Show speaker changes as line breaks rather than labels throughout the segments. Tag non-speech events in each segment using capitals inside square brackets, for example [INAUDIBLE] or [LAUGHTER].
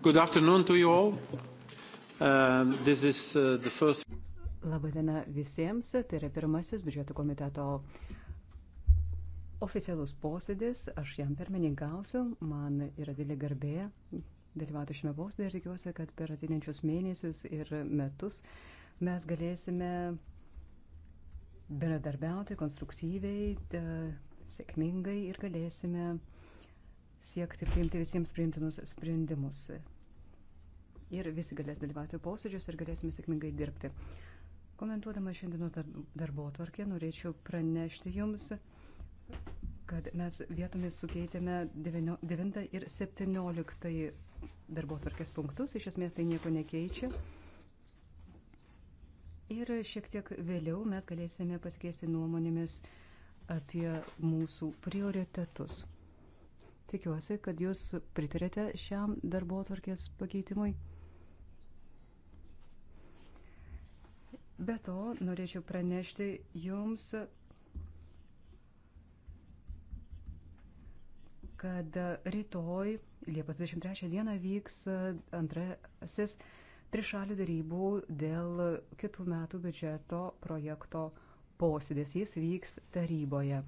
Good afternoon to you all. Uh,
this is uh, the first.
Labadiena visiems, tai yra pirmasis biudžeto komiteto oficialus posėdis, aš jam pirmininkausiu, man yra didelė garbė dalyvauti šiame posėdė ir tikiuosi, kad per atinančius mėnesius ir metus mes galėsime bendradarbiauti konstruktyviai, sėkmingai ir galėsime uh, siekti priimti visiems priimtinus sprendimus. Ir visi galės dalyvauti posėdžius ir galėsime sėkmingai dirbti. Komentuodama šiandienos darbo atvarkė, norėčiau pranešti Jums, kad mes vietomis sukeitėme 9 ir 17 darbo atvarkės punktus, iš esmės tai nieko nekeičia. Ir šiek tiek vėliau mes galėsime pasikeisti nuomonėmis apie mūsų prioritetus. Tikiuosi, kad jūs pritarėte šiam darbo atvarkės pakeitimui. Be to, norėčiau pranešti jums, kad rytoj, Liepos 23 dieną, vyks antrasis trišalių darybų dėl kitų metų biudžeto projekto posėdės. Jis vyks taryboje.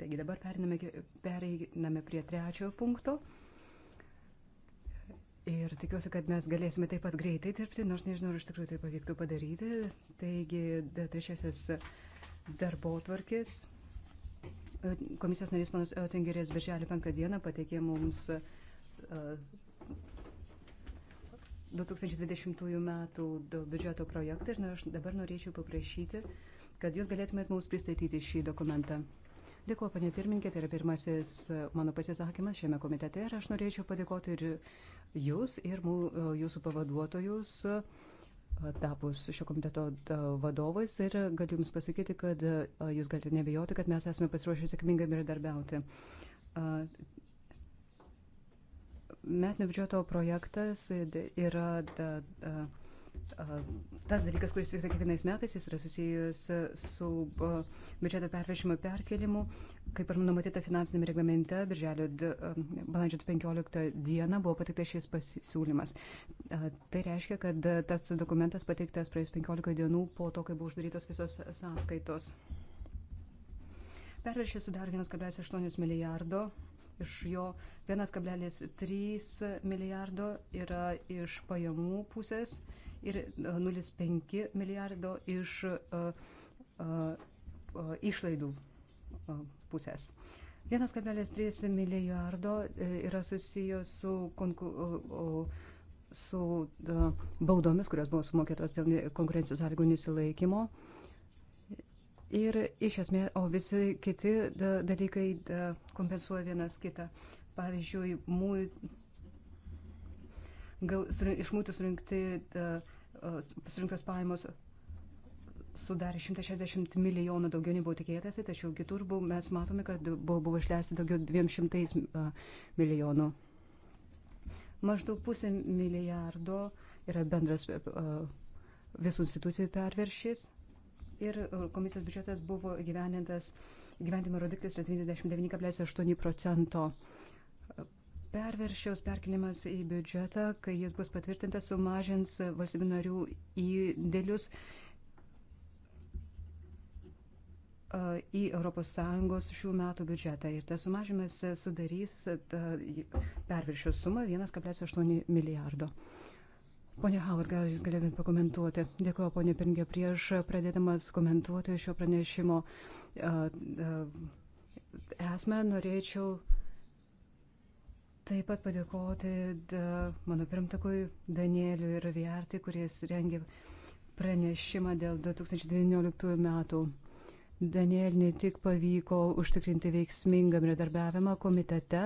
Taigi dabar periname, pereiname prie trečiojo punkto. Ir tikiuosi, kad mes galėsime taip pat greitai dirbti, nors nežinau, ar iš tikrųjų tai pavyktų padaryti. Taigi, trečiasis darbo tvarkis. E, komisijos narys panas Eutingerės birželio penktą dieną pateikė mums 2020 e, metų biudžeto projektą ir aš dabar norėčiau paprašyti, kad jūs galėtumėt mums pristatyti šį dokumentą. Dėkuoju, panė pirmininkė, tai yra pirmasis e, mano pasisakymas šiame komitete ir aš norėčiau padėkoti ir jūs, ir mū, e, jūsų pavaduotojus e, tapus šio komiteto vadovais ir galiu Jums pasakyti, kad Jūs galite nebejoti, kad mes esame pasiruošę sėkmingai bendradarbiauti. Metinio biudžeto projektas yra da, da, tas dalykas, kuris vyksta kiekvienais metais, jis yra susijęs su biudžeto pervešimo perkelimu. Kaip ir numatyta finansinėme reglamente, birželio balandžio 15 dieną buvo pateiktas šis pasiūlymas. Tai reiškia, kad tas dokumentas pateiktas praėjus 15 dienų po to, kai buvo uždarytos visos sąskaitos. Pervešė sudaro 1,8 milijardo iš jo 1,3 milijardo yra iš pajamų pusės, ir 0,5 e, milijardo iš uh, uh, išlaidų uh, pusės. 1,3 milijardo yra susijęs su, konku, su baudomis, kurios buvo sumokėtos dėl konkurencijos sąlygų nesilaikymo. Ir iš esmės, o visi kiti da, dalykai da, kompensuoja vienas kitą. Pavyzdžiui, mūjų iš mūtų surinkti, surinktos pajamos sudarė 160 milijonų daugiau nei buvo tikėtasi, tačiau kitur buvo, mes matome, kad buvo, buvo išleisti daugiau 200 milijonų. Maždaug pusė milijardo yra bendras visų institucijų perviršys ir komisijos biudžetas buvo gyvenintas, gyventimo rodiklis yra 29,8 procento. Perveršiaus perkelimas į biudžetą, kai jis bus patvirtintas, sumažins valstybių narių įdėlius į ES šių metų biudžetą. Ir tas sumažimas sudarys perviršio sumą 1,8 milijardo. Pone Howard, gal jūs galėtumėte pakomentuoti? Dėkuoju, ponė Pingė, prieš pradėdamas komentuoti šio pranešimo esmę norėčiau taip pat padėkoti da, mano pirmtakui Danieliu ir Viartį, kuris rengė pranešimą dėl 2019 metų. Daniel ne tik pavyko užtikrinti veiksmingą bendradarbiavimą komitete,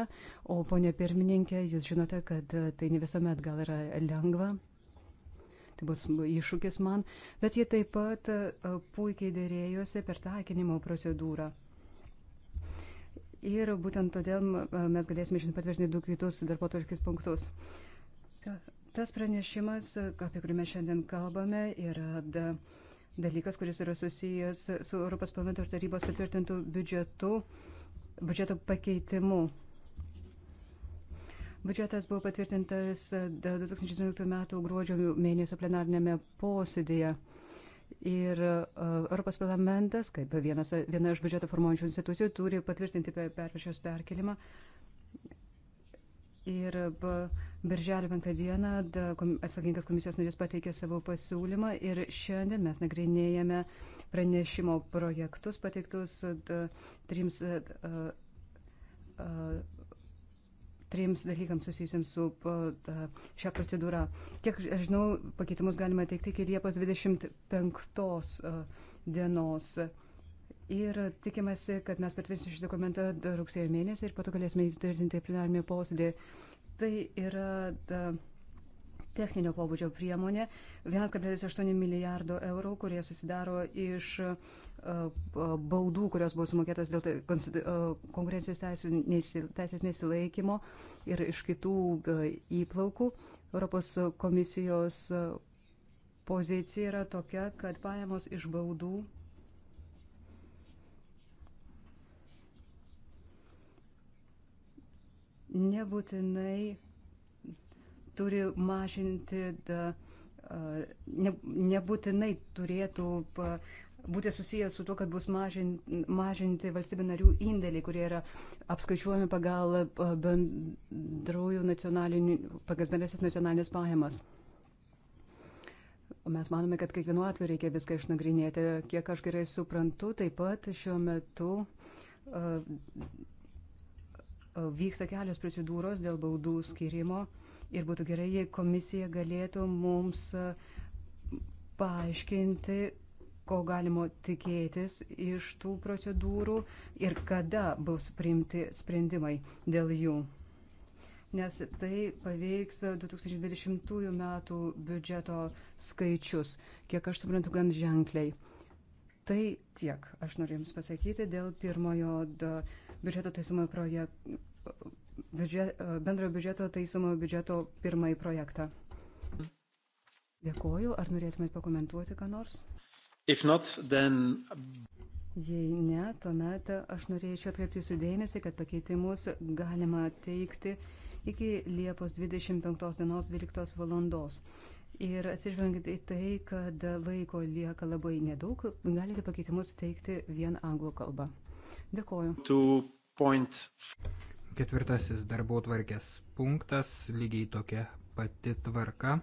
o ponė pirmininkė, jūs žinote, kad tai ne visuomet gal yra lengva. Tai bus iššūkis man, bet jie taip pat puikiai dėrėjosi per taikinimo procedūrą. Ir būtent todėl e, mes galėsime šiandien patvirtinti du kitus darbo tvarkės punktus. Tas pranešimas, e, apie kurį mes šiandien kalbame, yra dalykas, kuris yra susijęs su Europos parlamento ir tarybos patvirtintų biudžetu, biudžeto pakeitimu. Biudžetas buvo patvirtintas 2019 e, m. gruodžio mėnesio plenarnėme posėdėje. Ir e, Europos parlamentas, kaip vienas, viena iš biudžeto formuojančių institucijų, turi patvirtinti pervešios perkelimą. Ir birželio penktą dieną atsakingas komisijos narys pateikė savo pasiūlymą ir šiandien mes nagrinėjame pranešimo projektus pateiktus trims trims dalykams susijusiams su šią procedūrą. Kiek aš žinau, pakeitimus galima teikti iki Liepos 25 e, dienos. Ir tikimasi, kad mes patvirtinsime šį dokumentą rugsėjo mėnesį ir pato galėsime įtvirtinti plenarinį posėdį. Tai yra da, techninio pobūdžio priemonė 1,8 milijardo eurų, kurie susidaro iš e, e, baudų, kurios buvo sumokėtos dėl e, konkurencijos teisės nesilaikymo ir iš kitų įplaukų. Europos komisijos pozicija yra tokia, kad pajamos iš baudų nebūtinai turi mažinti, da, ne, nebūtinai turėtų pa, būti susijęs su tuo, kad bus mažinti, mažinti valstybių narių indėliai, kurie yra apskaičiuojami pagal bendrųjų nacionalinių, pagal bendrasis nacionalinės pajamas. O mes manome, kad kiekvienu atveju reikia viską išnagrinėti. Kiek aš gerai suprantu, taip pat šiuo metu uh, vyksta kelios procedūros dėl baudų skirimo. Uh, Ir būtų gerai, jei komisija galėtų mums e, paaiškinti, ko galima tikėtis iš tų procedūrų ir kada bus priimti sprendimai dėl jų. Nes tai paveiks 2020 metų biudžeto skaičius, kiek aš suprantu, gan ženkliai. Tai tiek aš noriu Jums pasakyti dėl pirmojo biudžeto taisumo projek biudžet, e, bendrojo biudžeto taisomojo biudžeto pirmąjį projektą. Dėkoju. Ar norėtumėt pakomentuoti ką nors?
Not, then...
Jei ne, tuomet aš norėčiau atkreipti sudėmėsi, kad pakeitimus galima teikti iki Liepos 25 dienos 12 valandos. Ir atsižvelgiant į tai, kad laiko lieka labai nedaug, galite pakeitimus teikti vien anglų kalbą. Dėkoju.
Point... Ketvirtasis darbo tvarkės punktas, lygiai tokia pati tvarka.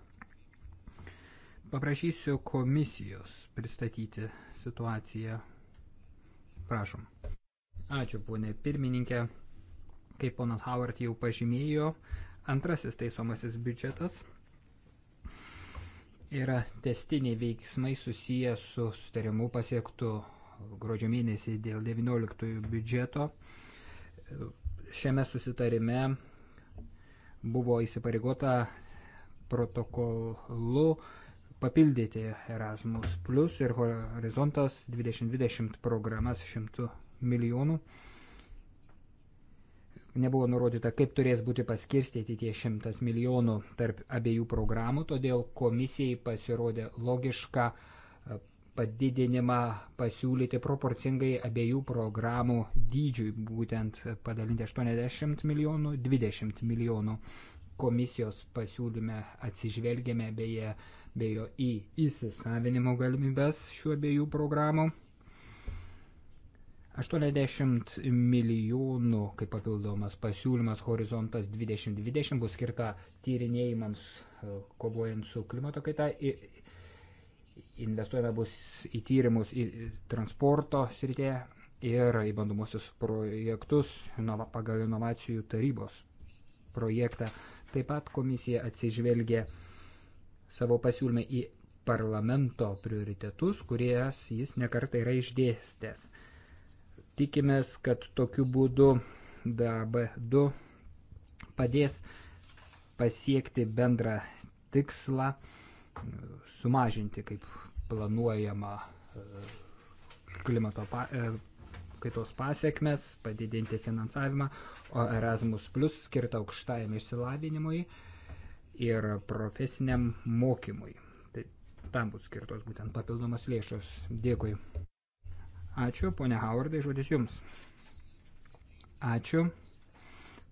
Paprašysiu komisijos pristatyti situaciją. Prašom. Ačiū, ponė pirmininkė. Kaip ponas Howard jau pažymėjo, antrasis taisomasis biudžetas yra testiniai veiksmai susiję su sutarimu pasiektu gruodžio mėnesį dėl 19 biudžeto šiame susitarime buvo įsipareigota protokolu papildyti Erasmus Plus ir Horizontas 2020 programas 100 milijonų. Nebuvo nurodyta, kaip turės būti paskirstyti tie 100 milijonų tarp abiejų programų, todėl komisijai pasirodė logiška uh, padidinimą pasiūlyti proporcingai abiejų programų dydžiui, būtent padalinti 80 milijonų, 20 milijonų. Komisijos pasiūlyme atsižvelgėme beje, bejo į įsisavinimo galimybės šių abiejų programų. 80 milijonų, kaip papildomas pasiūlymas Horizontas 2020, bus skirta tyrinėjimams e, kovojant su klimato kaita investuojame bus į tyrimus į transporto srityje ir į bandomusius projektus pagal inovacijų tarybos projektą. Taip pat komisija atsižvelgia savo pasiūlymą į parlamento prioritetus, kurias jis nekartą yra išdėstęs. Tikimės, kad tokiu būdu DAB2 padės pasiekti bendrą tikslą sumažinti, kaip planuojama e, klimato pa, e, kaitos pasiekmes, padidinti finansavimą, o Erasmus Plus skirta aukštajam išsilavinimui ir profesiniam mokymui. Tai tam bus skirtos būtent papildomas lėšos. Dėkui. Ačiū, ponia Howardai, žodis jums. Ačiū,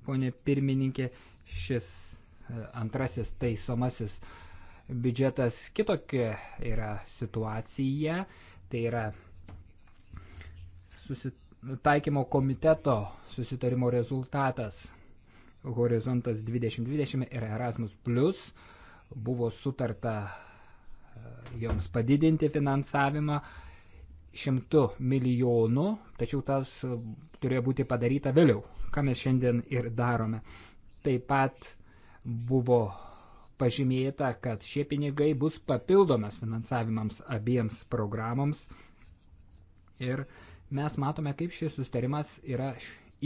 ponia pirmininkė, šis e, antrasis taisomasis biudžetas kitokia yra situacija, tai yra susitaikymo komiteto susitarimo rezultatas Horizontas 2020 ir Erasmus Plus buvo sutarta e, joms padidinti finansavimą šimtų milijonų, tačiau tas e, turėjo būti padaryta vėliau, ką mes šiandien ir darome. Taip pat buvo pažymėta, kad šie pinigai bus papildomas finansavimams abiems programams. Ir mes matome, kaip šis sustarimas yra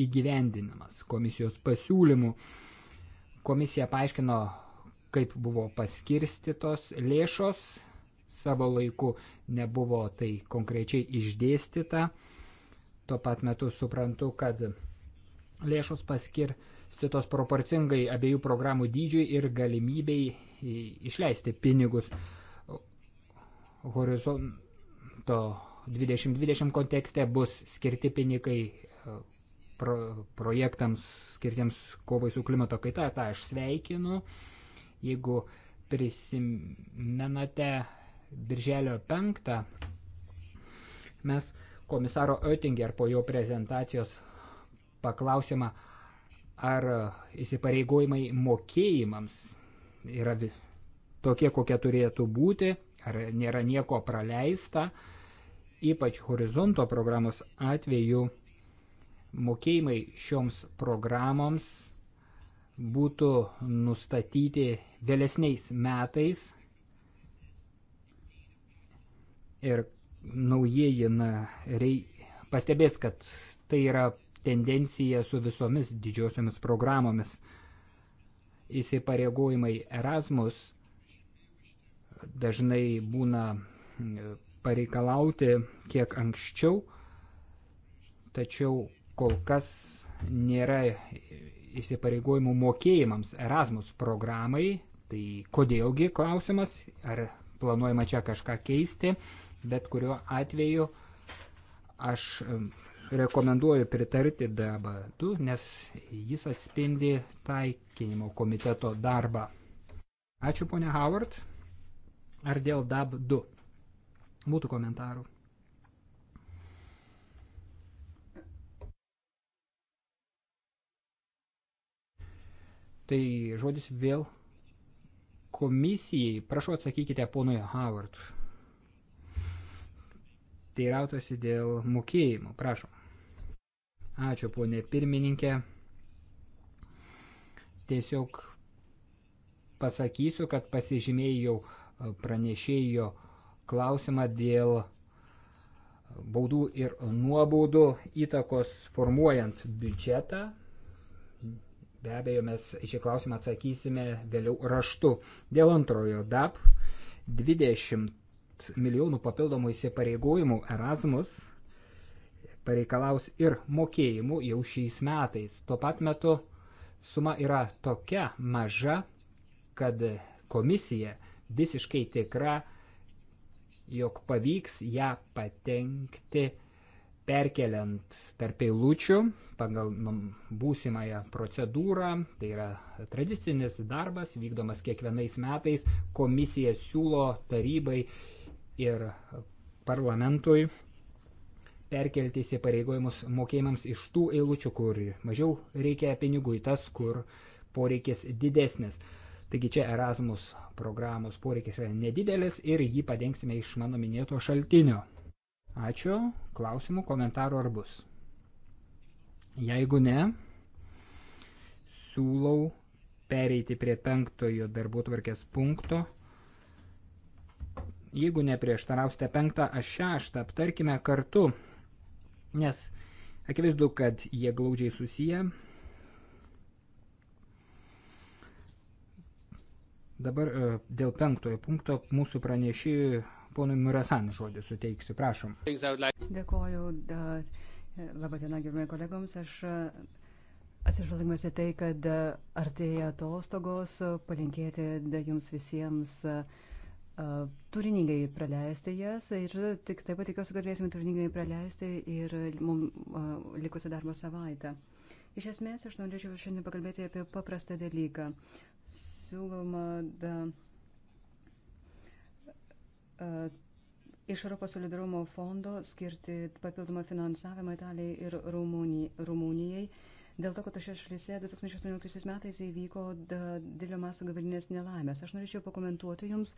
įgyvendinamas komisijos pasiūlymų. Komisija paaiškino, kaip buvo paskirstytos lėšos, savo laiku nebuvo tai konkrečiai išdėstyta. Tuo pat metu suprantu, kad lėšos paskirtos paskirstytos proporcingai abiejų programų dydžiui ir galimybei išleisti pinigus. Horizonto 2020 kontekste bus skirti pinigai e, pro, projektams skirtiems kovai su klimato kaita, tą aš sveikinu. Jeigu prisimenate Birželio 5, mes komisaro Oettinger po jo prezentacijos paklausimą, ar e, įsipareigojimai mokėjimams yra tokie, kokie turėtų būti, ar nėra nieko praleista, ypač horizonto programos atveju mokėjimai šioms programoms būtų nustatyti vėlesniais metais ir naujieji nariai pastebės, kad tai yra tendencija su visomis didžiosiomis programomis. Įsipareigojimai Erasmus dažnai būna e, pareikalauti kiek anksčiau, tačiau kol kas nėra įsipareigojimų mokėjimams Erasmus programai. Tai kodėlgi klausimas, ar planuojama čia kažką keisti, bet kuriuo atveju aš rekomenduoju pritarti DABA2, nes jis atspindi taikinimo komiteto darbą. Ačiū ponia Howard. Ar dėl DAB2? Būtų komentarų. Tai žodis vėl komisijai. Prašau atsakykite ponui Howard. Teirautosi dėl mokėjimų. Prašom. Ačiū, ponė pirmininkė. Tiesiog pasakysiu, kad pasižymėjau e, pranešėjo klausimą dėl baudų ir nuobaudų įtakos formuojant biudžetą. Be abejo, mes šį klausimą atsakysime vėliau raštu. Dėl antrojo DAP 20 milijonų papildomų įsipareigojimų Erasmus pareikalaus ir mokėjimų jau šiais metais. Tuo pat metu suma yra tokia maža, kad komisija visiškai tikra, jog pavyks ją patenkti perkeliant tarp eilučių pagal būsimąją procedūrą, tai yra tradicinis darbas vykdomas kiekvienais metais, komisija siūlo tarybai ir parlamentui perkelti įsipareigojimus mokėjimams iš tų eilučių, kur mažiau reikia pinigų į tas, kur poreikis didesnis. Taigi čia Erasmus programos poreikis yra nedidelis ir jį padengsime iš mano minėto šaltinio. Ačiū, klausimų, komentarų ar bus. Jeigu ne, siūlau pereiti prie penktojo darbų tvarkės punkto. Jeigu neprieštarausite penktą, aš šeštą aptarkime kartu nes akivaizdu, kad jie glaudžiai susiję. Dabar e, dėl penktojo punkto mūsų pranešį ponui Murasan žodį suteiksiu, prašom.
Dėkoju, da, e, labą dieną, gerbėjai kolegoms. Aš e, atsižvelgimuose tai, kad artėja atostogos, palinkėti da, jums visiems. Da, turiningai praleisti jas ir tik taip pat tikiuosi, kad galėsime turiningai praleisti ir mums likusią darbo savaitę. Iš esmės, aš norėčiau šiandien pakalbėti apie paprastą dalyką. Siūloma da, a, iš Europos solidarumo fondo skirti papildomą finansavimą Italijai ir Rumunijai. Rumunijai dėl to, kad šios šalyse 2018 metais įvyko didelio masto gavilinės nelaimės. Aš norėčiau pakomentuoti jums,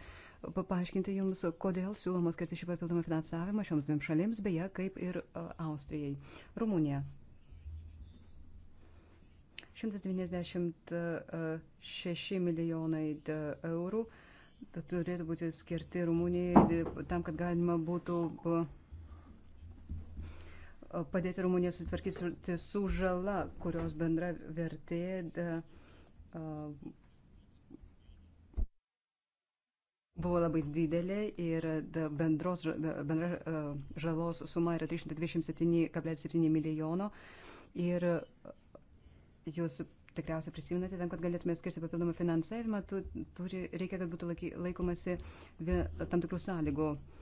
paaiškinti jums, kodėl siūloma skirti šį papildomą finansavimą šioms dviem šalims, beje, kaip ir Austrijai. Rumunija. 196 milijonai eurų turėtų būti skirti Rumunijai tam, kad galima būtų. Uh, padėti Rumunijai susitvarkyti tai su žala, kurios bendra vertė da, uh, buvo labai didelė ir da, bendros, bendra uh, žalos suma yra 327,7 milijono. Ir jūs tikriausiai prisiminate, ten, kad galėtume skirti papildomą finansavimą, tu, turi, reikia, kad būtų laiky, laikomasi vė, tam tikrų sąlygų. Uh,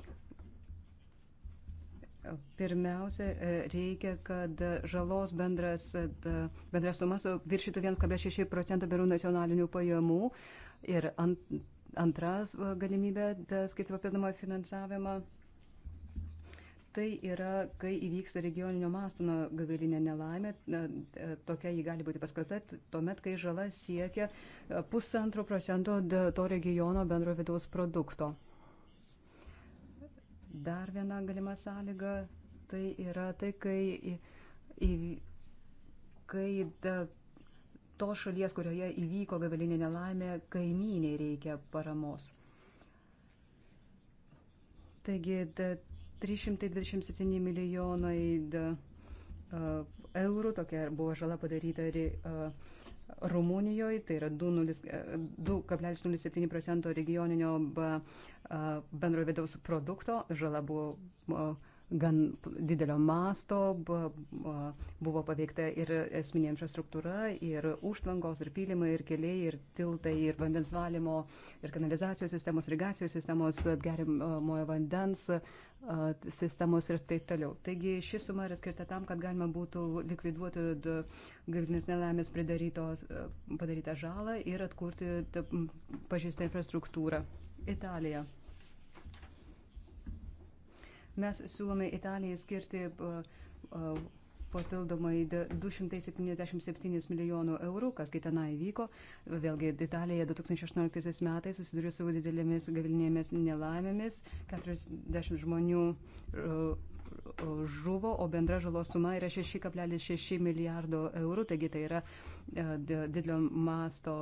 Pirmiausia, e, reikia, kad žalos bendras, e, bendras sumas viršytų 1,6 procentų berų nacionalinių pajamų. Ir ant, antras e, galimybė skirti papildomą finansavimą. Tai yra, kai įvyksta regioninio mastono gagarinė nelaimė, tokia jį gali būti paskata, tuomet, kai žala siekia pusantro procento to regiono bendro vidaus produkto. Dar viena galima sąlyga tai yra tai, kai, į, kai da, to šalies, kurioje įvyko gavilinė nelaimė, kaimynė reikia paramos. Taigi da, 327 milijonai da, eurų, tokia buvo žala padaryta. Da, Rumunijoje, tai yra 2,07 e, procento regioninio bendro vidaus produkto, žala buvo gan didelio masto, buvo paveikta ir esminė infrastruktūra, ir užtvangos, ir pylimai, ir keliai, ir tiltai, ir vandens valymo, ir kanalizacijos sistemos, irgacijos sistemos, gerimojo vandens sistemos ir taip toliau. Taigi ši suma yra skirta tam, kad galima būtų likviduoti gaivinės nelaimės padarytą žalą ir atkurti pažįstą infrastruktūrą. Italija. Mes siūlome Italijai skirti papildomai 277 milijonų eurų, kasgi tenai vyko. Vėlgi, Italija 2018 metais susidurė su didelėmis gavilinėmis nelaimėmis, 40 žmonių žuvo, o bendra žalos suma yra 6,6 milijardo eurų, taigi tai yra didelio masto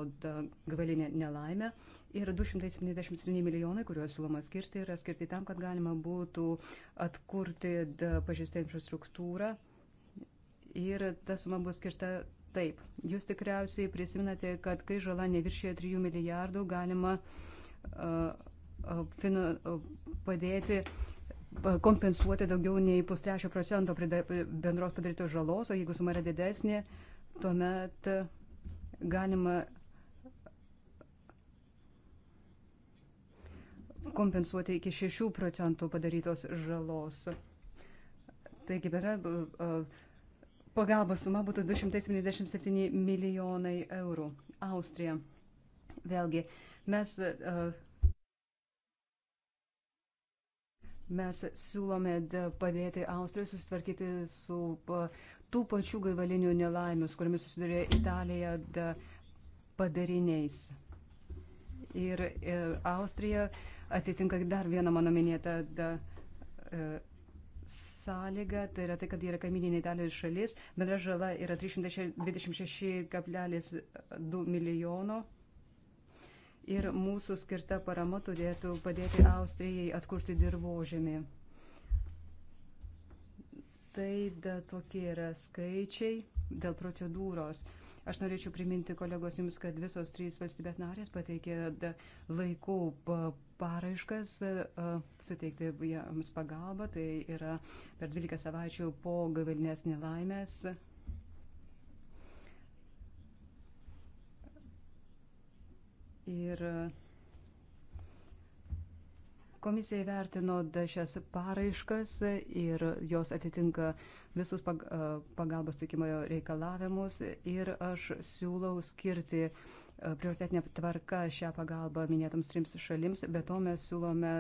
gavilinė nelaimė. Ir 277 milijonai, kuriuos siūloma skirti, yra skirti tam, kad galima būtų atkurti pažįstą infrastruktūrą. Ir ta suma bus skirta taip. Jūs tikriausiai prisiminate, kad kai žala neviršė 3 milijardų, galima uh, finu, uh, padėti kompensuoti daugiau nei pustrečio procento bendros padarytos žalos, o jeigu suma yra didesnė, tuomet galima uh, kompensuoti iki 6 procentų padarytos žalos. Taigi, bera, pagalbos suma būtų 277 milijonai eurų. Austrija. Vėlgi, mes, mes siūlome padėti Austrijai susitvarkyti su tų pačių gaivalinių nelaimių, su kuriamis susidurė Italija, padariniais. Ir e, Austrija uh, atitinka dar vieną mano minėtą da, e, sąlygą, tai yra tai, kad yra kaimininė Italijos šalis, bendra žala yra 326,2 milijono. Ir mūsų skirta parama turėtų padėti Austrijai atkurti dirbožėmį. Tai da, tokie yra skaičiai dėl procedūros. Uh, Aš norėčiau priminti kolegos jums, kad visos trys valstybės narės pateikė laikų paraiškas suteikti jiems pagalbą. Tai yra per 12 savaičių po gavilinės nelaimės. Ir komisija įvertino šias paraiškas ir jos atitinka uh, visus pagalbos teikimo reikalavimus ir aš siūlau skirti prioritetinė tvarka šią pagalbą minėtams trims šalims, bet to mes siūlome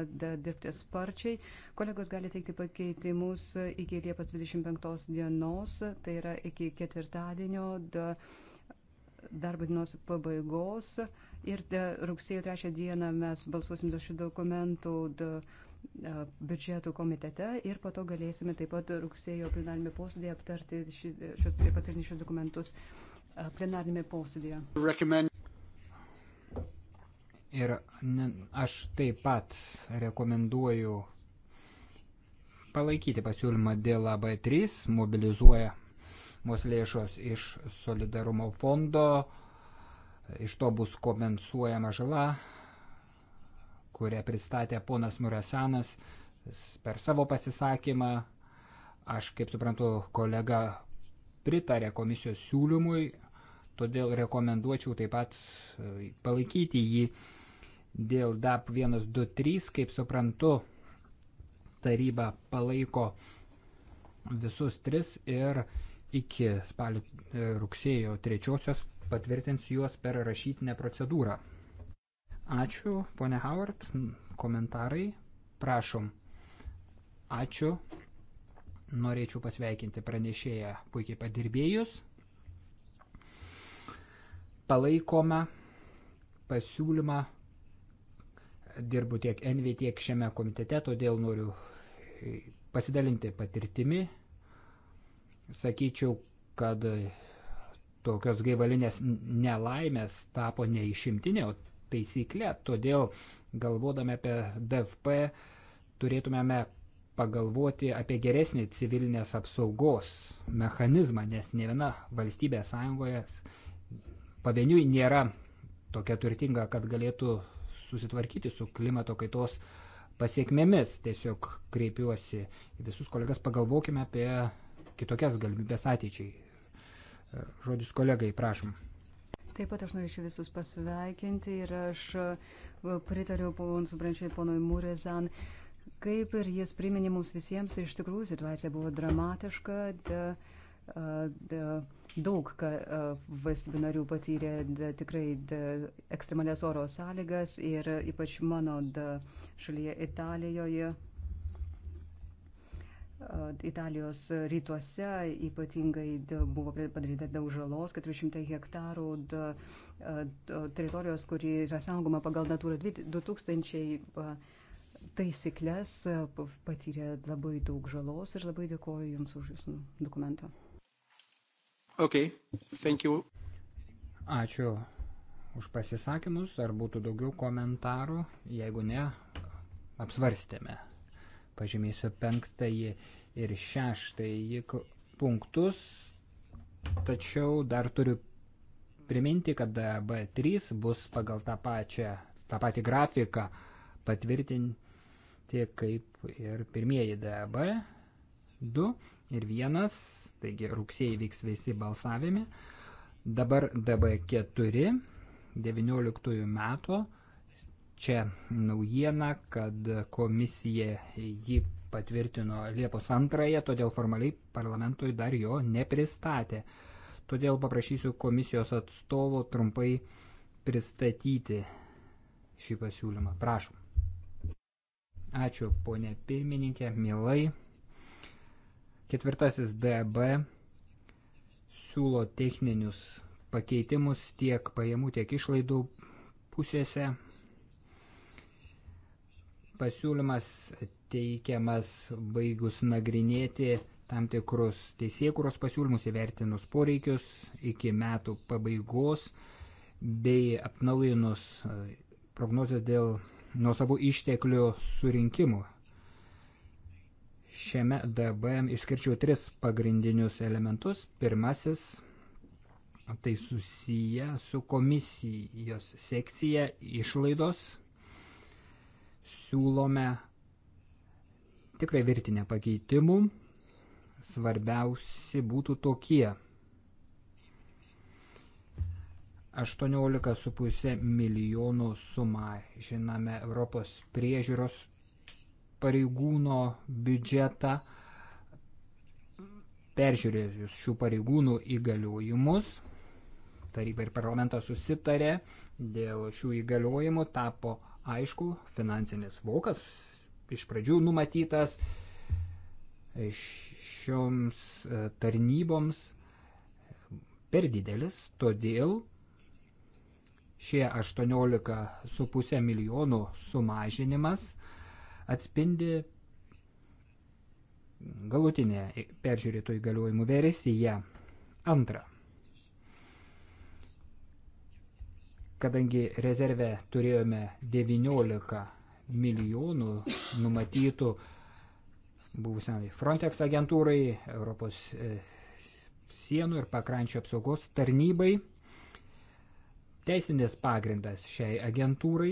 dirbti sparčiai. Kolegos gali teikti pakeitimus iki Liepos 25 dienos, tai yra iki ketvirtadienio darbo dienos pabaigos. Ir rugsėjo 3 dieną mes balsuosim dėl šių dokumentų. De, E, biudžetų komitete ir po to galėsime taip pat rugsėjo plenarinėme posėdėje aptarti ši, e, šios, ir patvirtinti šios dokumentus e, plenarinėme posėdėje.
Recommend.
Ir ne, aš taip pat rekomenduoju palaikyti pasiūlymą dėl AB3, mobilizuoja mūsų lėšos iš solidarumo fondo, iš to bus kompensuojama žala kurią pristatė ponas Muresanas per savo pasisakymą. Aš, kaip suprantu, kolega pritarė komisijos siūlymui, todėl rekomenduočiau taip pat e, palaikyti jį dėl DAP 123, kaip suprantu, taryba palaiko visus tris ir iki spalio e, rugsėjo trečiosios patvirtins juos per rašytinę procedūrą. Ačiū, ponė Howard. Komentarai. Prašom. Ačiū. Norėčiau pasveikinti pranešėją puikiai padirbėjus. Palaikome pasiūlymą. Dirbu tiek Envi, tiek šiame komitete, todėl noriu e, pasidalinti patirtimi. Sakyčiau, kad tokios gaivalinės nelaimės tapo neišimtinė, o taisyklė, todėl galvodami apie DFP turėtumėme pagalvoti apie geresnį civilinės apsaugos mechanizmą, nes ne viena valstybė sąjungoje pavieniui nėra tokia turtinga, kad galėtų susitvarkyti su klimato kaitos pasiekmėmis. Tiesiog kreipiuosi visus kolegas, pagalvokime apie kitokias galimybės ateičiai. Žodis kolegai, prašom.
Taip pat aš norėčiau visus pasveikinti ir aš e, pritariu ponus Brančiui, ponui Mūrezan. Kaip ir jis priminė mums visiems, iš tikrųjų situacija buvo dramatiška. De, e, de, daug e, valstybių narių patyrė de, tikrai de, ekstremalės oro sąlygas ir ypač mano de, šalyje Italijoje Italijos rytuose ypatingai buvo padaryta daug žalos, 400 hektarų teritorijos, kuri yra saugoma pagal Natūra 2000 taisyklės, patyrė labai daug žalos ir labai dėkoju Jums už Jūsų dokumentą.
Ok, thank you. Ačiū už pasisakymus, ar būtų daugiau komentarų, jeigu ne, apsvarstėme pažymėsiu penktąjį ir šeštąjį punktus, tačiau dar turiu priminti, kad B3 bus pagal tą pačią, tą patį grafiką patvirtinti kaip ir pirmieji DAB 2 ir 1, taigi rugsėjai vyks visi balsavimi. Dabar DB4 19 metų čia naujieną, kad komisija jį patvirtino Liepos 2, todėl formaliai parlamentui dar jo nepristatė. Todėl paprašysiu komisijos atstovo trumpai pristatyti šį pasiūlymą. Prašom. Ačiū, ponė pirmininkė, mielai. Ketvirtasis DB siūlo techninius pakeitimus tiek pajamų, tiek išlaidų pusėse pasiūlymas teikiamas baigus nagrinėti tam tikrus teisėkuros pasiūlymus įvertinus poreikius iki metų pabaigos bei apnaujinus e, prognozes dėl nuosavų išteklių surinkimų. Šiame DBM išskirčiau tris pagrindinius elementus. Pirmasis tai susiję su komisijos sekcija išlaidos siūlome tikrai virtinę pakeitimų. Svarbiausi būtų tokie. 18,5 milijonų sumą žinome Europos priežiūros pareigūno biudžetą, peržiūrėjus šių pareigūnų įgaliojimus. Taryba ir parlamentas susitarė dėl šių įgaliojimų, tapo Aišku, finansinis vokas iš pradžių numatytas šioms e, tarnyboms per didelis, todėl šie 18,5 milijonų sumažinimas atspindi galutinę peržiūrėtojų galiojimų versiją. Antra. kadangi rezerve turėjome 19 milijonų numatytų buvusiam Frontex agentūrai, Europos e, sienų ir pakrančio apsaugos tarnybai, teisinės pagrindas šiai agentūrai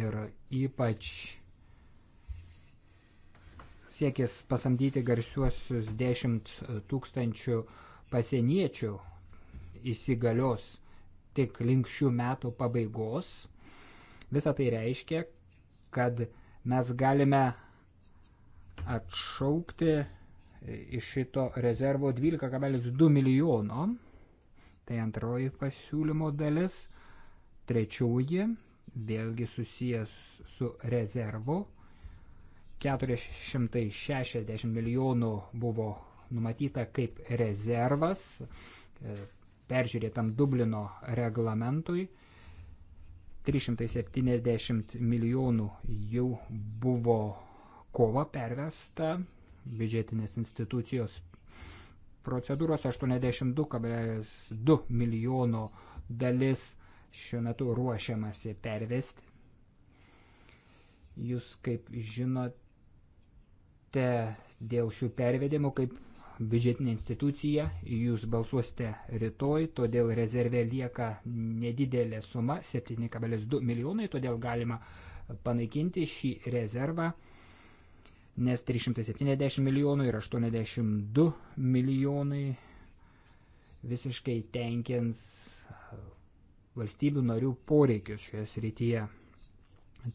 ir ypač siekis pasamdyti garsiuosius 10 tūkstančių pasieniečių įsigalios tik link šių metų pabaigos. Visą tai reiškia, kad mes galime atšaukti iš šito rezervo 12,2 milijono. Tai antroji pasiūlymo dalis. Trečioji vėlgi susijęs su rezervu. 460 milijonų buvo numatyta kaip rezervas peržiūrėtam Dublino reglamentui. 370 milijonų jau buvo kova pervesta biudžetinės institucijos procedūros 82,2 milijono dalis šiuo metu ruošiamasi pervesti. Jūs kaip žinote dėl šių pervedimų, kaip biudžetinė institucija, jūs balsuosite rytoj, todėl rezervė lieka nedidelė suma 7,2 milijonai, todėl galima panaikinti šį rezervą, nes 370 milijonų ir 82 milijonai visiškai tenkins valstybių narių poreikius šioje srityje.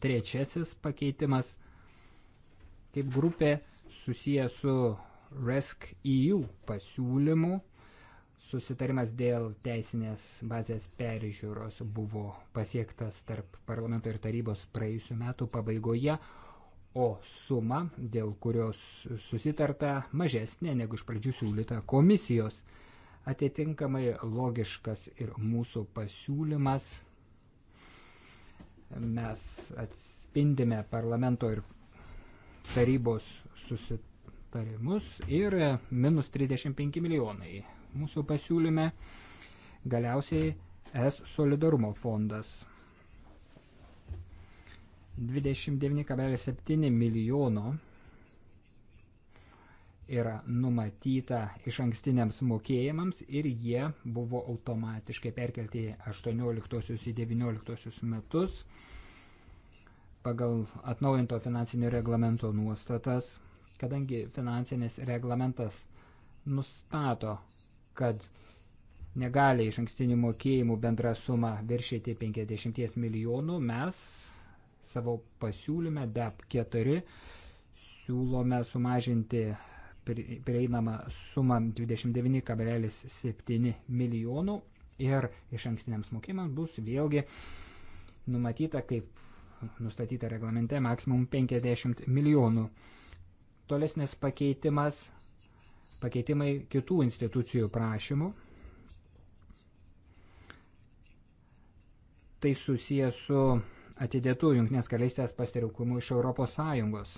Trečiasis pakeitimas kaip grupė susijęs su RESC-EU pasiūlymų. Susitarimas dėl teisinės bazės peržiūros buvo pasiektas tarp parlamento ir tarybos praėjusiu metu pabaigoje, o suma, dėl kurios susitarta, mažesnė negu iš pradžių siūlyta komisijos. Atitinkamai logiškas ir mūsų pasiūlymas. Mes atspindime parlamento ir tarybos susitarimą tarimus ir minus 35 milijonai mūsų pasiūlyme galiausiai S solidarumo fondas. 29,7 milijono yra numatyta iš ankstiniams mokėjimams ir jie buvo automatiškai perkelti 18 į 19 metus pagal atnaujinto finansinio reglamento nuostatas – kadangi finansinis reglamentas nustato, kad negali iš ankstinių mokėjimų bendra suma viršyti 50 milijonų, mes savo pasiūlyme DAP e 4 siūlome sumažinti prieinamą sumą 29,7 milijonų ir iš ankstiniams mokėjimams bus vėlgi numatyta kaip nustatyta reglamente maksimum 50 milijonų tolesnis pakeitimas, pakeitimai kitų institucijų prašymų. Tai susijęs su atidėtų Junktinės karalystės pasiriaukimu iš Europos Sąjungos.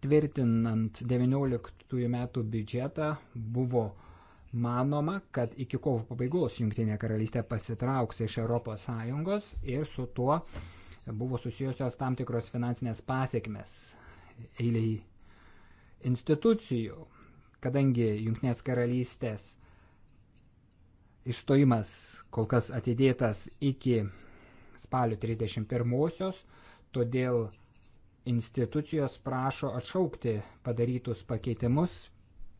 Tvirtinant 19 metų biudžetą buvo manoma, kad iki kovo pabaigos Junktinė karalystė pasitrauks iš Europos Sąjungos ir su tuo buvo susijusios tam tikros finansinės pasiekmes eiliai institucijų, kadangi Junknės karalystės išstojimas kol kas atidėtas iki spalio 31-osios, todėl institucijos prašo atšaukti padarytus pakeitimus.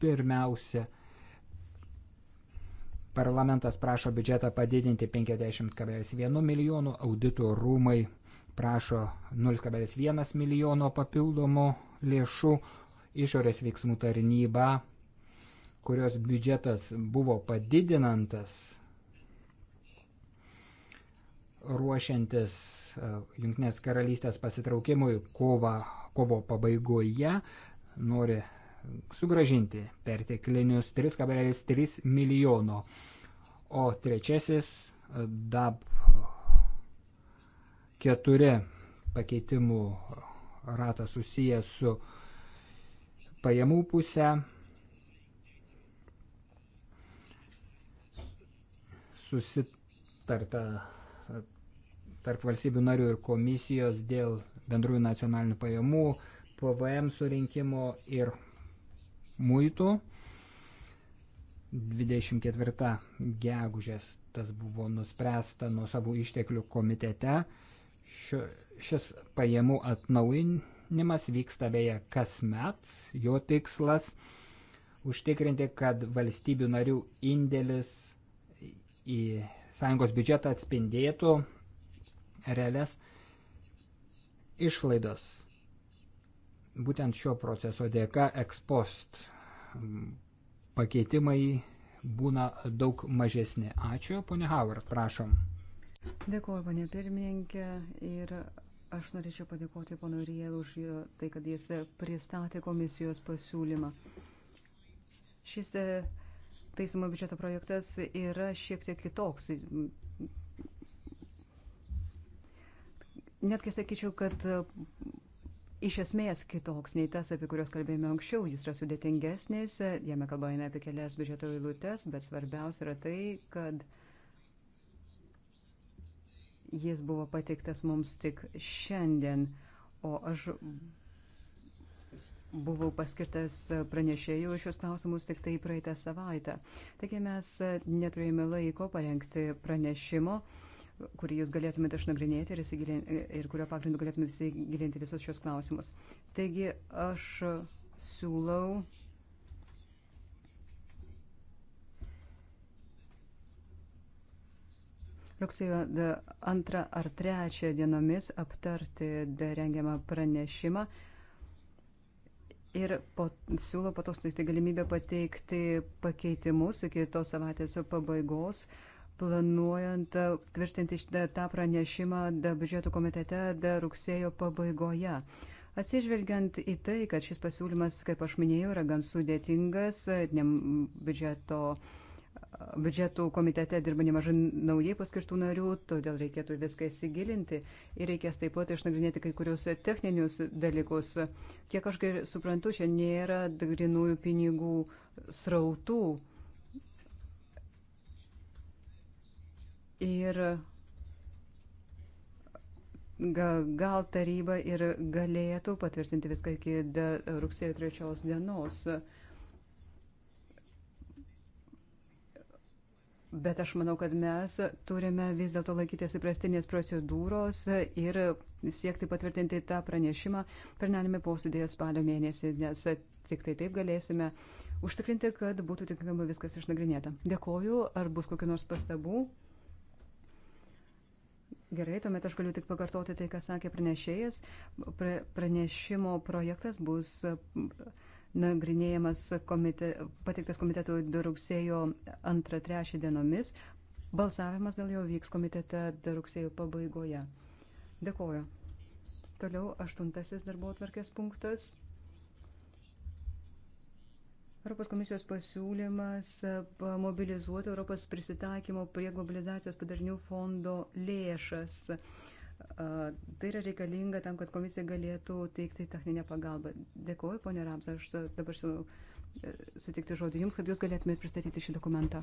Pirmiausia, parlamentas prašo biudžetą padidinti 50,1 milijonų, audito rūmai prašo 0,1 milijono papildomų lėšų. Išorės veiksmų tarnyba, kurios biudžetas buvo padidinantas, ruošiantis e, Junktinės karalystės pasitraukimui kova, kovo pabaigoje, nori sugražinti perteklinius 3,3 milijono. O trečiasis e, DAB keturi pakeitimų ratas susijęs su pajamų pusę, susitarta tarp valstybių narių ir komisijos dėl bendrųjų nacionalinių pajamų, PVM surinkimo ir muitų. 24 gegužės tas buvo nuspręsta nuo savo išteklių komitete. Šio, šis pajamų atnaujinimas vyksta beje kasmet, jo tikslas užtikrinti, kad valstybių narių indėlis į sąjungos biudžetą atspindėtų realias išlaidos. Būtent šio proceso dėka ekspost pakeitimai būna daug mažesni. Ačiū, ponia Howard, prašom.
Dėkuoju, ponė pirmininkė, ir aš norėčiau padėkoti ponui Riel už tai, kad jis pristatė komisijos pasiūlymą. Šis e, taisymo biudžeto projektas yra šiek tiek kitoks. Netgi sakyčiau, kad e, iš esmės kitoks nei tas, apie kuriuos kalbėjome anksčiau. Jis yra sudėtingesnis, jame kalbame apie kelias biudžeto eilutes, bet svarbiausia yra tai, kad Jis buvo pateiktas mums tik šiandien, o aš buvau paskirtas pranešėjų šios klausimus tik tai praeitą savaitę. Taigi mes neturėjome laiko parengti pranešimo kurį jūs galėtumėte išnagrinėti ir, ir kurio pagrindu galėtumėte įsigilinti visus šios klausimus. Taigi aš siūlau rugsėjo 2 ar 3 dienomis aptarti rengiamą pranešimą ir po, siūlo po to suteikti galimybę pateikti pakeitimus iki tos savaitės pabaigos planuojant tvirtinti tą pranešimą biudžeto komitete da, rugsėjo pabaigoje. Atsižvelgiant į tai, kad šis pasiūlymas, kaip aš minėjau, yra gan sudėtingas, ne, biudžeto uh, biudžetų komitete dirba nemažai naujai paskirtų narių, todėl reikėtų viską įsigilinti ir reikės taip pat išnagrinėti kai kurios techninius dalykus. Kiek aš suprantu, čia nėra grinųjų pinigų srautų. Ir gal taryba ir galėtų patvirtinti viską iki rugsėjo 3 dienos. Bet aš manau, kad mes turime vis dėlto laikytis įprastinės procedūros ir siekti patvirtinti tą pranešimą plenarime posėdėje spalio mėnesį, nes tik tai taip galėsime užtikrinti, kad būtų tinkamai viskas išnagrinėta. Dėkoju, ar bus kokiu nors pastabų? Gerai, tuomet aš galiu tik pakartoti tai, ką sakė pranešėjas. Pranešimo projektas bus nagrinėjamas komite, pateiktas komitetų du rugsėjo 2-3 dienomis. Balsavimas dėl jo vyks komitete rugsėjo pabaigoje. Dėkoju. Toliau aštuntasis darbo atvarkės punktas. Europos komisijos pasiūlymas mobilizuoti Europos prisitaikymo prie globalizacijos padarinių fondo lėšas. Tai yra reikalinga tam, kad komisija galėtų teikti techninę pagalbą. Dėkuoju, ponė Ramsa, aš dabar su, e, sutikti žodį Jums, kad Jūs galėtumėt pristatyti šį dokumentą.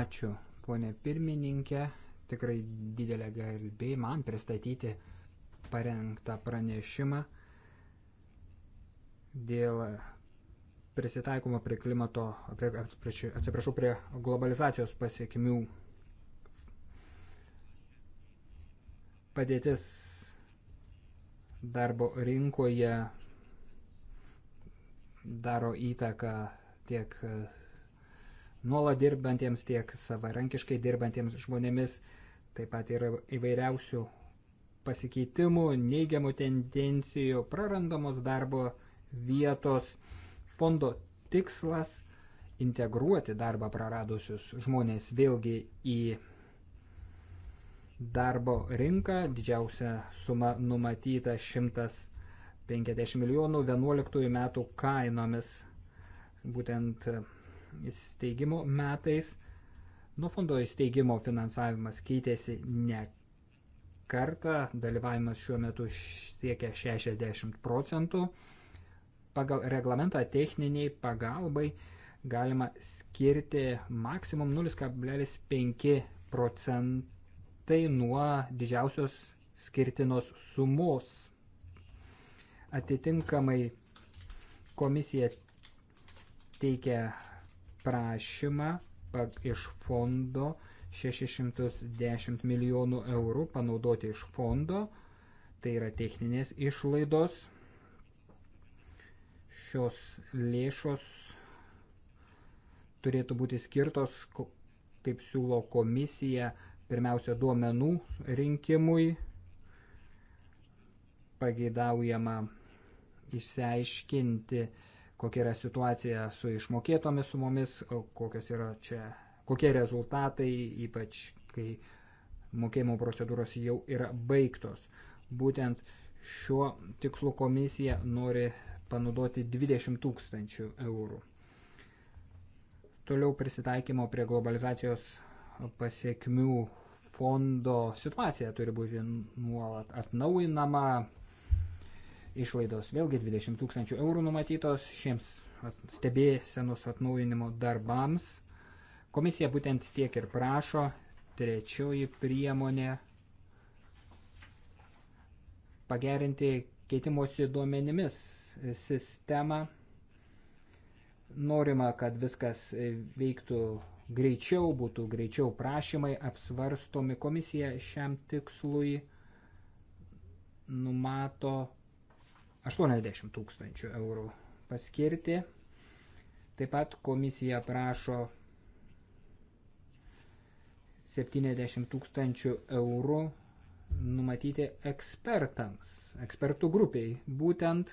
Ačiū, ponė pirmininkė. Tikrai didelė garbė man pristatyti parengtą pranešimą dėl prisitaikoma prie klimato, prie, atsiprašau, prie globalizacijos pasiekmių. Padėtis darbo rinkoje daro įtaką tiek nuolat dirbantiems, tiek savarankiškai dirbantiems žmonėmis. Taip pat yra įvairiausių pasikeitimų, neigiamų tendencijų, prarandamos darbo vietos Fondo tikslas integruoti darbą praradusius žmonės vėlgi į darbo rinką. Didžiausia suma numatyta 150 milijonų 11 metų kainomis, būtent įsteigimo metais. Nuo fondo įsteigimo finansavimas keitėsi ne kartą, dalyvavimas šiuo metu siekia 60 procentų pagal reglamentą techniniai pagalbai galima skirti maksimum 0,5 procentai nuo didžiausios skirtinos sumos. Atitinkamai komisija teikia prašymą iš fondo 610 milijonų eurų panaudoti iš fondo, tai yra techninės išlaidos šios lėšos turėtų būti skirtos, kaip siūlo komisija, pirmiausia duomenų rinkimui pageidaujama išsiaiškinti, kokia yra situacija su išmokėtomis sumomis, kokios yra čia, kokie rezultatai, ypač kai mokėjimo procedūros jau yra baigtos. Būtent šiuo tikslu komisija nori panaudoti 20 tūkstančių eurų. Toliau prisitaikymo prie globalizacijos pasiekmių fondo situacija turi būti nuolat atnaujinama. Išlaidos vėlgi 20 tūkstančių eurų numatytos šiems stebėsenos atnaujinimo darbams. Komisija būtent tiek ir prašo. Trečioji priemonė pagerinti keitimosi duomenimis sistemą. Norima, kad viskas veiktų greičiau, būtų greičiau prašymai apsvarstomi. Komisija šiam tikslui numato 80 tūkstančių eurų paskirti. Taip pat komisija prašo 70 tūkstančių eurų numatyti ekspertams, ekspertų grupiai, būtent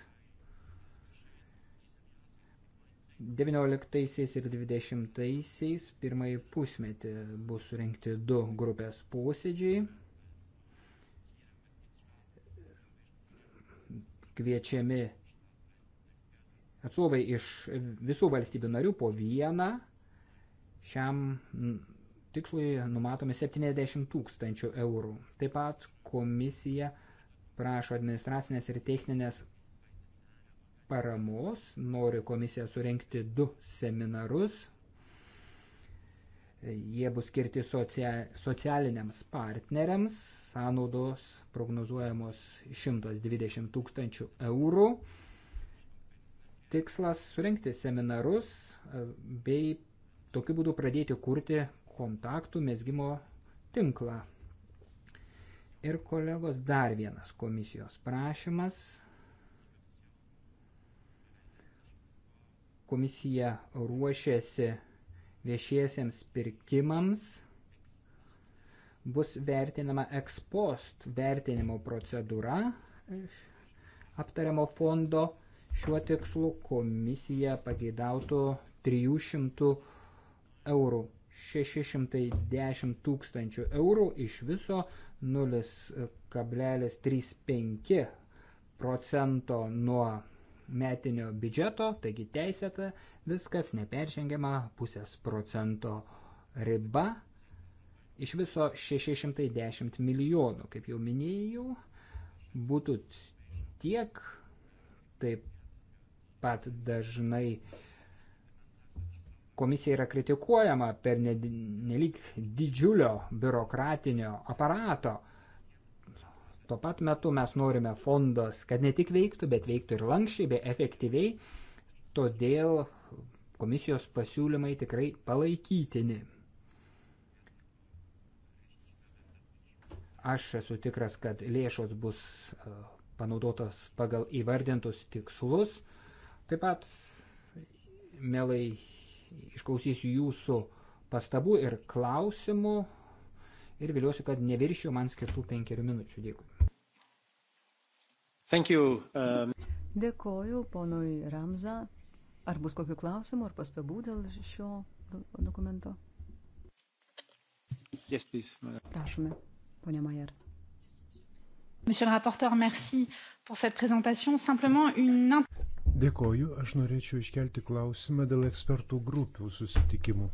19 ir 20 pirmąjį pusmetį bus surinkti du grupės posėdžiai. Kviečiami atstovai iš visų valstybių narių po vieną. Šiam tikslui numatomi 70 tūkstančių eurų. Taip pat komisija prašo administracinės ir techninės paramos nori komisija surenkti du seminarus. Jie bus skirti socia socialiniams partneriams, sąnaudos prognozuojamos 120 tūkstančių eurų. Tikslas surinkti seminarus bei tokiu būdu pradėti kurti kontaktų mėsgymo tinklą. Ir kolegos dar vienas komisijos prašymas komisija ruošiasi viešiesiems pirkimams, bus vertinama ekspost vertinimo procedūra aptariamo fondo. Šiuo tikslu komisija pageidautų 300 eurų. 610 tūkstančių eurų iš viso 0,35 procento nuo metinio biudžeto, taigi teisėta, viskas neperžengiama pusės procento riba. Iš viso 610 milijonų, kaip jau minėjau, būtų tiek, taip pat dažnai komisija yra kritikuojama per nelik didžiulio biurokratinio aparato Tuo pat metu mes norime fondas, kad ne tik veiktų, bet veiktų ir lankščiai, bei efektyviai. Todėl komisijos pasiūlymai tikrai palaikytini. Aš esu tikras, kad lėšos bus e, panaudotas pagal įvardintus tikslus. Taip pat, mielai, išklausysiu jūsų pastabų ir klausimų ir viliuosi, kad neviršiu man skirtų penkerių minučių. Dėkui.
Um...
Dėkoju ponui Ramza. Ar bus kokiu klausimu ar pastabų dėl šio dokumento? Yes, please, Prašome, ponia Majer. Monsieur le rapporteur, merci pour cette présentation. Simplement une.
Dėkoju, aš norėčiau iškelti klausimą dėl ekspertų grupių susitikimų.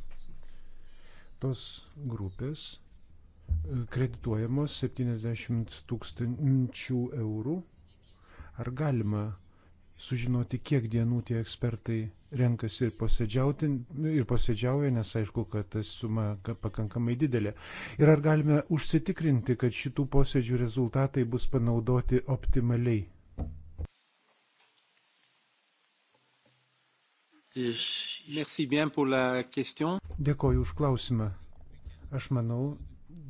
Tos grupės e, kredituojamos 70 tūkstančių eurų Ar galima sužinoti, kiek dienų tie ekspertai renkasi ir, ir posėdžiauja, nes aišku, kad tas suma pakankamai didelė. Ir ar galime užsitikrinti, kad šitų posėdžių rezultatai bus panaudoti optimaliai? Dėkoju už klausimą. Aš manau,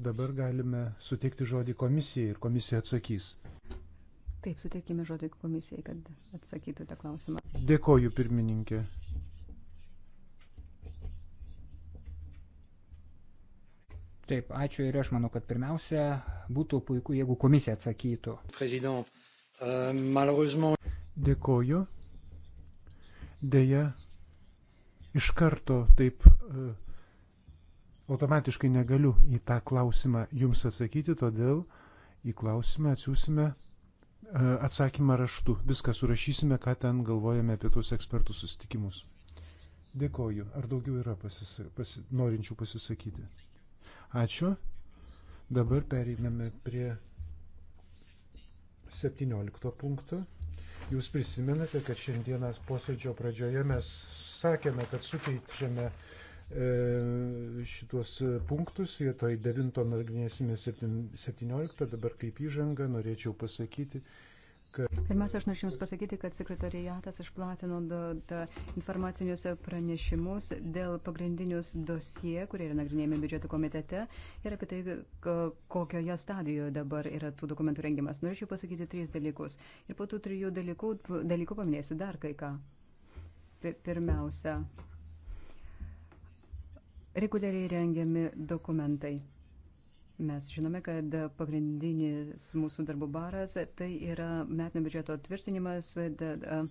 dabar galime suteikti žodį komisijai ir komisija atsakys.
Taip, suteikime žodį komisijai, kad atsakytų tą klausimą.
Dėkoju, pirmininkė.
Taip, ačiū ir aš manau, kad pirmiausia būtų puiku, jeigu komisija atsakytų.
Prezident, uh, malheureusement.
Dėkoju. Deja,
iš karto taip. Uh, Automatiškai negaliu į tą klausimą jums atsakyti, todėl į klausimą atsiūsime E, atsakymą raštu. Viską surašysime, ką ten galvojame apie tuos ekspertų susitikimus. Dėkoju. Ar daugiau yra pasisa pasi norinčių pasisakyti? Ačiū. Dabar pereiname prie 17 punkto. Jūs prisimenate, kad šiandienas posėdžio pradžioje mes sakėme, kad suteičiame E, šitos punktus. Vietoj 9 nagrinėsime 17, dabar kaip įžanga norėčiau pasakyti, kad.
Pirmiausia, aš norėčiau Jums pasakyti, kad sekretariatas išplatino informacinius pranešimus dėl pagrindinius dosie, kurie yra nagrinėjami biudžeto komitete ir apie tai, kokioje stadijoje dabar yra tų dokumentų rengimas. Norėčiau pasakyti tris dalykus ir po tų trijų dalykų, dalykų paminėsiu dar kai ką. Pirmiausia reguliariai rengiami dokumentai. Mes žinome, kad pagrindinis mūsų darbų baras tai yra metinio biudžeto tvirtinimas. Da, da,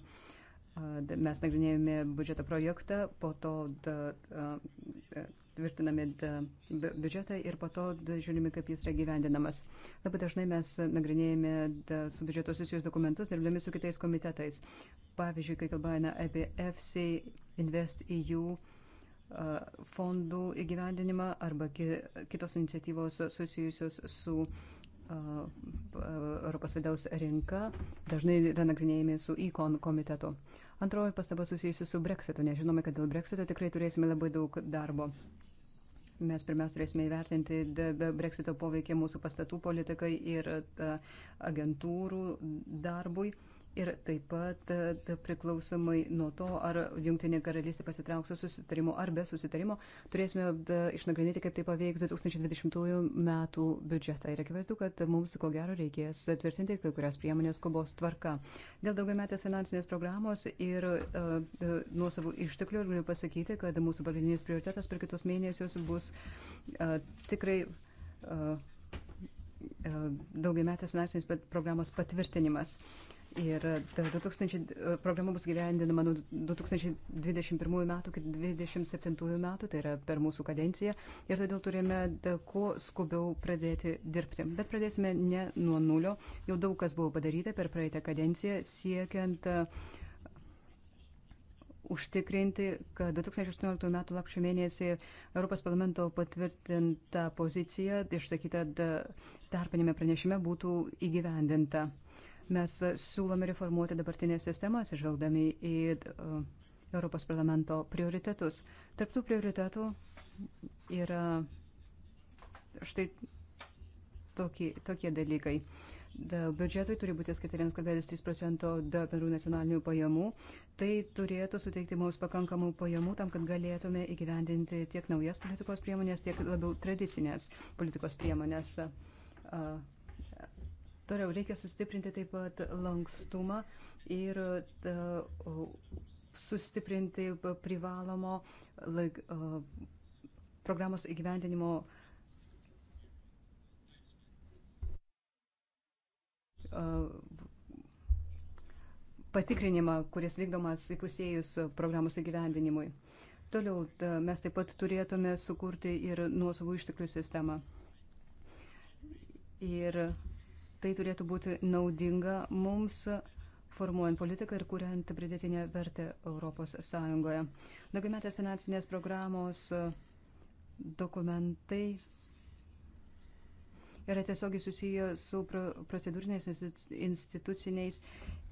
Mes nagrinėjame biudžeto projektą, po to da, da, tvirtiname da, biudžetą ir po to da, žiūrime, kaip jis yra gyvendinamas. Labai dažnai mes nagrinėjame da, su biudžeto susijus dokumentus, dirbdami su kitais komitetais. Pavyzdžiui, kai kalbame apie FC, Invest EU, uh, fondų įgyvendinimą arba kitos iniciatyvos susijusios su Europos vidaus rinka dažnai yra nagrinėjami su ICON komitetu. Antroji pastaba susijusi su Brexitu. Nežinome, kad dėl Brexito tikrai turėsime labai daug darbo. Mes pirmiausia turėsime įvertinti Brexito poveikį mūsų pastatų politikai ir agentūrų darbui. Ir taip pat e, priklausomai nuo to, ar Junktinė karalystė pasitrauks su susitarimu ar be susitarimo, turėsime da, e, išnagrinėti, kaip tai paveiks 2020 metų biudžetą. Ir akivaizdu, kad mums ko gero reikės tvirtinti kai kurias priemonės skubos tvarka. Dėl daugiametės finansinės programos ir uh, e, nuo savo išteklių galiu pasakyti, kad mūsų pagrindinis prioritetas per kitus mėnesius bus uh, tikrai. Uh, daugiametės finansinės programos patvirtinimas. Uh, Ir 2000, e, programa bus gyvendinama nuo 2021 metų iki 2027 metų, tai yra per mūsų kadenciją. Ir todėl turime e, kuo skubiau pradėti dirbti. Bet pradėsime ne nuo nulio. Jau daug kas buvo padaryta per praeitą kadenciją siekiant e, užtikrinti, kad 2018 m. lapkričio mėnesį Europos parlamento patvirtinta pozicija išsakyta tarpinėme pranešime būtų įgyvendinta. Mes siūlome reformuoti dabartinę sistemą, atsižvelgdami į e, Europos parlamento prioritetus. Tarptų prioritetų yra štai tokie, tokie dalykai. Da, biudžetui turi būti skirti 1,3 procento bendrų nacionalinių pajamų. Tai turėtų suteikti mums pakankamų pajamų tam, kad galėtume įgyvendinti tiek naujas politikos priemonės, tiek labiau tradicinės politikos priemonės. Uh, Toliau reikia sustiprinti taip pat lankstumą ir sustiprinti privalomo laik, programos įgyvendinimo patikrinimą, kuris vykdomas įpusėjus programos įgyvendinimui. Toliau ta, mes taip pat turėtume sukurti ir nuosavų išteklių sistemą. Ir tai turėtų būti naudinga mums formuojant politiką ir kuriant pridėtinę vertę Europos Sąjungoje. Daugiametės finansinės programos e, dokumentai yra tiesiogiai susiję su procedūriniais instituciniais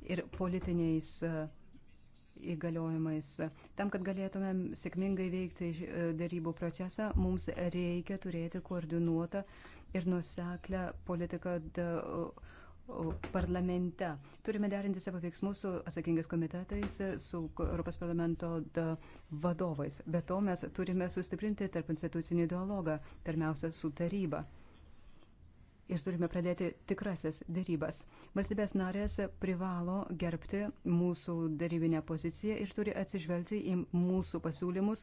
ir politiniais e, įgaliojimais. Tam, kad galėtumėm sėkmingai veikti e, darybų procesą, mums reikia turėti koordinuotą ir nuseklę politiką parlamente. Turime derinti savo veiksmus su atsakingais komitetais, su Europos parlamento vadovais. Be to mes turime sustiprinti tarp institucinį dialogą, pirmiausia, su taryba. Ir turime pradėti tikrasis dėrybas. Valstybės narės privalo gerbti mūsų dėrybinę poziciją ir turi atsižvelgti į mūsų pasiūlymus,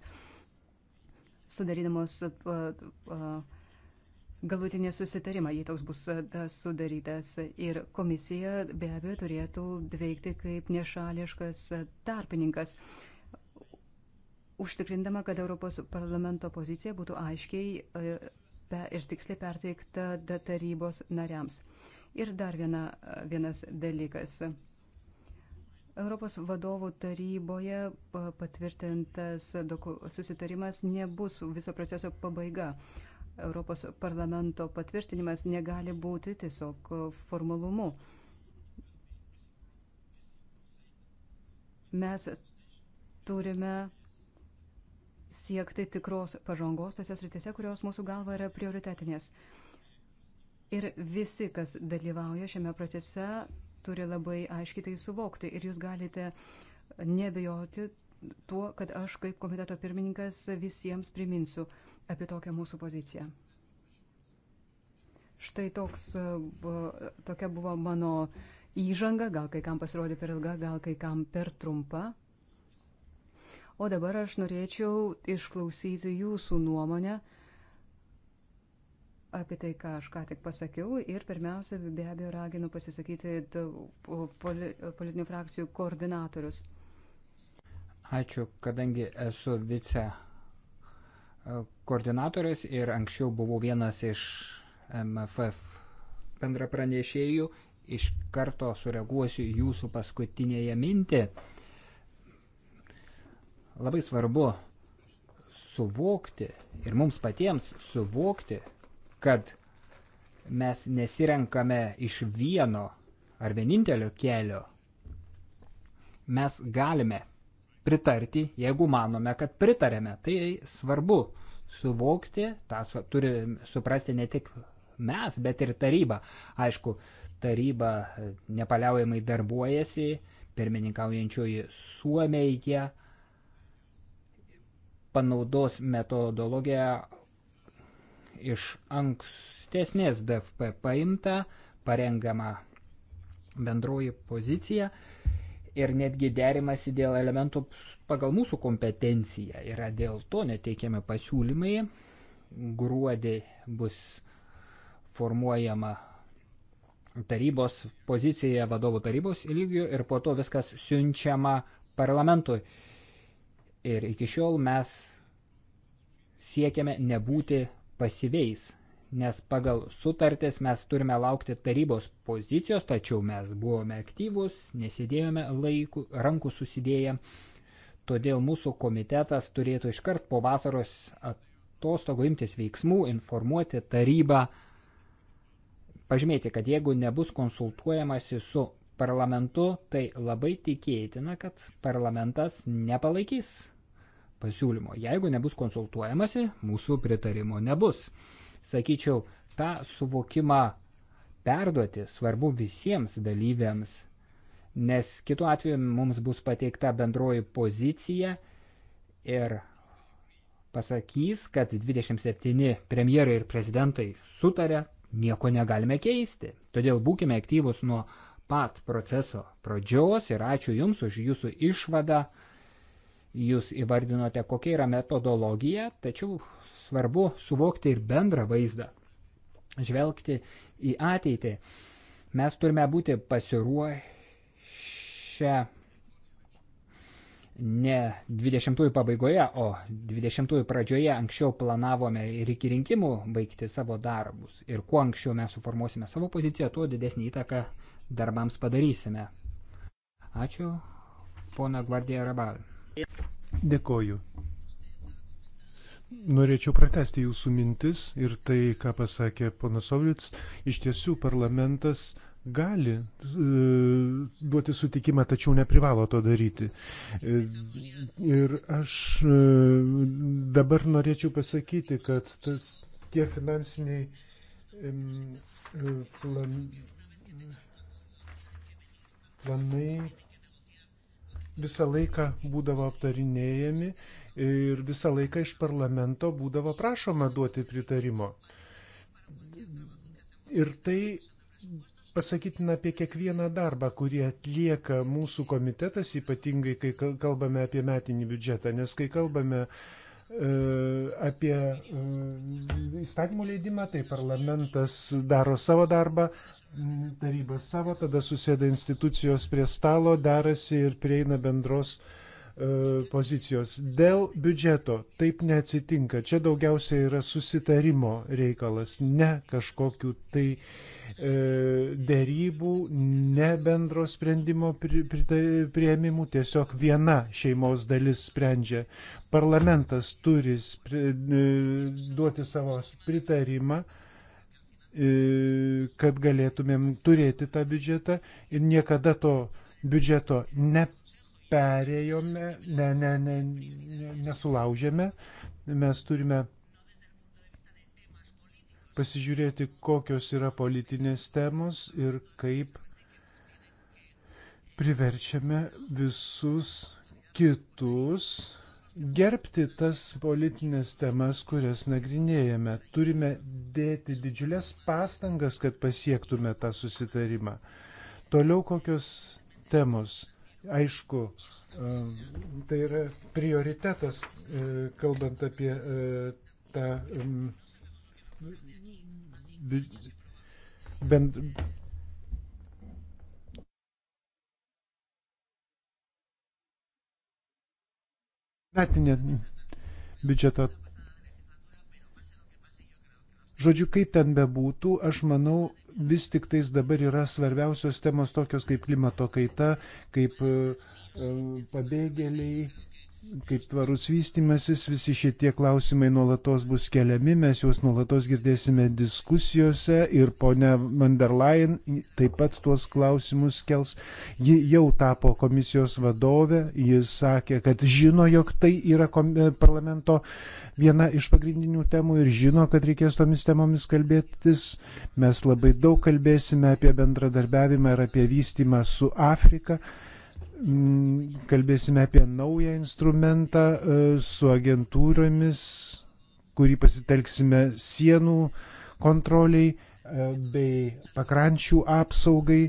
sudarydamos uh, uh, galutinį susitarimą, jei toks bus e, sudarytas. Ir komisija be abejo turėtų veikti kaip nešališkas e, tarpininkas, užtikrindama, kad Europos parlamento pozicija būtų aiškiai e, ir tiksliai perteikta tarybos nariams. Ir dar viena, vienas dalykas. Europos vadovų taryboje patvirtintas susitarimas nebus viso proceso pabaiga. Europos parlamento patvirtinimas negali būti tiesiog e, formalumu. Mes turime siekti tikros pažangos tose sritise, kurios mūsų galva yra prioritetinės. Ir visi, kas dalyvauja šiame procese, turi labai aiškiai tai suvokti. Ir jūs galite nebejoti tuo, kad aš kaip komiteto pirmininkas visiems priminsiu, apie tokią mūsų poziciją. Štai toks, e, tokia buvo mano įžanga, gal kai kam pasirodė per ilga, gal kai kam per trumpa. O dabar aš norėčiau išklausyti jūsų nuomonę apie tai, ką aš ką tik pasakiau. Ir pirmiausia, be abejo, raginu pasisakyti politinių frakcijų koordinatorius.
Ačiū, kadangi esu vice koordinatorius ir anksčiau buvau vienas iš MFF bendrapranešėjų. Iš karto sureaguosiu jūsų paskutinėje mintį. Labai svarbu suvokti ir mums patiems suvokti, kad mes nesirenkame iš vieno ar vienintelio kelio. Mes galime pritarti, jeigu manome, kad pritarėme. Tai svarbu suvokti, tą turi suprasti ne tik mes, bet ir taryba. Aišku, taryba nepaliaujamai darbuojasi, pirmininkaujančioji Suomeija panaudos metodologiją iš ankstesnės DFP paimta, parengama bendroji pozicija – ir netgi derimasi dėl elementų pagal mūsų kompetenciją. Yra dėl to neteikiami pasiūlymai. Gruodį bus formuojama tarybos pozicija vadovų tarybos lygių ir po to viskas siunčiama parlamentui. Ir iki šiol mes siekiame nebūti pasyviais nes pagal sutartis mes turime laukti tarybos pozicijos, tačiau mes buvome aktyvus, nesėdėjome laikų, rankų susidėję, todėl mūsų komitetas turėtų iškart po vasaros atostogų imtis veiksmų, informuoti tarybą, pažymėti, kad jeigu nebus konsultuojamasi su parlamentu, tai labai tikėtina, kad parlamentas nepalaikys pasiūlymo. Jeigu nebus konsultuojamasi, mūsų pritarimo nebus. Sakyčiau, tą suvokimą perduoti svarbu visiems dalyviams, nes kitu atveju mums bus pateikta bendroji pozicija ir pasakys, kad 27 premjerai ir prezidentai sutarė, nieko negalime keisti. Todėl būkime aktyvus nuo pat proceso pradžios ir ačiū Jums už Jūsų išvadą. Jūs įvardinote, kokia yra metodologija, tačiau svarbu suvokti ir bendrą vaizdą, žvelgti į ateitį. Mes turime būti pasiruošę ne 20-ųjų pabaigoje, o 20-ųjų pradžioje anksčiau planavome ir iki rinkimų baigti savo darbus. Ir kuo anksčiau mes suformuosime savo poziciją, tuo didesnį įtaką darbams padarysime. Ačiū, pona Gvardija Rabal.
Dėkoju. Norėčiau pratesti jūsų mintis ir tai, ką pasakė ponas Saulits, iš tiesų parlamentas gali e, duoti sutikimą, tačiau neprivalo to daryti. E, ir aš e, dabar norėčiau pasakyti, kad tas, tie finansiniai e, plan, planai visą laiką būdavo aptarinėjami ir visą laiką iš parlamento būdavo prašoma duoti pritarimo. Ir tai pasakytina apie kiekvieną darbą, kurį atlieka mūsų komitetas, ypatingai kai kalbame apie metinį biudžetą, nes kai kalbame e, apie e, įstatymų leidimą, tai parlamentas daro savo darbą, taryba savo, tada susėda institucijos prie stalo, derasi ir prieina bendros e, E, pozicijos. Dėl biudžeto taip neatsitinka. Čia daugiausia yra susitarimo reikalas, ne kažkokių tai e, dėrybų, ne bendro sprendimo prieimimų, tiesiog viena šeimos dalis sprendžia. Parlamentas turi e, duoti savo pritarimą kad galėtumėm turėti tą biudžetą ir niekada to biudžeto ne perėjome, ne, ne, ne, ne, nesulaužėme. Mes turime pasižiūrėti, kokios yra politinės temos ir kaip priverčiame visus kitus gerbti tas politinės temas, kurias nagrinėjame. Turime dėti didžiulės pastangas, kad pasiektume tą susitarimą. Toliau kokios temos Aišku, tai yra prioritetas, e, kalbant apie e, tą bend, metinė biudžeto. Žodžiu, kaip ten bebūtų, aš manau, vis tik tais dabar yra svarbiausios temos tokios kaip klimato kaita, kaip e, e, pabėgėliai, kaip tvarus vystimasis, visi šitie klausimai nuolatos bus keliami, mes juos nuolatos girdėsime diskusijose ir ponia van der Leyen taip pat tuos klausimus kels. Ji jau tapo komisijos vadovė, jis sakė, kad žino, jog tai yra e, parlamento viena iš pagrindinių temų ir žino, kad reikės tomis temomis kalbėtis. Mes labai daug kalbėsime apie bendradarbiavimą ir apie vystimą su Afrika. Mm, kalbėsime apie naują instrumentą e, su agentūromis, kurį pasitelksime sienų kontroliai e, bei pakrančių apsaugai,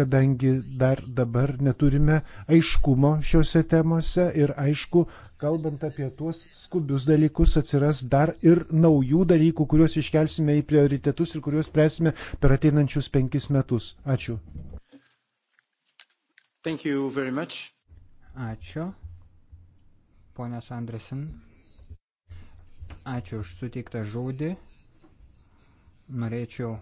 kadangi dar dabar neturime aiškumo šiuose temose ir aišku, kalbant apie tuos skubius dalykus, atsiras dar ir naujų dalykų, kuriuos iškelsime į prioritetus ir kuriuos spręsime per ateinančius penkis metus. Ačiū.
Thank you very much. Ačiū. Ponas Andresen. Ačiū už suteiktą žodį. Norėčiau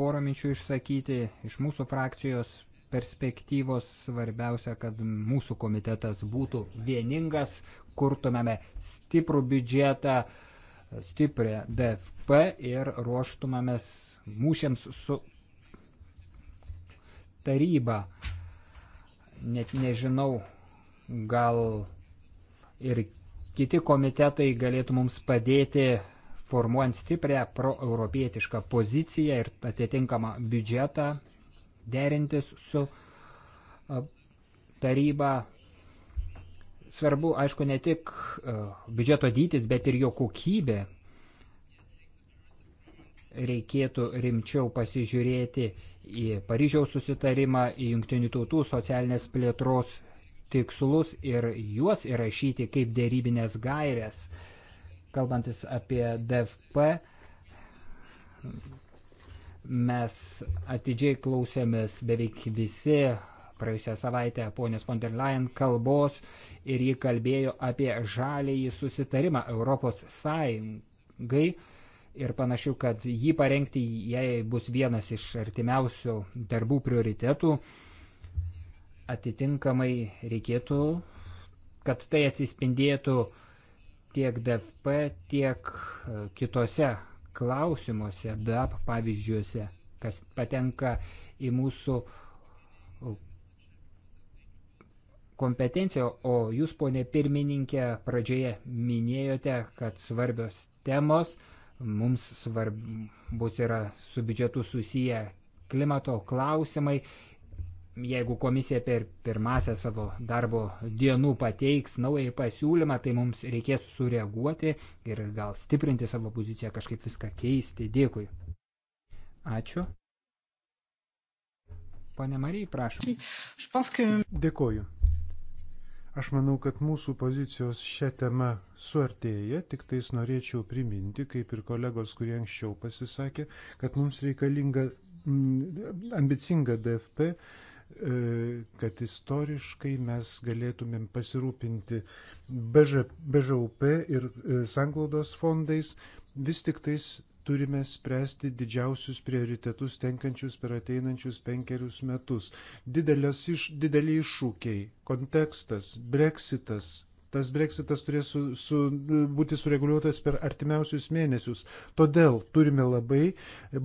porą minčių išsakyti iš mūsų frakcijos perspektyvos. Svarbiausia, kad mūsų komitetas būtų vieningas, kurtumėme stiprų biudžetą, stiprią DFP ir ruoštumėmės mūšiams su taryba. Net nežinau, gal ir kiti komitetai galėtų mums padėti formuojant stiprią proeuropietišką poziciją ir atitinkamą biudžetą derintis su taryba. Svarbu, aišku, ne tik biudžeto dydis, bet ir jo kokybė, reikėtų rimčiau pasižiūrėti į Paryžiaus susitarimą, į Junktinių tautų socialinės plėtros tikslus ir juos įrašyti kaip dėrybinės gairės. Kalbantis apie DFP, mes atidžiai klausėmės beveik visi praėjusią savaitę ponios von der Leyen kalbos ir ji kalbėjo apie žalėjį susitarimą Europos Sąjungai ir panašių, kad jį parengti jai bus vienas iš artimiausių darbų prioritetų. Atitinkamai reikėtų, kad tai atsispindėtų tiek DFP, tiek e, kitose klausimuose, DAP pavyzdžiuose, kas patenka į mūsų kompetenciją, o jūs, ponė pirmininkė, pradžioje minėjote, kad svarbios temos – Mums svarbus yra su biudžetu susiję klimato klausimai. Jeigu komisija per pirmąsią savo darbo dienų pateiks naują pasiūlymą, tai mums reikės sureaguoti ir gal stiprinti savo poziciją, kažkaip viską keisti. Dėkui. Ačiū. Pane Marijai,
prašom. Dėkuoju. Aš manau, kad mūsų pozicijos šią temą suartėja, tik tais norėčiau priminti, kaip ir kolegos, kurie anksčiau pasisakė, kad mums reikalinga mm, ambicinga DFP, e, kad istoriškai mes galėtumėm pasirūpinti BŽP ir e, sanglaudos fondais, vis tik tais turime spręsti didžiausius prioritetus tenkančius per ateinančius penkerius metus. Didelės iš, dideli iššūkiai, kontekstas, breksitas. Tas breksitas turės su, su, būti sureguliuotas per artimiausius mėnesius. Todėl turime labai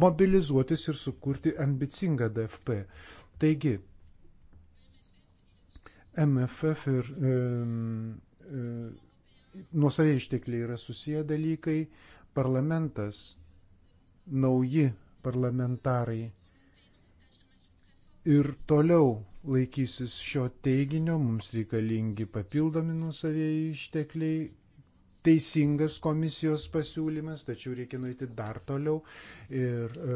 mobilizuotis ir sukurti ambicingą DFP. Taigi, MFF ir e, e, nuosavė ištekliai yra susiję dalykai, parlamentas nauji parlamentarai ir toliau laikysis šio teiginio, mums reikalingi papildomi nusavėjai ištekliai, teisingas komisijos pasiūlymas, tačiau reikia nueiti dar toliau ir e,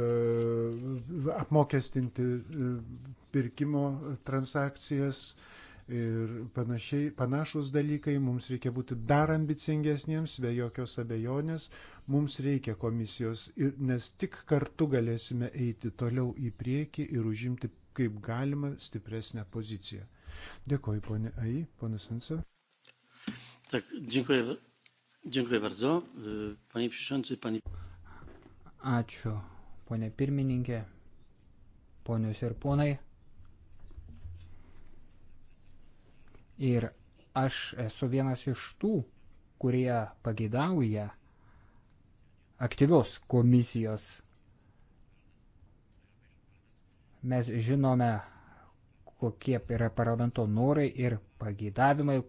apmokestinti e, pirkimo transakcijas, ir panašiai, panašus dalykai. Mums reikia būti dar ambicingesniems, be jokios abejonės. Mums reikia komisijos, ir, nes tik kartu galėsime eiti toliau į priekį ir užimti kaip galima stipresnę poziciją. Dėkoju, ponė Ai, ponas Sensa. Tak, dziękuję, dziękuję bardzo. Panie przewodniczący, panie.
Ačiū, ponė pirmininkė, ponios ir ponai. Ir aš esu vienas iš tų, kurie pagidauja aktyvios komisijos. Mes žinome, kokie yra parlamento norai ir pagidavimai,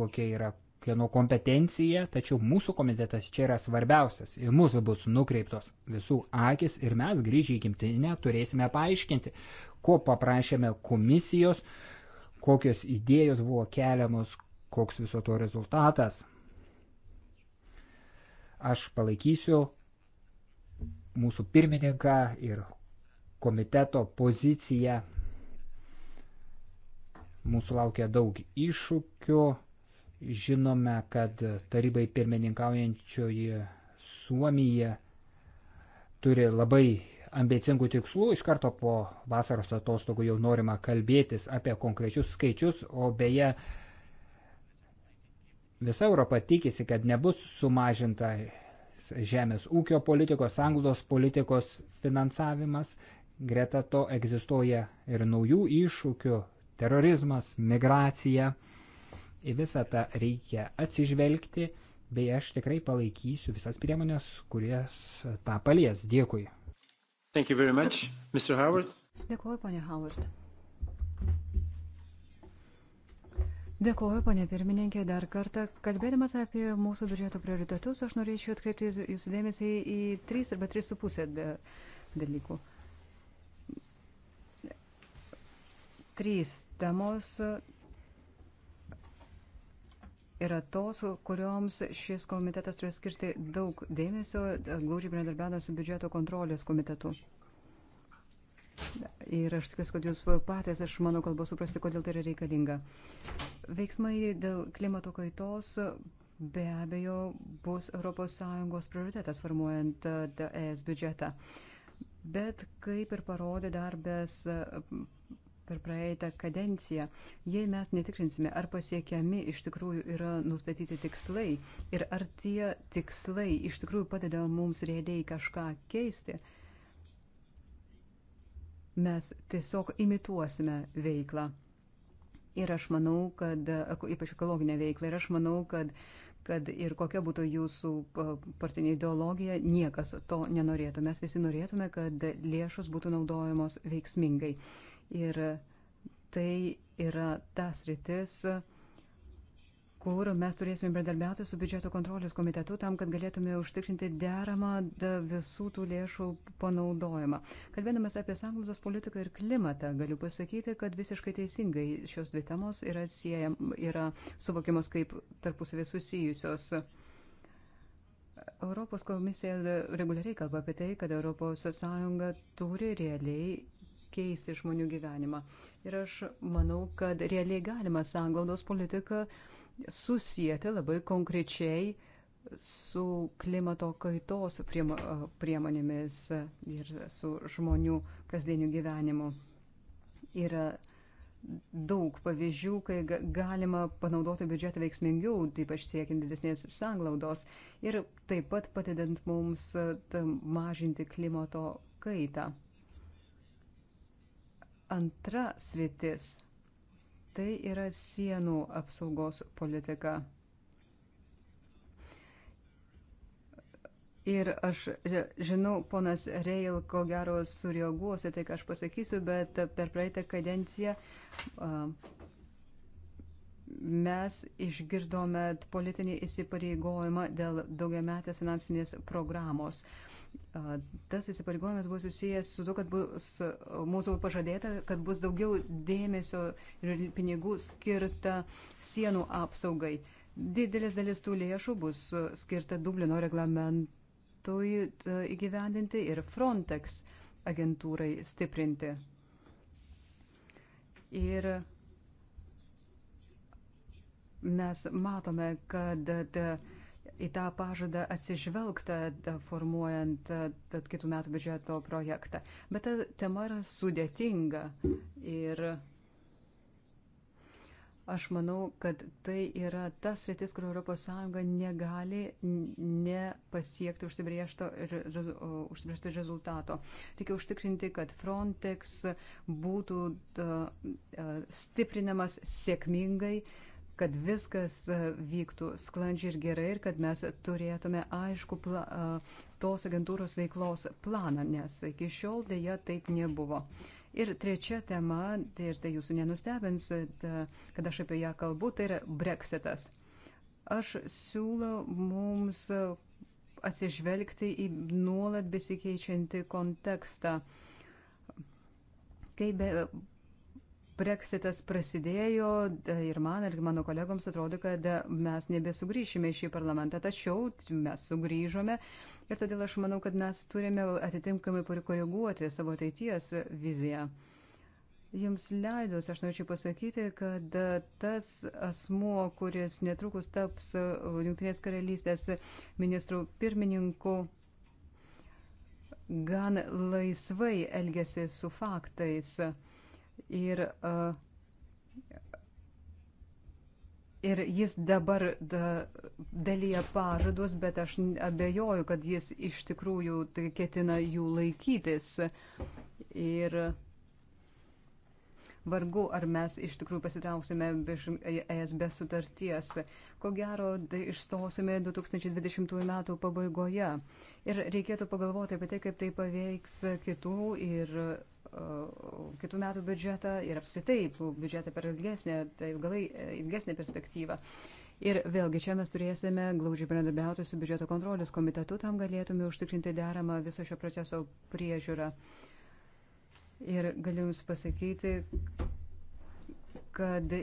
kokie yra kieno kompetencija, tačiau mūsų komitetas čia yra svarbiausias. Į mūsų bus nukreiptos visų akis ir mes grįžę į gimtinę turėsime paaiškinti, ko paprašėme komisijos, uh, kokios idėjos buvo keliamos, koks viso to rezultatas. Aš palaikysiu mūsų pirmininką ir komiteto poziciją. Mūsų laukia daug iššūkių. Žinome, kad tarybai pirmininkaujančioji Suomija turi labai ambicingų tikslų. Iš karto po vasaros atostogų jau norima kalbėtis apie konkrečius skaičius, o beje, visa Europa tikisi, kad nebus sumažinta žemės ūkio politikos, anglos politikos finansavimas. Greta to egzistuoja ir naujų iššūkių - terorizmas, migracija. Į visą tą reikia atsižvelgti bei aš tikrai palaikysiu visas priemonės, kurias tą palies. Dėkui.
Thank you very much, Mr. Howard.
Dėkuoju, ponė Howard. Dėkuoju, ponė pirmininkė, dar kartą. Kalbėdamas apie mūsų biudžeto prioritetus, aš norėčiau atkreipti jūsų dėmesį į 3 arba 3,5 dalykų. Trys temos yra tos, kurioms šis komitetas turės skirti daug dėmesio, glaudžiai bendradarbiavimo su biudžeto kontrolės komitetu. Ir aš tikiuosi, kad jūs patys, aš manau, kalbu suprasti, kodėl tai yra reikalinga. Veiksmai dėl klimato kaitos be abejo bus ES prioritetas formuojant e, ES biudžetą. Bet kaip ir parodė darbės per praeitą kadenciją. Jei mes netikrinsime, ar pasiekiami iš tikrųjų yra nustatyti tikslai ir ar tie tikslai iš tikrųjų padeda mums realiai kažką keisti, mes tiesiog imituosime veiklą. Ir aš manau, kad, ypač ekologinę veiklą, ir aš manau, kad, kad ir kokia būtų jūsų partinė ideologija, niekas to nenorėtų. Mes visi norėtume, kad lėšos būtų naudojamos veiksmingai. Ir tai yra tas rytis, kur mes turėsime bendradarbiauti su biudžeto kontrolės komitetu tam, kad galėtume užtikrinti deramą visų tų lėšų panaudojimą. Kalbėdamas apie sanglaudos politiką ir klimatą, galiu pasakyti, kad visiškai teisingai šios dvi temos yra, siejam, yra suvokiamos kaip tarpusavį susijusios. Europos komisija reguliariai kalba apie tai, kad ES turi realiai keisti žmonių gyvenimą. Ir aš manau, kad realiai galima sanglaudos politiką susijęti labai konkrečiai su klimato kaitos priemonėmis ir su žmonių kasdieniu gyvenimu. Yra daug pavyzdžių, kai galima panaudoti biudžetą veiksmingiau, ypač siekiant didesnės sanglaudos ir taip pat padedant mums mažinti klimato kaitą. Antra sritis - tai yra sienų apsaugos politika. Ir aš e, žinau, ponas Reil, ko gero sureaguosi tai, ką aš pasakysiu, bet per praeitą kadenciją mes išgirdome politinį įsipareigojimą dėl daugiametės finansinės programos. Uh, Tas įsipareigojimas buvo susijęs su to, kad bus mūsų pažadėta, kad bus daugiau dėmesio ir pinigų skirta sienų apsaugai. Didelis dalis tų lėšų bus skirta Dublino reglamentui e, įgyvendinti ir Frontex agentūrai stiprinti. Ir mes matome, kad uh, į tą pažadą atsižvelgta formuojant kitų metų biudžeto projektą. Bet ta tema yra sudėtinga ir aš manau, kad tai yra tas rytis, kur ES negali nepasiekti užsibriežto, užsibriežto rezultato. Reikia užtikrinti, kad Frontex būtų stiprinamas sėkmingai kad viskas e, vyktų sklandžiai ir gerai ir kad mes turėtume aišku pla, e, tos agentūros veiklos planą, nes iki šiol dėja taip nebuvo. Ir trečia tema, tai ir tai jūsų nenustebins, e, kad aš apie ją kalbu, tai yra breksitas. Aš siūlau mums atsižvelgti į nuolat besikeičiantį kontekstą. Kaip be, Brexitas prasidėjo e, ir man ir mano kolegoms atrodo, kad e, mes nebesugrįšime į šį parlamentą, tačiau mes sugrįžome ir todėl aš manau, kad mes turime atitinkamai koreguoti savo ateities viziją. Jums leidus, aš norėčiau pasakyti, kad e, tas asmuo, kuris netrukus taps Junktinės karalystės ministrų pirmininku, gan laisvai elgesi su faktais. Ir, ir jis dabar da, dalyja pažadus, bet aš abejoju, kad jis iš tikrųjų tai ketina jų laikytis. Ir vargu ar mes iš tikrųjų pasitrauksime iš ES be sutarties. Ko gero, tai išstosime 2020 metų pabaigoje. Ir reikėtų pagalvoti apie tai, kaip tai paveiks kitų ir E, kitų metų biudžetą ir apskritai biudžetą per ilgesnę, tai ilgalai, e, ilgesnę perspektyvą. Ir vėlgi čia mes turėsime glaudžiai bendradarbiauti su biudžeto kontrolės komitetu, tam galėtume užtikrinti deramą viso šio proceso priežiūrą. Ir galiu Jums pasakyti, kad,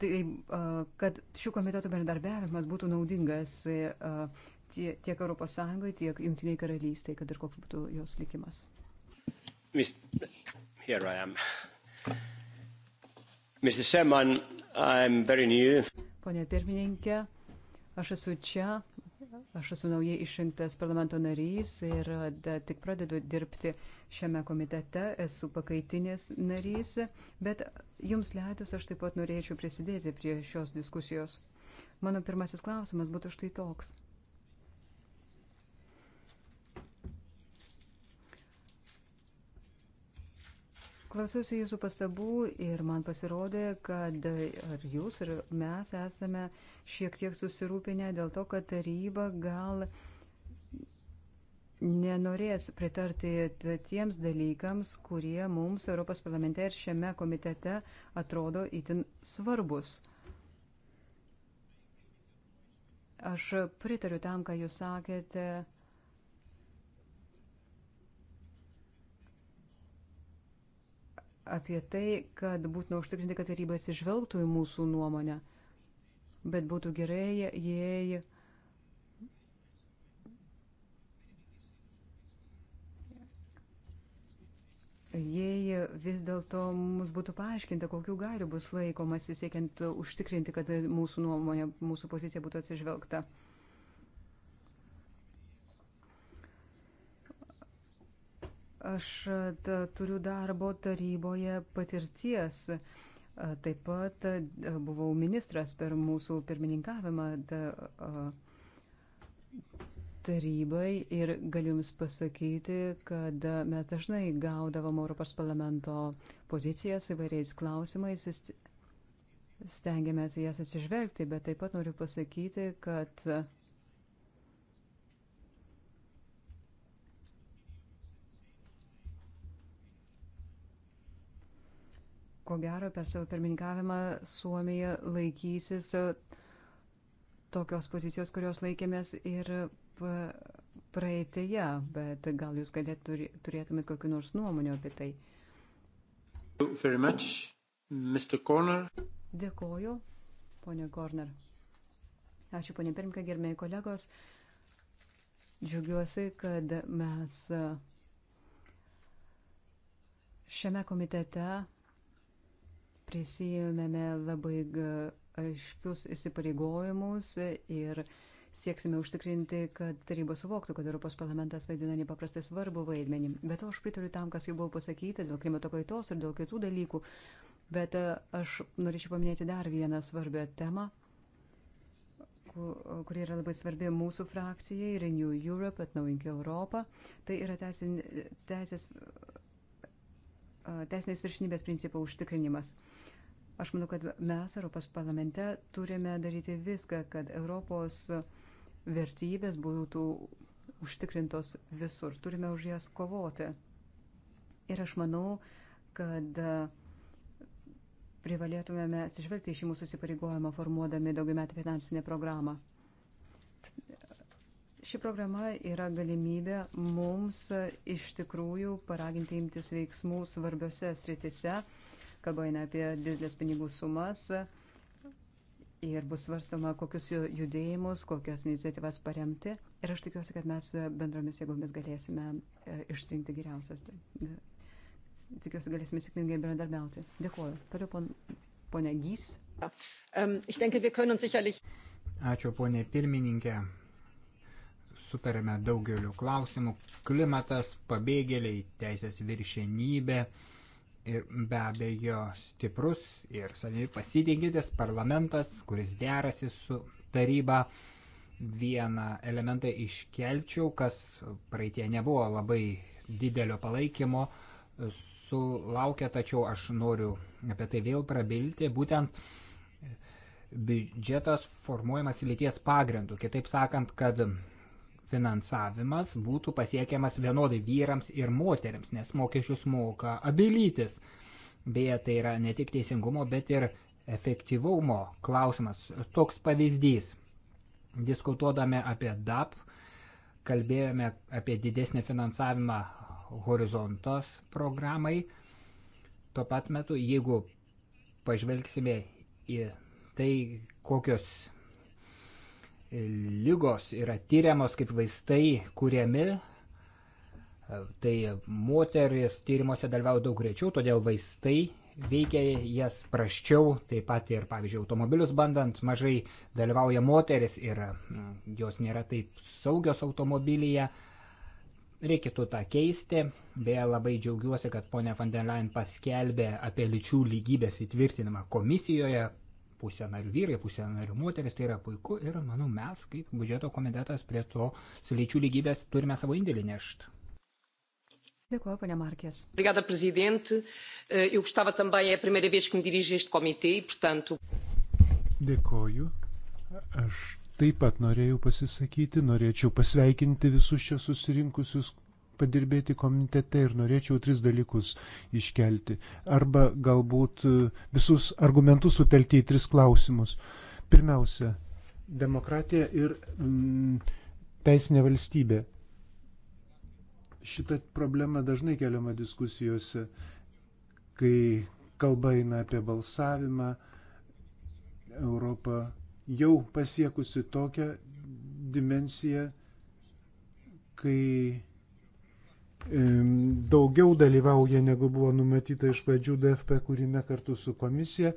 tai, e, kad šių komitetų bendradarbiavimas būtų naudingas tiek ES, tiek Junktiniai karalystai, kad ir koks būtų jos likimas.
Mr. Here I am. Mr. Sherman, I'm very new.
Pone pirmininkė, aš esu čia, aš esu naujai išrinktas parlamento narys ir da, tik pradedu dirbti šiame komitete, esu pakaitinis narys, bet jums leidus aš taip pat norėčiau prisidėti prie šios diskusijos. Mano pirmasis klausimas būtų štai toks. Klausiausi jūsų pastabų ir man pasirodė, kad ar jūs, ar mes esame šiek tiek susirūpinę dėl to, kad taryba gal nenorės pritarti tiems dalykams, kurie mums Europos parlamente ir šiame komitete atrodo itin svarbus. Aš pritariu tam, ką jūs sakėte apie tai, kad būtina užtikrinti, kad taryba atsižvelgtų į mūsų nuomonę. Bet būtų gerai, jei jei vis dėlto mums būtų paaiškinta, kokiu gairiu bus laikomasi siekiant užtikrinti, kad mūsų nuomonė, mūsų pozicija būtų atsižvelgta. Aš e, ta, turiu darbo taryboje patirties. E, taip pat e, buvau ministras per mūsų pirmininkavimą ta, tarybai ir galiu Jums pasakyti, kad mes dažnai gaudavom Europos parlamento pozicijas įvairiais klausimais, stengiamės jas atsižvelgti, bet taip pat noriu pasakyti, kad ko gero per savo pirmininkavimą Suomija laikysis e, tokios pozicijos, kurios laikėmės ir praeitėje, bet gal jūs galėtumėt kokiu nors nuomonę apie tai. Dėkoju, ponė Korner. Ačiū, ponė Pirmka, gerbėjai kolegos. Džiaugiuosi, kad mes e, šiame komitete prisijėmėme labai aiškius įsipareigojimus ir sieksime užtikrinti, kad taryba suvoktų, kad Europos parlamentas vaidina nepaprastai svarbu vaidmenį. Bet aš pritariu tam, kas jau buvo pasakyta dėl klimato kaitos ir dėl kitų dalykų. Bet e, aš norėčiau paminėti dar vieną svarbę temą, kuri yra labai svarbi mūsų frakcijai, Renew Europe, atnaujink Europą. Tai yra teisės, teisės, teisinės viršinybės principų užtikrinimas. Aš manau, kad mes Europos parlamente turime daryti viską, kad Europos vertybės būtų užtikrintos visur. Turime už jas kovoti. Ir aš manau, kad privalėtumėme atsižvelgti į šį mūsų įsipareigojimą formuodami daugiametį finansinę programą. Ši programa yra galimybė mums iš tikrųjų paraginti imtis veiksmų svarbiose sritise kalba eina apie didelės pinigų sumas ir bus svarstama, kokius judėjimus, kokias iniciatyvas paremti. Ir aš tikiuosi, kad mes bendromis jėgomis galėsime e, išrinkti geriausias. E, tikiuosi, galėsime sėkmingai bendradarbiauti. Dėkuoju. Toliau, pon, ponia Gys.
Ačiū, ponė pirmininkė. Sutarėme daugeliu klausimų. Klimatas, pabėgėliai, teisės viršenybė. Uh, ir be abejo stiprus ir savimi pasidengintis parlamentas, kuris derasi su taryba. Vieną elementą iškelčiau, kas praeitie nebuvo labai didelio palaikymo sulaukia, tačiau aš noriu apie tai vėl prabilti. Būtent biudžetas formuojamas lyties pagrindų. Kitaip sakant, kad finansavimas būtų pasiekiamas vienodai vyrams ir moteriams, nes mokesčius moka abilytis. Beje, tai yra ne tik teisingumo, bet ir efektyvumo klausimas. Toks pavyzdys. Diskutuodami apie DAP, kalbėjome apie didesnį finansavimą horizontos programai. Tuo pat metu, jeigu pažvelgsime į tai, kokios lygos yra tyriamos kaip vaistai kuriami, tai moteris tyrimuose dalyvauja daug greičiau, todėl vaistai veikia jas praščiau, taip pat ir, pavyzdžiui, automobilius bandant, mažai dalyvauja moteris ir mm, jos nėra taip saugios automobilyje. Reikėtų tą keisti. Beje, labai džiaugiuosi, kad ponia van der Leyen paskelbė apie lyčių lygybės įtvirtinimą komisijoje, pusė narių vyrai, pusė narių moteris, tai yra puiku ir manau mes kaip biudžeto komitetas prie to lyčių lygybės turime savo indėlį nešti.
Dėkuoju, ponia Markės. Obrigada, prezidente. Eh, eu gostava também, é a primeira vez que me dirijo
este comitê, portanto.
Dėkuoju. Aš taip pat norėjau pasisakyti, norėčiau pasveikinti visus čia susirinkusius padirbėti komitete ir norėčiau tris dalykus iškelti. Arba galbūt e, visus argumentus sutelkti į tris klausimus. Pirmiausia, demokratija ir mm, teisinė valstybė. Šitą problemą dažnai keliama diskusijose, kai kalba eina apie balsavimą. Europą jau pasiekusi tokią dimensiją, kai daugiau dalyvauja, negu buvo numatyta iš pradžių DFP, kūrime kartu su komisija.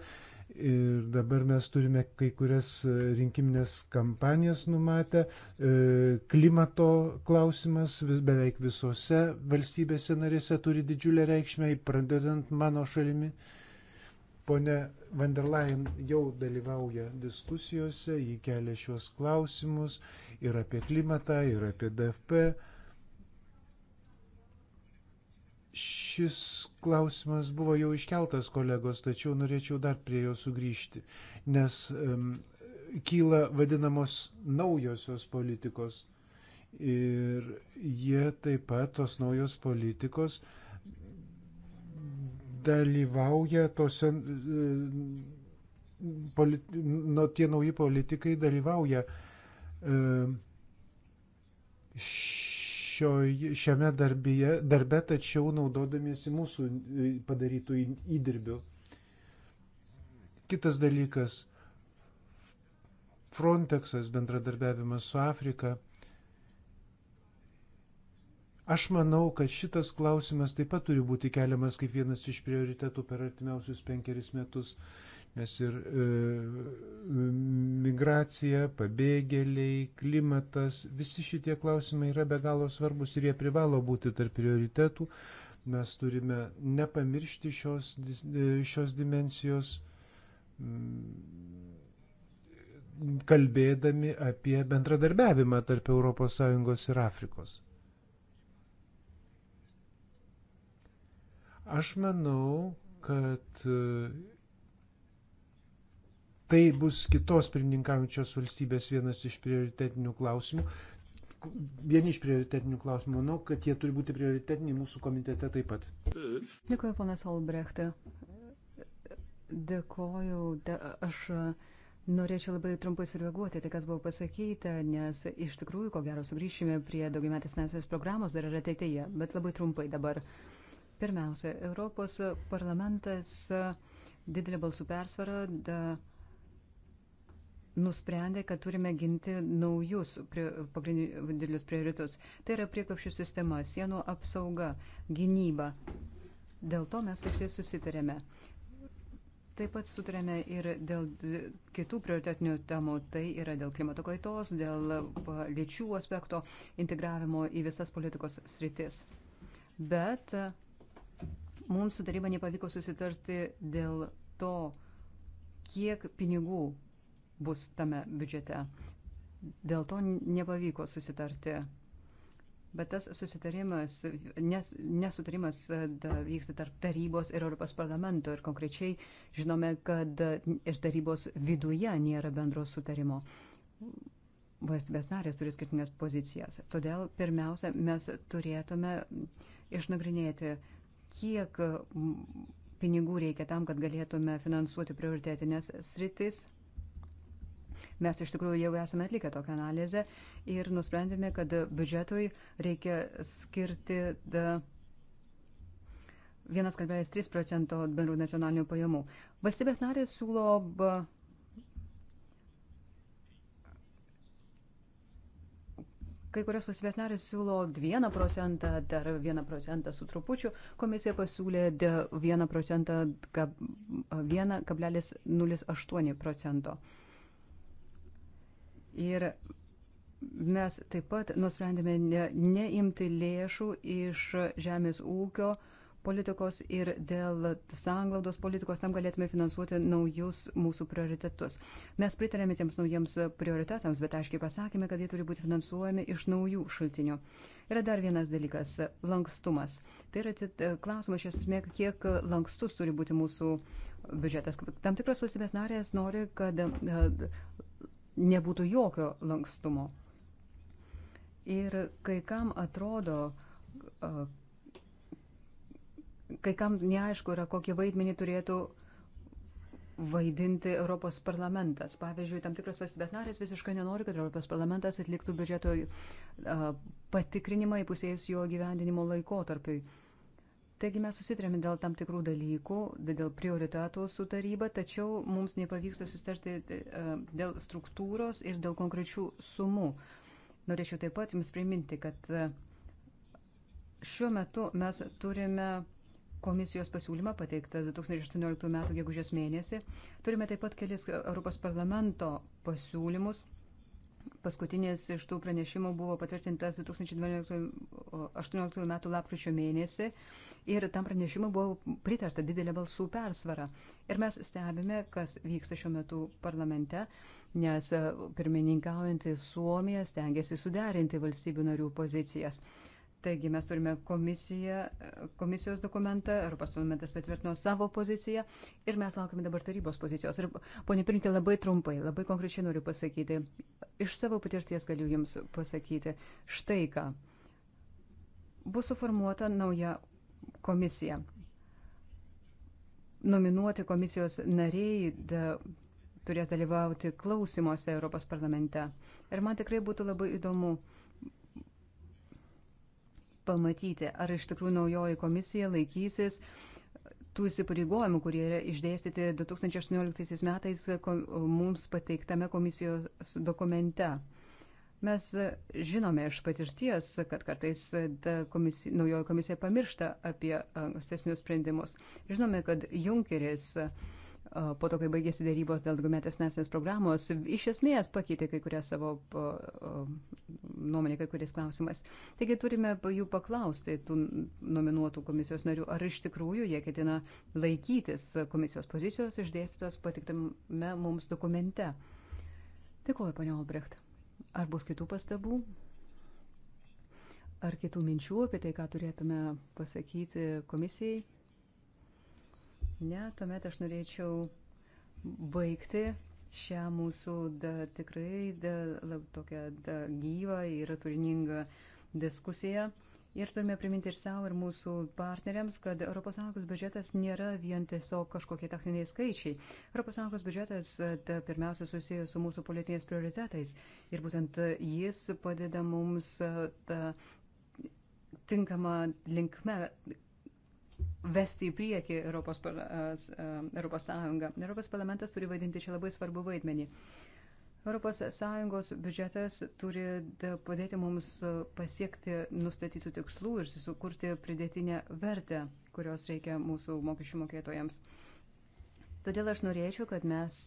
Ir dabar mes turime kai kurias e, rinkiminės kampanijas numatę. E, klimato klausimas beveik visose valstybėse narėse turi didžiulę reikšmę, pradedant mano šalimi. Pone van der Leyen jau dalyvauja diskusijose, jį kelia šios klausimus ir apie klimatą, ir apie DFP Šis klausimas buvo jau iškeltas kolegos, tačiau norėčiau dar prie jo sugrįžti, nes um, kyla vadinamos naujosios politikos ir jie taip pat tos naujos politikos dalyvauja tose, politi, no, tie nauji politikai dalyvauja um, š, šio, šiame darbėje, darbe, tačiau naudodamiesi mūsų e, padarytų įdirbių. Kitas dalykas - Frontexas bendradarbiavimas su Afrika. Aš manau, kad šitas klausimas taip pat turi būti keliamas kaip vienas iš prioritetų per artimiausius penkeris metus. Uh, nes ir e, migracija, pabėgėliai, klimatas, visi šitie klausimai yra be galo svarbus ir jie privalo būti tarp prioritetų. Mes turime nepamiršti šios, e, šios dimensijos, mm, kalbėdami apie bendradarbiavimą tarp ES ir Afrikos. Aš manau, kad e, Tai bus kitos pirmininkaujančios valstybės vienas iš prioritetinių klausimų. Vieni iš prioritetinių klausimų, manau, kad jie turi būti prioritetiniai mūsų komitete taip pat.
Dėkuoju, ponas Olbrechtai. Dėkuoju. De, aš norėčiau labai trumpai sureaguoti tai, kas buvo pasakyta, nes iš tikrųjų, ko gero, sugrįšime prie daugiametės finansinės programos dar ir ateityje, bet labai trumpai dabar. Pirmiausia, Europos parlamentas didelė balsų persvara. Da, de nusprendė, kad turime ginti naujus prie, pagrindinius prioritus. Tai yra prieklapšių sistema, sienų apsauga, gynyba. Dėl to mes visi susitarėme. Taip pat sutarėme ir dėl kitų prioritetinių temų, tai yra dėl klimato kaitos, dėl lyčių aspekto integravimo į visas politikos sritis. Bet e, mums sudaryba nepavyko susitarti dėl to, kiek pinigų bus tame biudžete. Dėl to nepavyko susitarti. Bet tas susitarimas, nes, nesutarimas e, da, vyksta tarp tarybos ir Europos parlamento ir konkrečiai žinome, kad e, ir tarybos viduje nėra bendro sutarimo. Valstybės narės turi skirtingas pozicijas. Todėl pirmiausia, mes turėtume išnagrinėti, kiek pinigų reikia tam, kad galėtume finansuoti prioritetinės sritis Mes iš tikrųjų jau esame atlikę tokią analizę ir nusprendėme, kad biudžetui reikia skirti 1,3 procento bendrų nacionalinių pajamų. Valstybės narės siūlo kai kurios valstybės narės siūlo 1 procentą, dar 1 procentą su trupučiu, komisija pasiūlė 1 procentą, 1,08 procento. Ir mes taip pat nusprendėme ne, neimti lėšų iš žemės ūkio politikos ir dėl sanglaudos politikos tam galėtume finansuoti naujus mūsų prioritetus. Mes pritarėme tiems naujiems prioritetams, bet aiškiai pasakėme, kad jie turi būti finansuojami iš naujų šaltinių. Yra dar vienas dalykas - lankstumas. Tai yra klausimas, šias esmė, kiek lankstus turi būti mūsų biudžetas. Tam tikros valstybės narės nori, kad nebūtų jokio lankstumo. Ir kai kam atrodo, kai kam neaišku yra, kokį vaidmenį turėtų vaidinti Europos parlamentas. Pavyzdžiui, tam tikros valstybės narės visiškai nenori, kad Europos parlamentas atliktų biudžeto patikrinimą įpusėjus jo gyvendinimo laikotarpiui. tarpiui. Taigi mes susitrėmė dėl tam tikrų dalykų, dėl prioritetų su taryba, tačiau mums nepavyksta susitarti e, dėl struktūros ir dėl konkrečių sumų. Norėčiau taip pat Jums priminti, kad e, šiuo metu mes turime komisijos pasiūlymą pateiktą 2018 m. gegužės mėnesį. Turime taip pat kelis Europos parlamento pasiūlymus Paskutinis iš tų pranešimų buvo patvirtintas 2018 m. lapkričio mėnesį ir tam pranešimui buvo pritarta didelė balsų persvara. Ir mes stebime, kas vyksta šiuo metu parlamente, nes e, pirmininkaujantį Suomiją stengiasi suderinti valstybių narių pozicijas. Taigi mes turime komisiją, komisijos dokumentą, Europos parlamentas patvirtino savo poziciją ir mes laukime dabar tarybos pozicijos. Ir ponė Pirinkė, labai trumpai, labai konkrečiai noriu pasakyti, iš savo patirties galiu Jums pasakyti štai ką. Bus suformuota nauja komisija. Nominuoti komisijos nariai da, turės dalyvauti klausimuose Europos parlamente. Ir man tikrai būtų labai įdomu pamatyti, ar iš tikrųjų naujoji komisija laikysis tų įsipareigojimų, kurie yra išdėstyti 2018 metais mums pateiktame komisijos dokumente. Mes žinome iš patirties, kad kartais komisija, naujoji komisija pamiršta apie ankstesnius sprendimus. Žinome, kad Junkeris uh, po to, kai baigėsi dėrybos dėl dokumentės nesinės programos, iš esmės pakeitė kai kurią savo nuomonę, kai kuriais klausimas. Taigi turime jų paklausti, tų nominuotų komisijos narių, ar iš tikrųjų jie ketina laikytis komisijos pozicijos išdėstytos patiktame mums dokumente. Dėkuoju, panio Albrecht. Ar bus kitų pastabų? Ar kitų minčių apie tai, ką turėtume pasakyti komisijai? Ne, tuomet aš norėčiau baigti šią mūsų da, tikrai da, lab, tokią da, gyvą ir turiningą diskusiją. Ir turime priminti ir savo, ir mūsų partneriams, kad ES biudžetas nėra vien tiesiog kažkokie techniniai skaičiai. ES biudžetas ta, pirmiausia susijęs su mūsų politiniais prioritetais. Ir būtent jis padeda mums ta, tinkamą linkme vesti į priekį Europos, Europos Sąjungą. Europos parlamentas turi vaidinti čia labai svarbu vaidmenį. Europos Sąjungos biudžetas turi padėti mums pasiekti nustatytų tikslų ir sukurti pridėtinę vertę, kurios reikia mūsų mokesčių mokėtojams. Todėl aš norėčiau, kad mes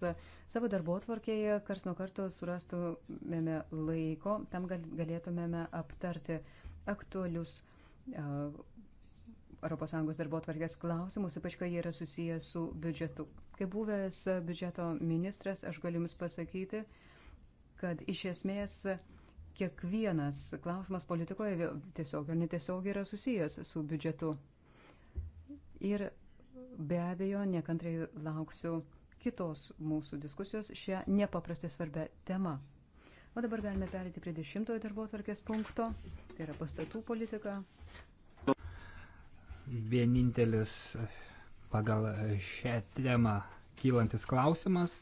savo darbo atvarkėje kars nuo karto surastumėme laiko, tam galėtumėme aptarti aktualius ES darbo tvarkės klausimus, ypač kai jie yra susiję su biudžetu. Kaip buvęs biudžeto ministras, aš galiu Jums pasakyti, kad iš esmės kiekvienas klausimas politikoje tiesiog ir netiesiog yra susijęs su biudžetu. Ir be abejo, nekantrai lauksiu kitos mūsų diskusijos šią nepaprastai svarbę temą. O dabar galime perėti prie dešimtojo darbo tvarkės punkto, tai yra pastatų politika
vienintelis pagal šią temą kylantis klausimas.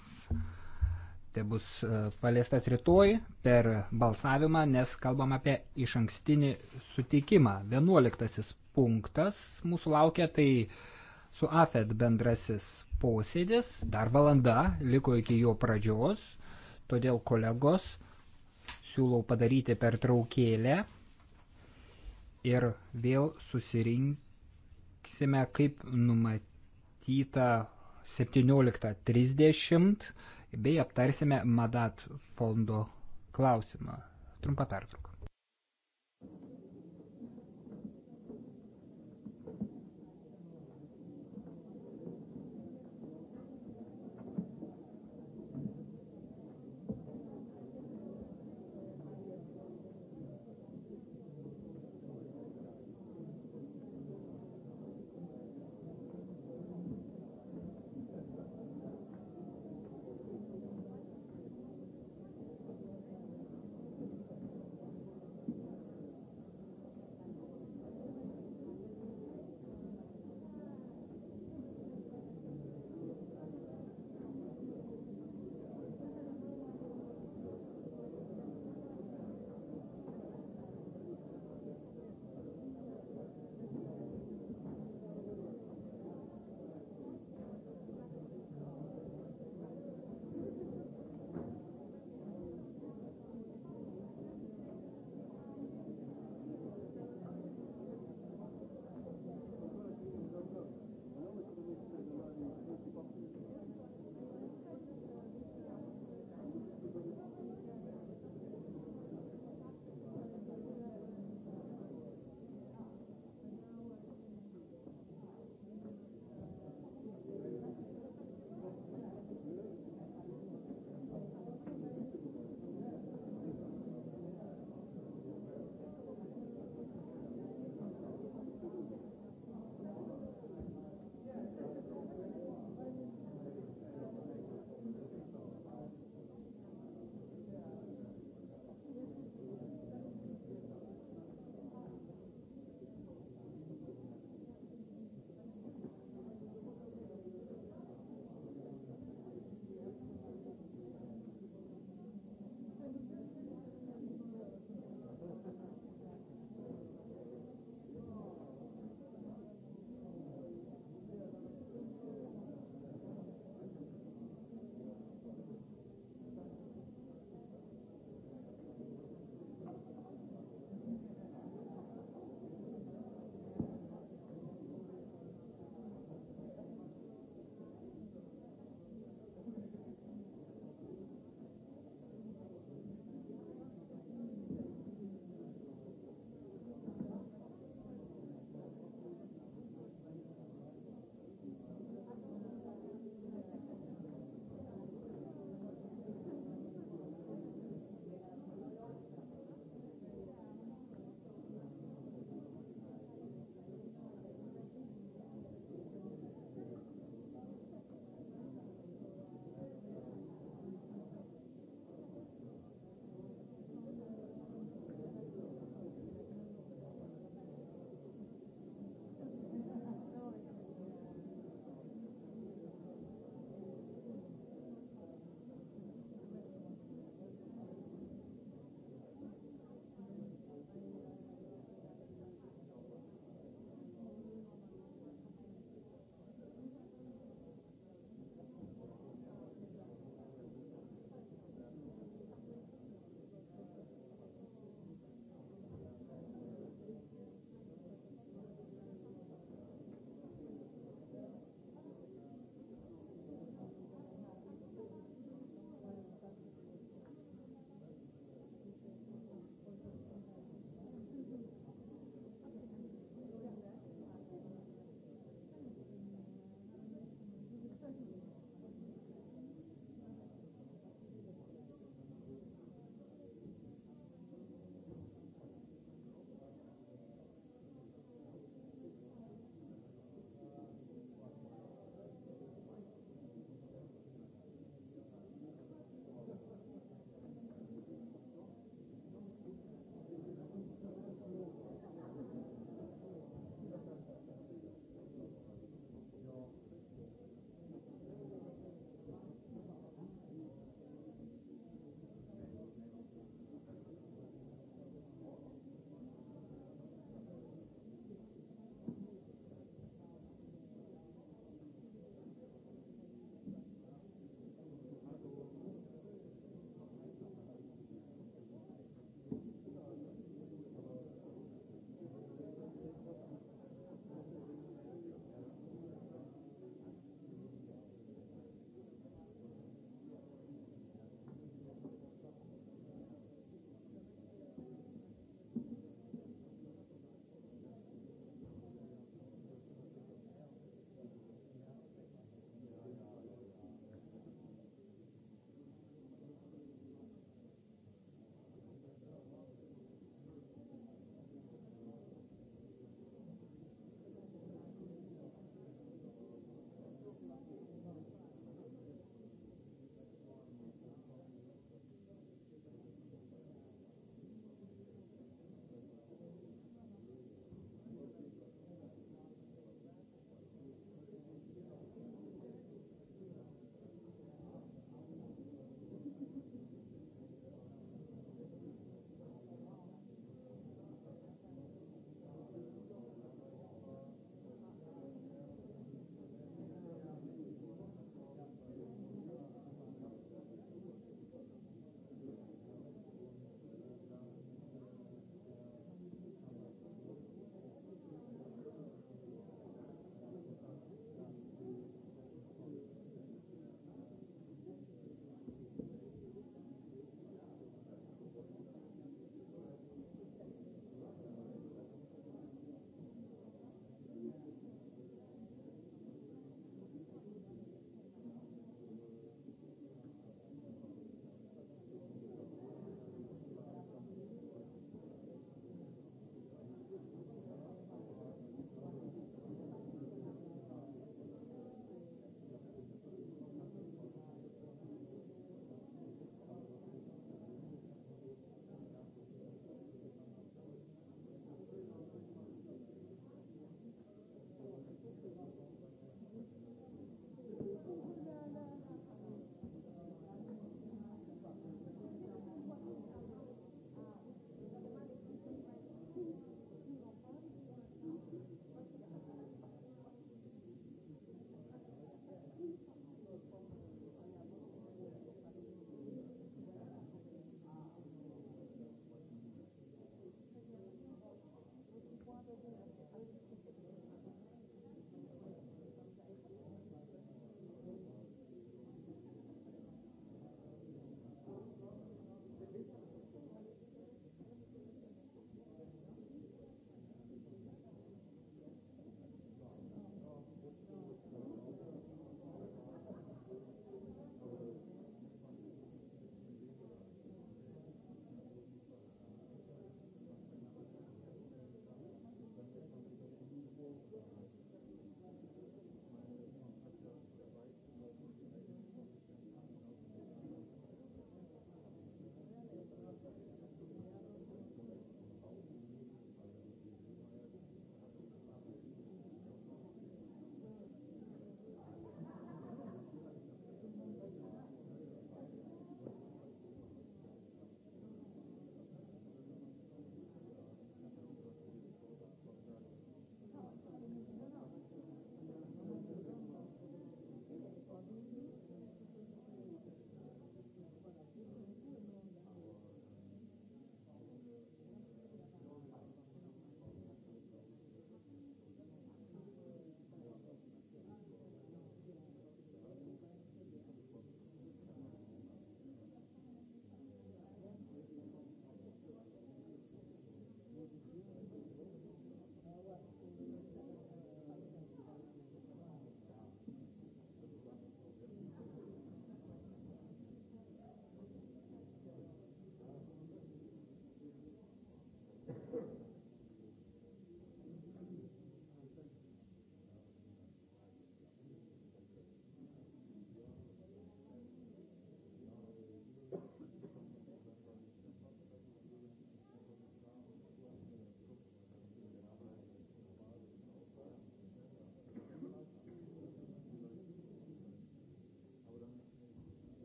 Tai bus e, paliestas rytoj per balsavimą, nes kalbam apie iš ankstinį sutikimą. Vienuoliktasis punktas mūsų laukia, tai su AFED bendrasis posėdis, dar valanda liko iki jo pradžios, todėl kolegos siūlau padaryti per traukėlę ir vėl susirinkti lauksime, kaip numatyta 17.30 bei aptarsime Madat fondo klausimą. Trumpa pertrauka.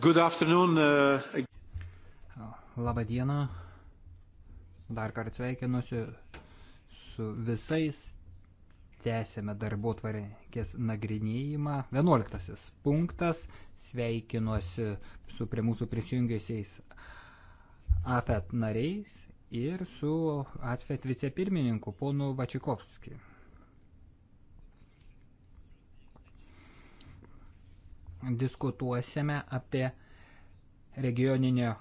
Good afternoon. Uh,
Labą dieną. Dar kartą sveikinuosi su visais. Tęsėme darbo tvarkės nagrinėjimą. 11 punktas. Sveikinuosi su prie mūsų prisijungiusiais AFET nariais ir su AFET vicepirmininku ponu Vačikovskiu. diskutuosime apie regioninio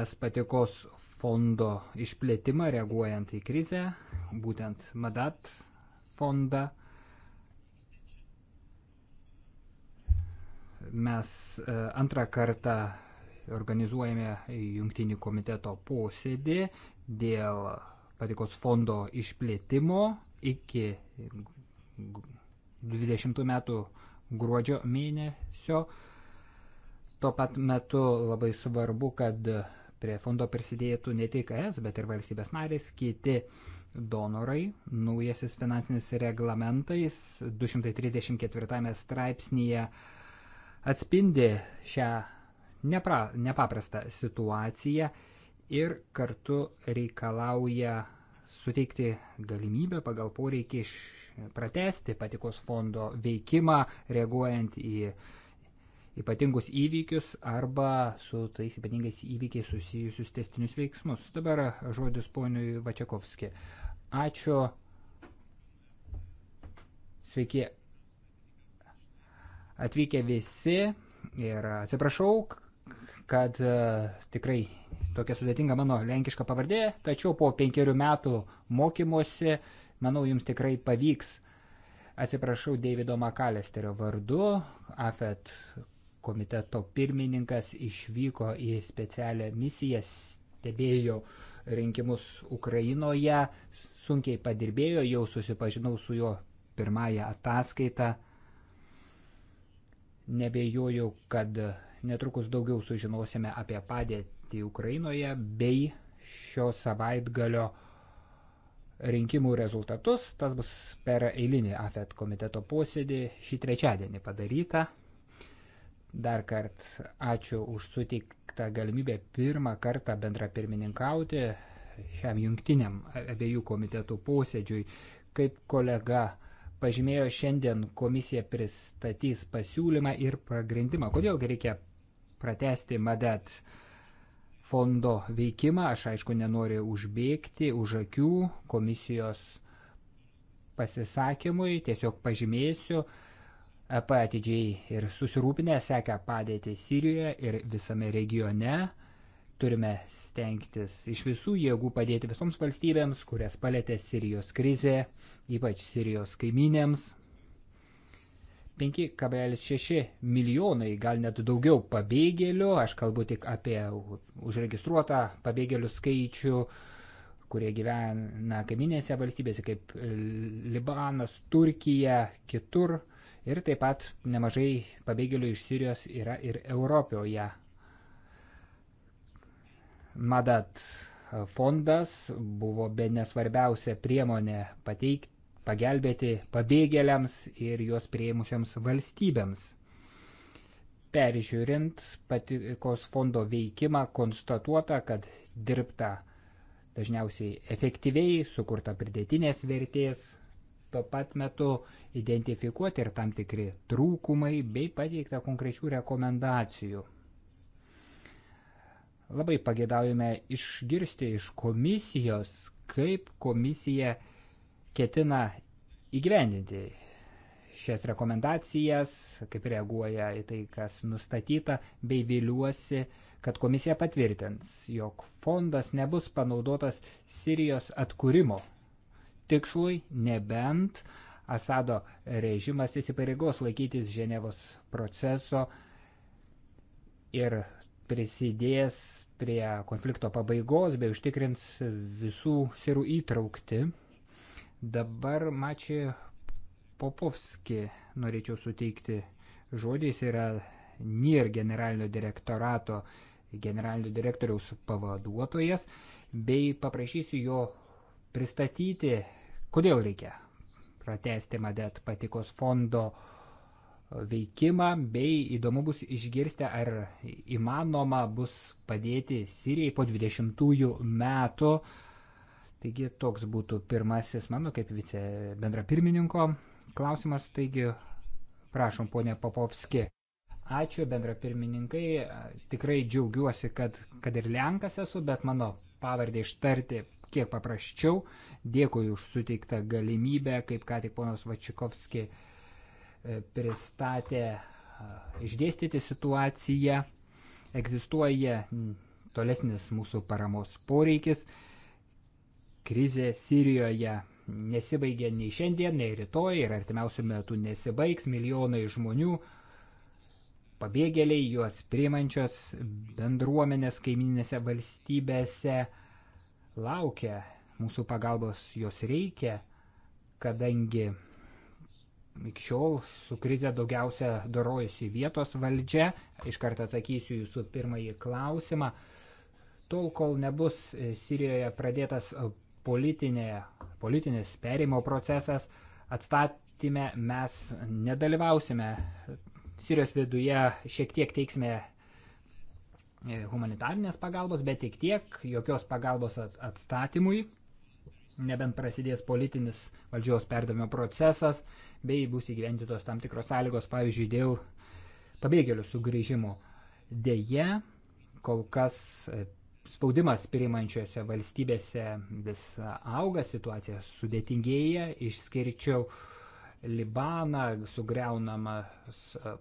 es patikos fondo išplėtimą reaguojant į krizę, būtent Madat fondą. Mes e, antrą kartą organizuojame jungtinį komiteto posėdį dėl patikos fondo išplėtimo iki 20 metų gruodžio mėnesio. Tuo pat metu labai svarbu, kad prie fondo prisidėtų ne tik ES, bet ir valstybės narės, kiti donorai. Naujasis finansinis reglamentais 234 straipsnėje atspindi šią nepra, nepaprastą situaciją ir kartu reikalauja suteikti galimybę pagal poreikį pratesti patikos fondo veikimą, reaguojant į ypatingus įvykius arba su tais ypatingais įvykiais susijusius testinius veiksmus. Dabar žodis poniui Vačiakovski. Ačiū. Sveiki atvykę visi ir atsiprašau, kad e, tikrai tokia sudėtinga mano lenkiška pavardė, tačiau po penkerių metų mokymosi, manau, jums tikrai pavyks. Atsiprašau Davido Makalesterio vardu, AFET komiteto pirmininkas išvyko į specialią misiją, stebėjo rinkimus Ukrainoje, sunkiai padirbėjo, jau susipažinau su jo pirmąją ataskaitą. Nebejojau, kad netrukus daugiau sužinosime apie padėtį padėtį Ukrainoje bei šio savaitgalio rinkimų rezultatus. Tas bus per eilinį AFET komiteto posėdį šį trečiadienį padaryta. Dar kart ačiū už suteiktą galimybę pirmą kartą bendra pirmininkauti šiam jungtiniam abiejų komitetų posėdžiui. Kaip kolega pažymėjo, šiandien komisija pristatys pasiūlymą ir pagrindimą, kodėl reikia pratesti madet fondo veikimą. Aš aišku nenoriu užbėgti už akių komisijos pasisakymui, tiesiog pažymėsiu. EP atidžiai ir susirūpinę sekia padėtį Sirijoje ir visame regione. Turime stengtis iš visų jėgų padėti visoms valstybėms, kurias palėtė Sirijos krizė, ypač Sirijos kaiminėms, 5,6 milijonai, gal net daugiau pabėgėlių, aš kalbu tik apie užregistruotą pabėgėlių skaičių, kurie gyvena kaiminėse valstybėse kaip Libanas, Turkija, kitur. Ir taip pat nemažai pabėgėlių iš Sirijos yra ir Europoje. Madat fondas buvo be nesvarbiausia priemonė pateikti pagelbėti pabėgėliams ir juos prieimusiams valstybėms. Peržiūrint patikos fondo veikimą, konstatuota, kad dirbta dažniausiai efektyviai, sukurta pridėtinės vertės, tuo pat metu identifikuoti ir tam tikri trūkumai bei pateikta konkrečių rekomendacijų. Labai pagėdaujame išgirsti iš komisijos, kaip komisija ketina įgyvendinti šias rekomendacijas, kaip reaguoja į tai, kas nustatyta, bei viliuosi, kad komisija patvirtins, jog fondas nebus panaudotas Sirijos atkūrimo tikslui, nebent Asado režimas įsipareigos laikytis Ženevos proceso ir prisidės prie konflikto pabaigos bei užtikrins visų sirų įtraukti Dabar Mačiai Popovski norėčiau suteikti žodžiais yra NIR generalinio direktorato generalinio direktoriaus pavaduotojas bei paprašysiu jo pristatyti, kodėl reikia pratesti Madet patikos fondo veikimą bei įdomu bus išgirsti, ar įmanoma bus padėti Sirijai po 20 metų Taigi toks būtų pirmasis mano kaip vice bendrapirmininko klausimas. Taigi prašom, ponė Popovski. Ačiū bendrapirmininkai. Tikrai džiaugiuosi, kad, kad ir Lenkas esu, bet mano pavardę ištarti kiek paprasčiau. Dėkui už suteiktą galimybę, kaip ką tik ponas Vačikovski e, pristatė išdėstyti situaciją. Egzistuoja tolesnis mūsų paramos poreikis. Krizė Sirijoje nesibaigia nei šiandien, nei rytoj ir artimiausių metų nesibaigs milijonai žmonių. Pabėgėliai juos priimančios bendruomenės kaiminėse valstybėse laukia mūsų pagalbos, jos reikia, kadangi iki šiol su krize daugiausia dorojusi vietos valdžia. Iškart atsakysiu jūsų pirmąjį klausimą. Tol, kol nebus Sirijoje pradėtas politinė, politinis perimo procesas. Atstatyme mes nedalyvausime. Sirijos viduje šiek tiek teiksime e, humanitarnės pagalbos, bet tik tiek, jokios pagalbos atstatymui, nebent prasidės politinis valdžios perdavimo procesas, bei bus įgyventytos tam tikros sąlygos, pavyzdžiui, dėl pabėgėlių sugrįžimo. Deja, kol kas e, spaudimas priimančiose valstybėse vis auga, situacija sudėtingėja, išskirčiau Libaną, sugriaunamas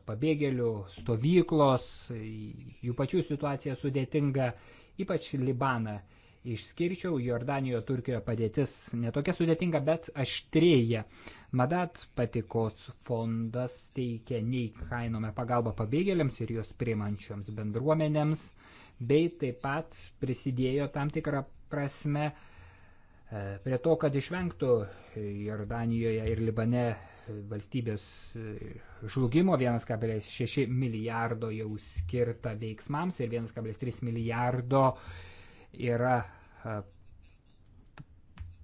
pabėgėlių stovyklos, jų pačių situacija sudėtinga, ypač Libaną. Išskirčiau, Jordanijoje, Turkijoje padėtis netokia sudėtinga, bet aštrėja. Madat patikos fondas teikia neįkainomą pagalbą pabėgėliams ir juos priimančioms bendruomenėms. Uh, bei taip pat prisidėjo tam tikrą prasme e, prie to, kad išvengtų Jordanijoje ir Libane valstybės e, žlugimo 1,6 milijardo jau skirta veiksmams ir 1,3 milijardo yra e,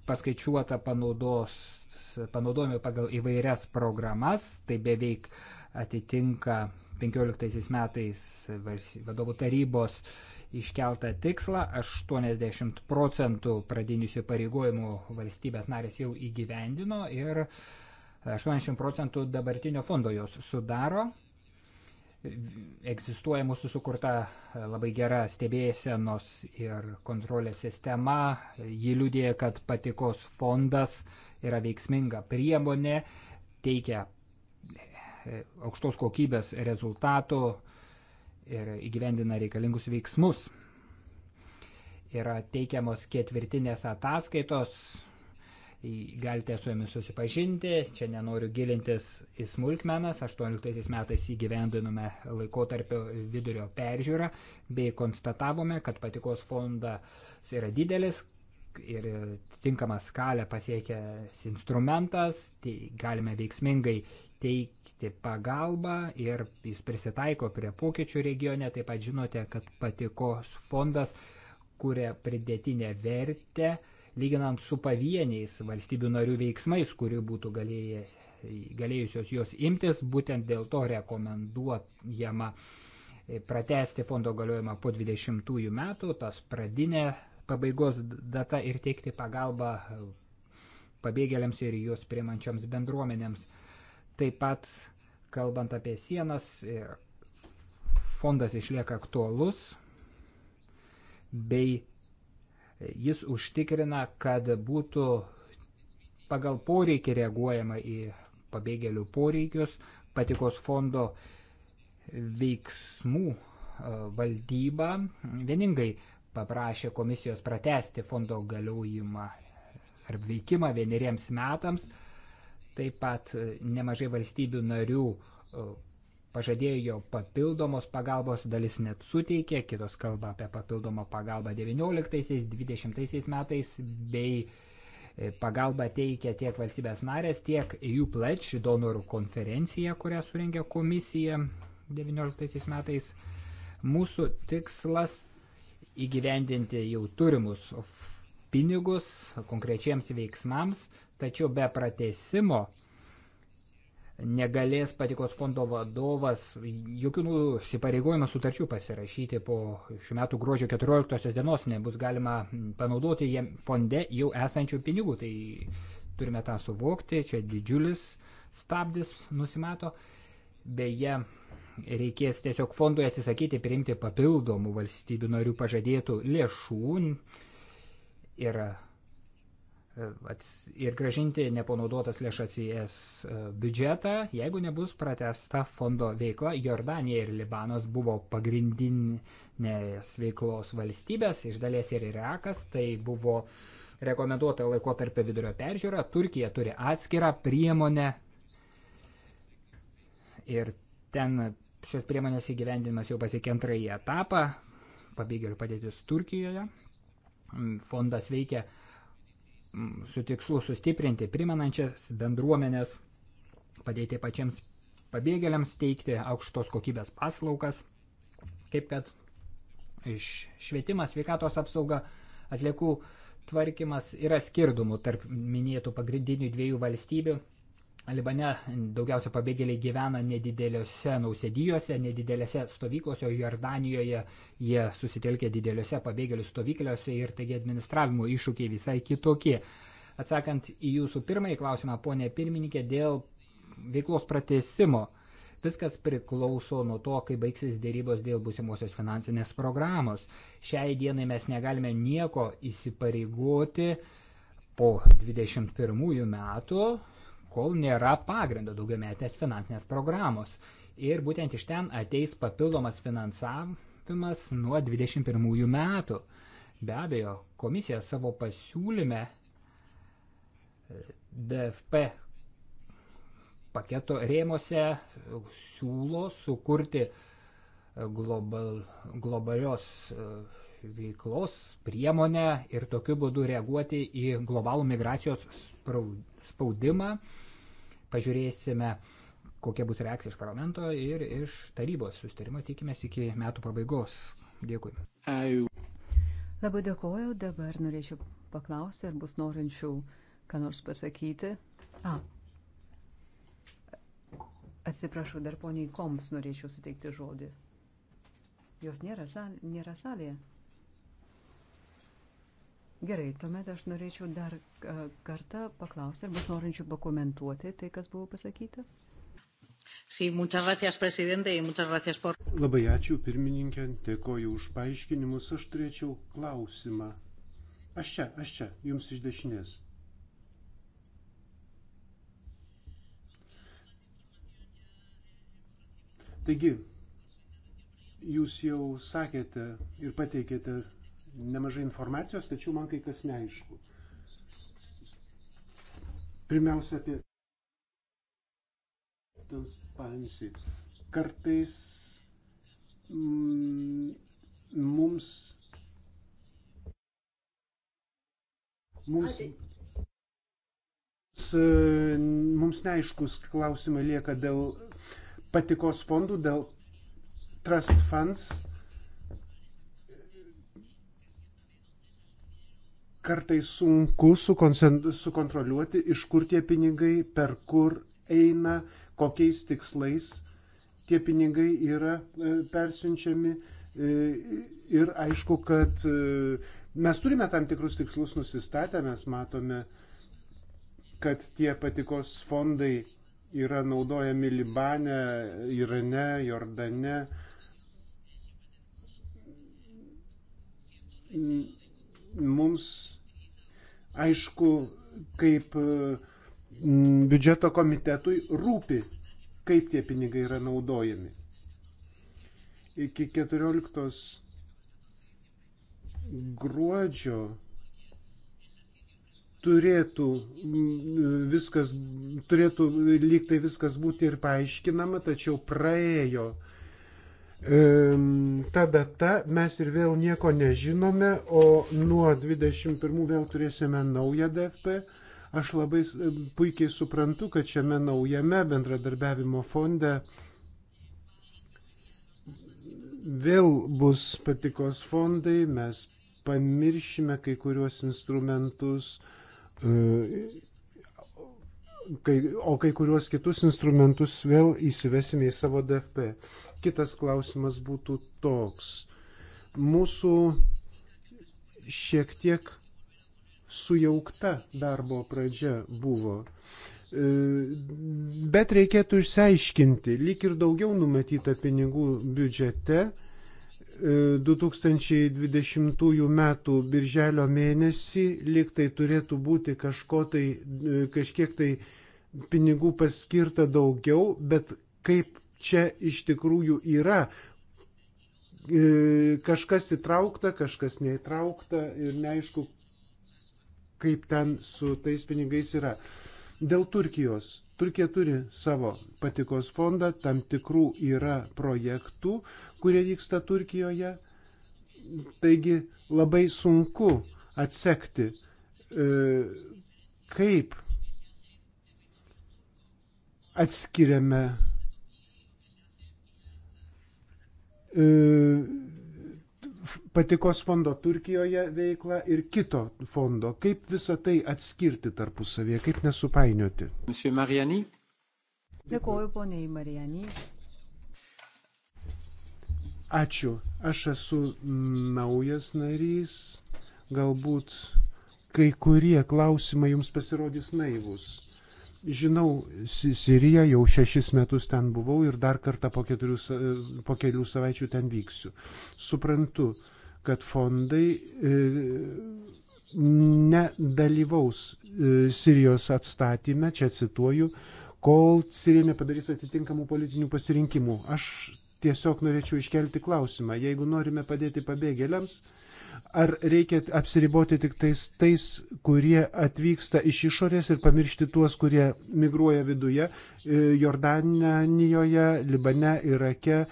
paskaičiuota panaudos, panaudojami pagal įvairias programas, tai beveik atitinka 15 metais vadovų tarybos iškeltą tikslą 80 procentų pradinių įsipareigojimų valstybės narės jau įgyvendino ir 80 procentų dabartinio fondo jos sudaro. Egzistuoja mūsų sukurta labai gera stebėsenos ir kontrolės sistema. Ji liudėja, kad patikos fondas yra veiksminga priemonė, teikia E, aukštos kokybės rezultatų ir įgyvendina reikalingus veiksmus. Yra teikiamos ketvirtinės ataskaitos, galite su jomis susipažinti, čia nenoriu gilintis į smulkmenas, 18 metais įgyvendinome laikotarpio vidurio peržiūrą bei konstatavome, kad patikos fondas yra didelis, ir tinkamą skalę pasiekęs instrumentas, tai galime veiksmingai teikti pagalbą ir jis prisitaiko prie pokyčių regione. Taip pat žinote, kad patikos fondas kuria pridėtinę vertę, lyginant su pavieniais valstybių narių veiksmais, kurių būtų galėję, galėjusios jos imtis, būtent dėl to rekomenduojama pratesti fondo galiojimą po 20 metų, tas pradinė pabaigos data ir teikti pagalbą pabėgėliams ir juos primančioms bendruomenėms. Taip pat, kalbant apie sienas, e, fondas išlieka aktuolus, bei jis užtikrina, kad būtų pagal poreikį reaguojama į pabėgėlių poreikius, patikos fondo veiksmų e, valdyba vieningai paprašė komisijos pratesti fondo galiojimą ar veikimą vieneriems metams. Taip pat e, nemažai valstybių narių e, pažadėjo papildomos pagalbos, dalis net suteikė, kitos kalba apie papildomą pagalbą 19-20 metais, bei e, pagalbą teikia tiek valstybės narės, tiek jų pleč donorų konferencija, kurią suringė komisija 19 metais. Mūsų tikslas įgyvendinti jau turimus pinigus konkrečiems veiksmams, tačiau be pratesimo negalės patikos fondo vadovas jokių įsipareigojimų sutarčių pasirašyti po šių metų gruodžio 14 dienos, nebus galima panaudoti jiem fonde jau esančių pinigų. Tai turime tą suvokti, čia didžiulis stabdis nusimato. Beje, reikės tiesiog fondui atsisakyti priimti papildomų valstybių narių pažadėtų lėšų ir, e, ir gražinti nepanaudotas lėšas į es e, biudžetą, jeigu nebus pratesta fondo veikla. Jordanija ir Libanas buvo pagrindinės veiklos valstybės, iš dalies ir Irakas, tai buvo rekomenduota laikotarpio vidurio peržiūra, Turkija turi atskirą priemonę ir ten šios priemonės įgyvendinimas jau pasiekė antrąjį etapą, pabėgėlių padėtis Turkijoje. Mm, fondas veikia mm, su tikslu sustiprinti primenančias bendruomenės, padėti pačiams pabėgėliams teikti aukštos kokybės paslaugas, kaip kad švietimas, sveikatos apsauga, atliekų tvarkymas yra skirtumų tarp minėtų pagrindinių dviejų valstybių Libane daugiausia pabėgėliai gyvena nedidelėse nausėdijose, nedidelėse stovyklose, o Jordanijoje jie susitelkia dideliuose pabėgėlių stovykliuose ir taigi administravimo iššūkiai visai kitokie. Atsakant į jūsų pirmąjį klausimą, ponė pirmininkė, dėl veiklos pratesimo. Viskas priklauso nuo to, kai baigsis dėrybos dėl būsimosios finansinės programos. Šiai dienai mes negalime nieko įsipareigoti po 21 metų kol nėra pagrindo daugiametės finansinės programos. Ir būtent iš ten ateis papildomas finansavimas nuo 21 metų. Be abejo, komisija savo pasiūlyme e, DFP paketo rėmose siūlo sukurti e, global, globalios e, veiklos priemonę ir tokiu būdu reaguoti į globalų migracijos spaudimą. Pažiūrėsime, kokia bus reakcija iš parlamento ir iš tarybos sustarimo, tikimės iki metų pabaigos. Dėkui. Ai. Labai dėkoju, dabar norėčiau paklausti, ar bus
norinčių ką nors pasakyti. A. Atsiprašau, dar poniai Koms norėčiau suteikti žodį. Jos nėra, sal nėra salėje. Gerai, tuomet aš norėčiau dar kartą paklausti, ar bus norinčių pakomentuoti tai, kas buvo pasakyta.
Sí, muchas gracias, presidente, y muchas gracias por.
Labai ačiū, pirmininkė, dėkoju už paaiškinimus. Aš turėčiau klausimą. Aš čia, aš čia, jums iš dešinės. Taigi, jūs jau sakėte ir pateikėte nemažai informacijos, tačiau man kai kas neaišku. Pirmiausia, apie transparency. Kartais mm, mums. Mums mums neaiškus klausimai lieka dėl patikos fondų, dėl trust funds kartais sunku sukontroliuoti, iš kur tie pinigai, per kur eina, kokiais tikslais tie pinigai yra e, persiunčiami. E, ir aišku, kad e, mes turime tam tikrus tikslus nusistatę, mes matome, kad tie patikos fondai yra naudojami Libane, Irane, Jordane. Mums aišku, kaip e, biudžeto komitetui rūpi, kaip tie pinigai yra naudojami. Iki 14 gruodžio turėtų viskas, turėtų lyg tai viskas būti ir paaiškinama, tačiau praėjo uh, ta data mes ir vėl nieko nežinome, o nuo 21 vėl turėsime naują DFP. Aš labai puikiai suprantu, kad šiame naujame bendradarbiavimo fonde vėl bus patikos fondai, mes pamiršime kai kuriuos instrumentus, e, kai, o kai kuriuos kitus instrumentus vėl įsivesime į savo DFP. Kitas klausimas būtų toks. Mūsų šiek tiek sujaukta darbo pradžia buvo. E, bet reikėtų išsiaiškinti, lyg ir daugiau numatyta pinigų biudžete 2020 e, m. birželio mėnesį, lyg tai turėtų būti tai, e, kažkiek tai pinigų paskirta daugiau, bet kaip čia iš tikrųjų yra e, kažkas įtraukta, kažkas neįtraukta ir neaišku, kaip ten su tais pinigais yra. Dėl Turkijos. Turkija turi savo patikos fondą, tam tikrų yra projektų, kurie vyksta Turkijoje. Taigi labai sunku atsekti, e, kaip atskiriame E, patikos fondo Turkijoje veiklą ir kito fondo. Kaip visą tai atskirti tarpusavėje, kaip nesupainioti? Monsieur Mariani.
Dėkuoju, poniai Mariani.
Ačiū. Aš esu naujas narys. Galbūt kai kurie klausimai jums pasirodys naivus. Žinau, Sirija jau šešis metus ten buvau ir dar kartą po, keturių, po kelių savaičių ten vyksiu. Suprantu, kad fondai e, nedalyvaus e, Sirijos atstatyme, čia cituoju, kol Sirija nepadarys atitinkamų politinių pasirinkimų. Aš tiesiog norėčiau iškelti klausimą, jeigu norime padėti pabėgėliams, Ar reikia apsiriboti tik tais tais, kurie atvyksta iš išorės ir pamiršti tuos, kurie migruoja viduje? E, Jordanijoje, Libane, Irake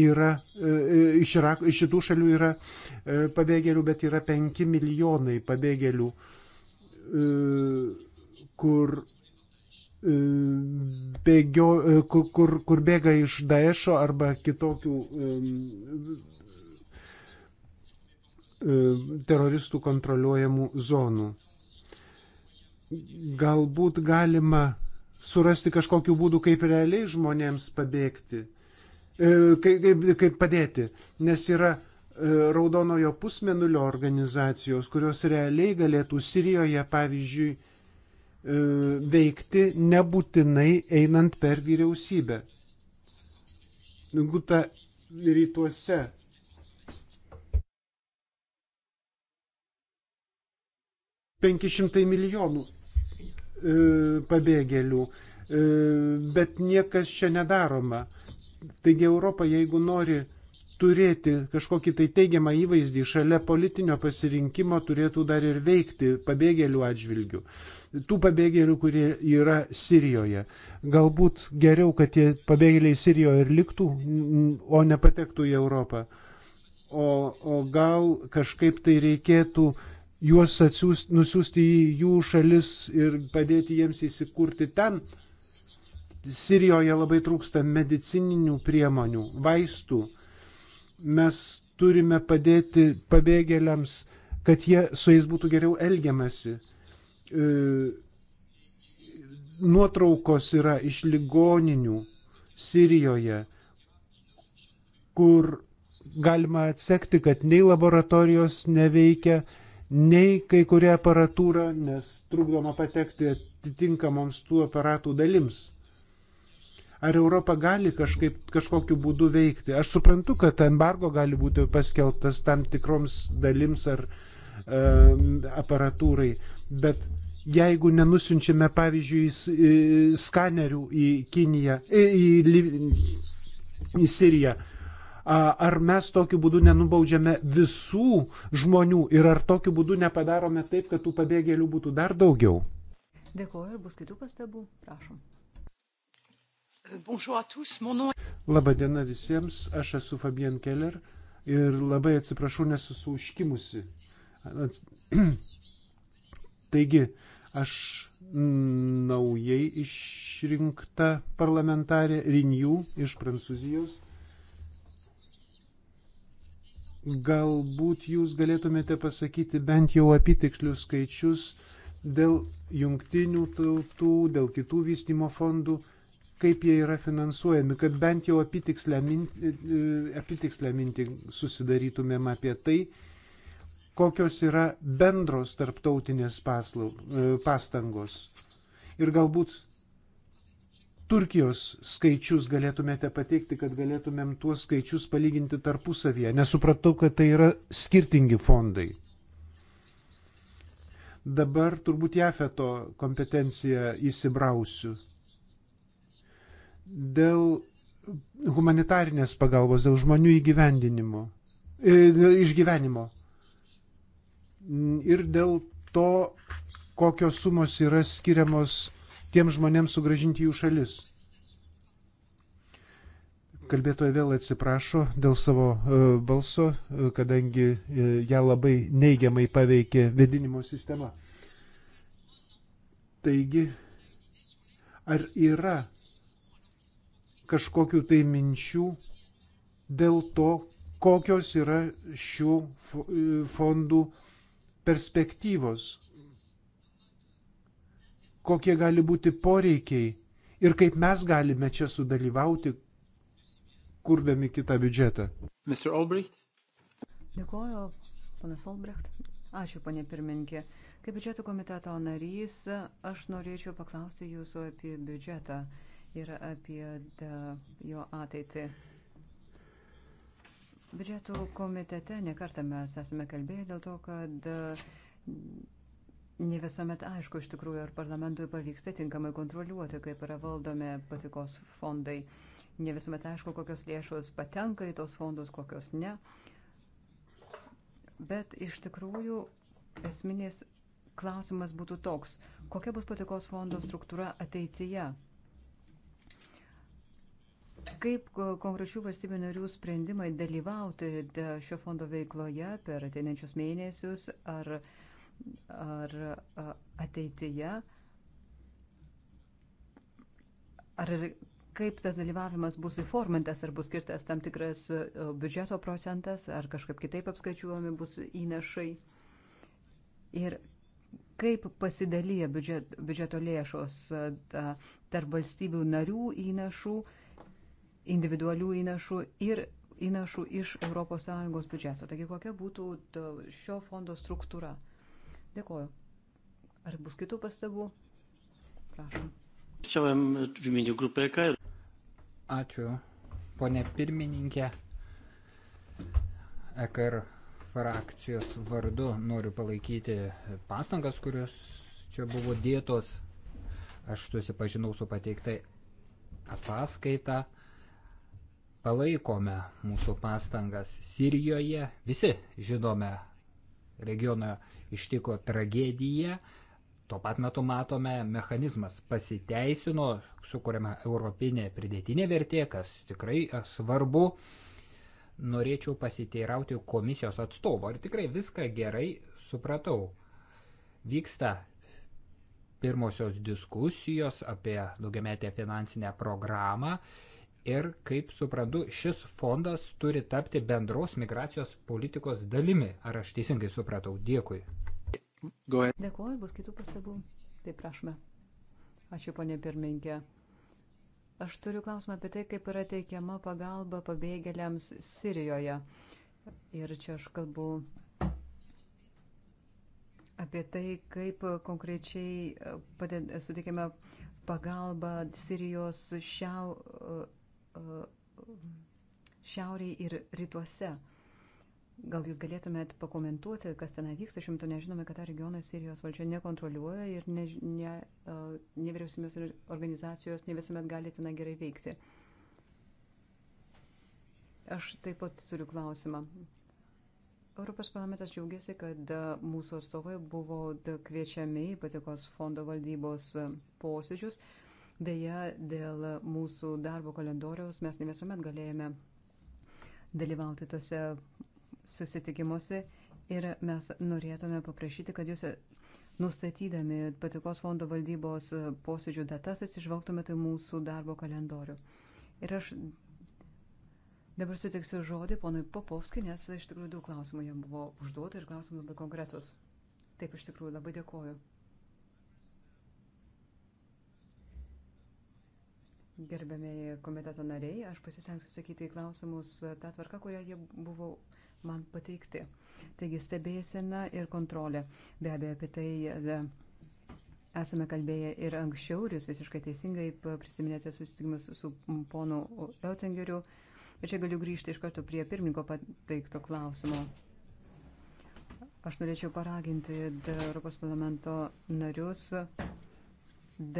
yra, e, e, iš, Irako, iš šitų šalių yra pabėgėlių, bet yra 5 milijonai pabėgėlių, kur bėgio, kur, kur, kur bėga iš Daesho arba kitokių E, teroristų kontroliuojamų zonų. Galbūt galima surasti kažkokiu būdu, kaip realiai žmonėms pabėgti, e, kaip, kaip, kaip padėti, nes yra e, raudonojo pusmenulio organizacijos, kurios realiai galėtų Sirijoje, pavyzdžiui, veikti nebūtinai einant per vyriausybę. Guta rytuose 500 milijonų e, pabėgėlių, e, bet niekas čia nedaroma. Taigi Europa, jeigu nori turėti kažkokį tai teigiamą įvaizdį šalia politinio pasirinkimo, turėtų dar ir veikti pabėgėlių atžvilgių. Tų pabėgėlių, kurie yra Sirijoje. Galbūt geriau, kad tie pabėgėliai Sirijoje ir liktų, o nepatektų į Europą. O, o gal kažkaip tai reikėtų uh, juos atsiūs, nusiųsti į jų šalis ir padėti jiems įsikurti ten. Sirijoje labai trūksta medicininių priemonių, vaistų. Mes turime padėti pabėgėliams, kad jie su jais būtų geriau elgiamasi. E, nuotraukos yra iš ligoninių Sirijoje, kur galima atsekti, kad nei laboratorijos neveikia, nei kai kuria aparatūra, nes trukdoma patekti atitinkamoms tų aparatų dalims. Ar Europa gali kažkaip, kažkokiu būdu veikti? Aš suprantu, kad embargo gali būti paskeltas tam tikroms dalims ar e, aparatūrai, bet jeigu nenusinčiame, pavyzdžiui, e, skanerių į Kiniją, e, į, į, į Siriją, Ar mes tokiu būdu nenubaudžiame visų žmonių ir ar tokiu būdu nepadarome taip, kad tų pabėgėlių būtų dar daugiau?
Dėkuoju ir bus kitų pastabų. Prašom. Euh, nom...
Labadiena visiems, aš esu Fabien Keller ir labai atsiprašau, nesu užkimusi. [CLEARS THROAT] Taigi, aš naujai išrinkta parlamentarė Rinjų iš Prancūzijos Galbūt jūs galėtumėte pasakyti bent jau apitikslius skaičius dėl jungtinių tautų, dėl kitų vystimo fondų, kaip jie yra finansuojami, kad bent jau apitikslę mintį, apitikslę mintį susidarytumėm apie tai, kokios yra bendros tarptautinės paslaug, e, pastangos. Ir galbūt Turkijos skaičius galėtumėte pateikti, kad galėtumėm tuos skaičius palyginti tarpusavyje? Nesupratau, kad tai yra skirtingi fondai. Dabar turbūt Jafeto kompetenciją įsibrausiu. Dėl humanitarinės pagalbos, dėl žmonių įgyvendinimo, e, išgyvenimo. Ir dėl to, kokios sumos yra skiriamos tiem žmonėms sugražinti jų šalis. Kalbėtoja vėl atsiprašo dėl savo e, balso, e, kadangi e, ją labai neigiamai paveikė vedinimo sistema. Taigi, ar yra kažkokių tai minčių dėl to, kokios yra šių fondų perspektyvos, kokie gali būti poreikiai ir kaip mes galime čia sudalyvauti, kurdami kitą biudžetą. Mr. Albrecht.
Dėkuoju, panas Albrecht. Ačiū, panė pirmininkė. Kaip biudžeto komiteto narys, aš norėčiau paklausti jūsų apie biudžetą ir apie jo ateitį. Biudžeto komitete nekartą mes esame kalbėję dėl to, kad Ne visuomet aišku iš tikrųjų, ar parlamentui pavyksta tinkamai kontroliuoti, kaip yra valdomi patikos fondai. Ne visuomet aišku, kokios lėšos patenka į tos fondus, kokios ne. Bet iš tikrųjų esminis klausimas būtų toks, kokia bus patikos fondo struktūra ateityje? Kaip konkrečių valstybių narių sprendimai dalyvauti šio fondo veikloje per ateinančius mėnesius ar uh, ar ateityje, ar kaip tas dalyvavimas bus įformintas, ar bus skirtas tam tikras biudžeto procentas, ar kažkaip kitaip apskaičiuojami bus įnašai. Ir kaip pasidalyja biudžet, biudžeto lėšos tarp valstybių narių įnašų, individualių įnašų ir įnašų iš ES biudžeto. Taigi kokia būtų šio fondo struktūra? Dėkoju. Ar bus kitų
pastabų? Prašom. Chciałem w imieniu grupy EKR. Ačiū, ponė pirmininkė. EKR frakcijos vardu noriu palaikyti pastangas, kurios čia buvo dėtos. Aš susipažinau su pateiktai ataskaita. Palaikome mūsų pastangas Sirijoje. Visi žinome regiono ištiko tragedija. Tuo pat metu matome, mechanizmas pasiteisino, sukūrėme europinę pridėtinę vertė, kas tikrai e, svarbu. Norėčiau pasiteirauti komisijos atstovo, ar tikrai viską gerai supratau. Vyksta pirmosios diskusijos apie daugiametę finansinę programą ir, kaip suprantu, šis fondas turi tapti bendros migracijos politikos dalimi. Ar aš teisingai supratau? Dėkui. Dėkuoju, bus kitų pastabų.
Taip, prašome. Ačiū, ponė pirmininkė. Aš turiu klausimą apie tai, kaip yra teikiama pagalba pabėgėliams Sirijoje. Ir čia aš kalbu apie tai, kaip konkrečiai e, padėd, sutikime pagalbą Sirijos šiau, e, e, šiauriai ir rytuose. Uh, Gal jūs galėtumėt pakomentuoti, kas ten vyksta, šimto nežinome, kad tą regioną Sirijos valdžia nekontroliuoja ir ne, ne, nevyriausybės organizacijos ne visuomet gali ten gerai veikti. Aš taip pat turiu klausimą. Europos parlamentas džiaugiasi, kad mūsų atstovai buvo kviečiami į patikos fondo valdybos posėdžius. Deja, dėl mūsų darbo kalendoriaus mes ne visuomet galėjome dalyvauti tose susitikimuose ir mes norėtume paprašyti, kad jūs nustatydami patikos fondo valdybos posėdžių datas atsižvelgtumėte tai mūsų darbo kalendorių. Ir aš dabar sutiksiu žodį ponui Popovskiui, nes iš tikrųjų daug klausimų jam buvo užduota ir klausimai labai konkretus. Taip, iš tikrųjų labai dėkoju. Gerbėmėjai komiteto nariai, aš pasisengsiu sakyti į klausimus tą tvarką, kurią jie buvo užduota man pateikti. Taigi stebėsena ir kontrolė. Be abejo, apie tai e, esame kalbėję ir anksčiau, ir jūs visiškai teisingai prisiminėte susitikimus su ponu Eutingeriu. Ir čia galiu grįžti iš karto prie pirmininko pateikto klausimo. Aš norėčiau paraginti Europos parlamento narius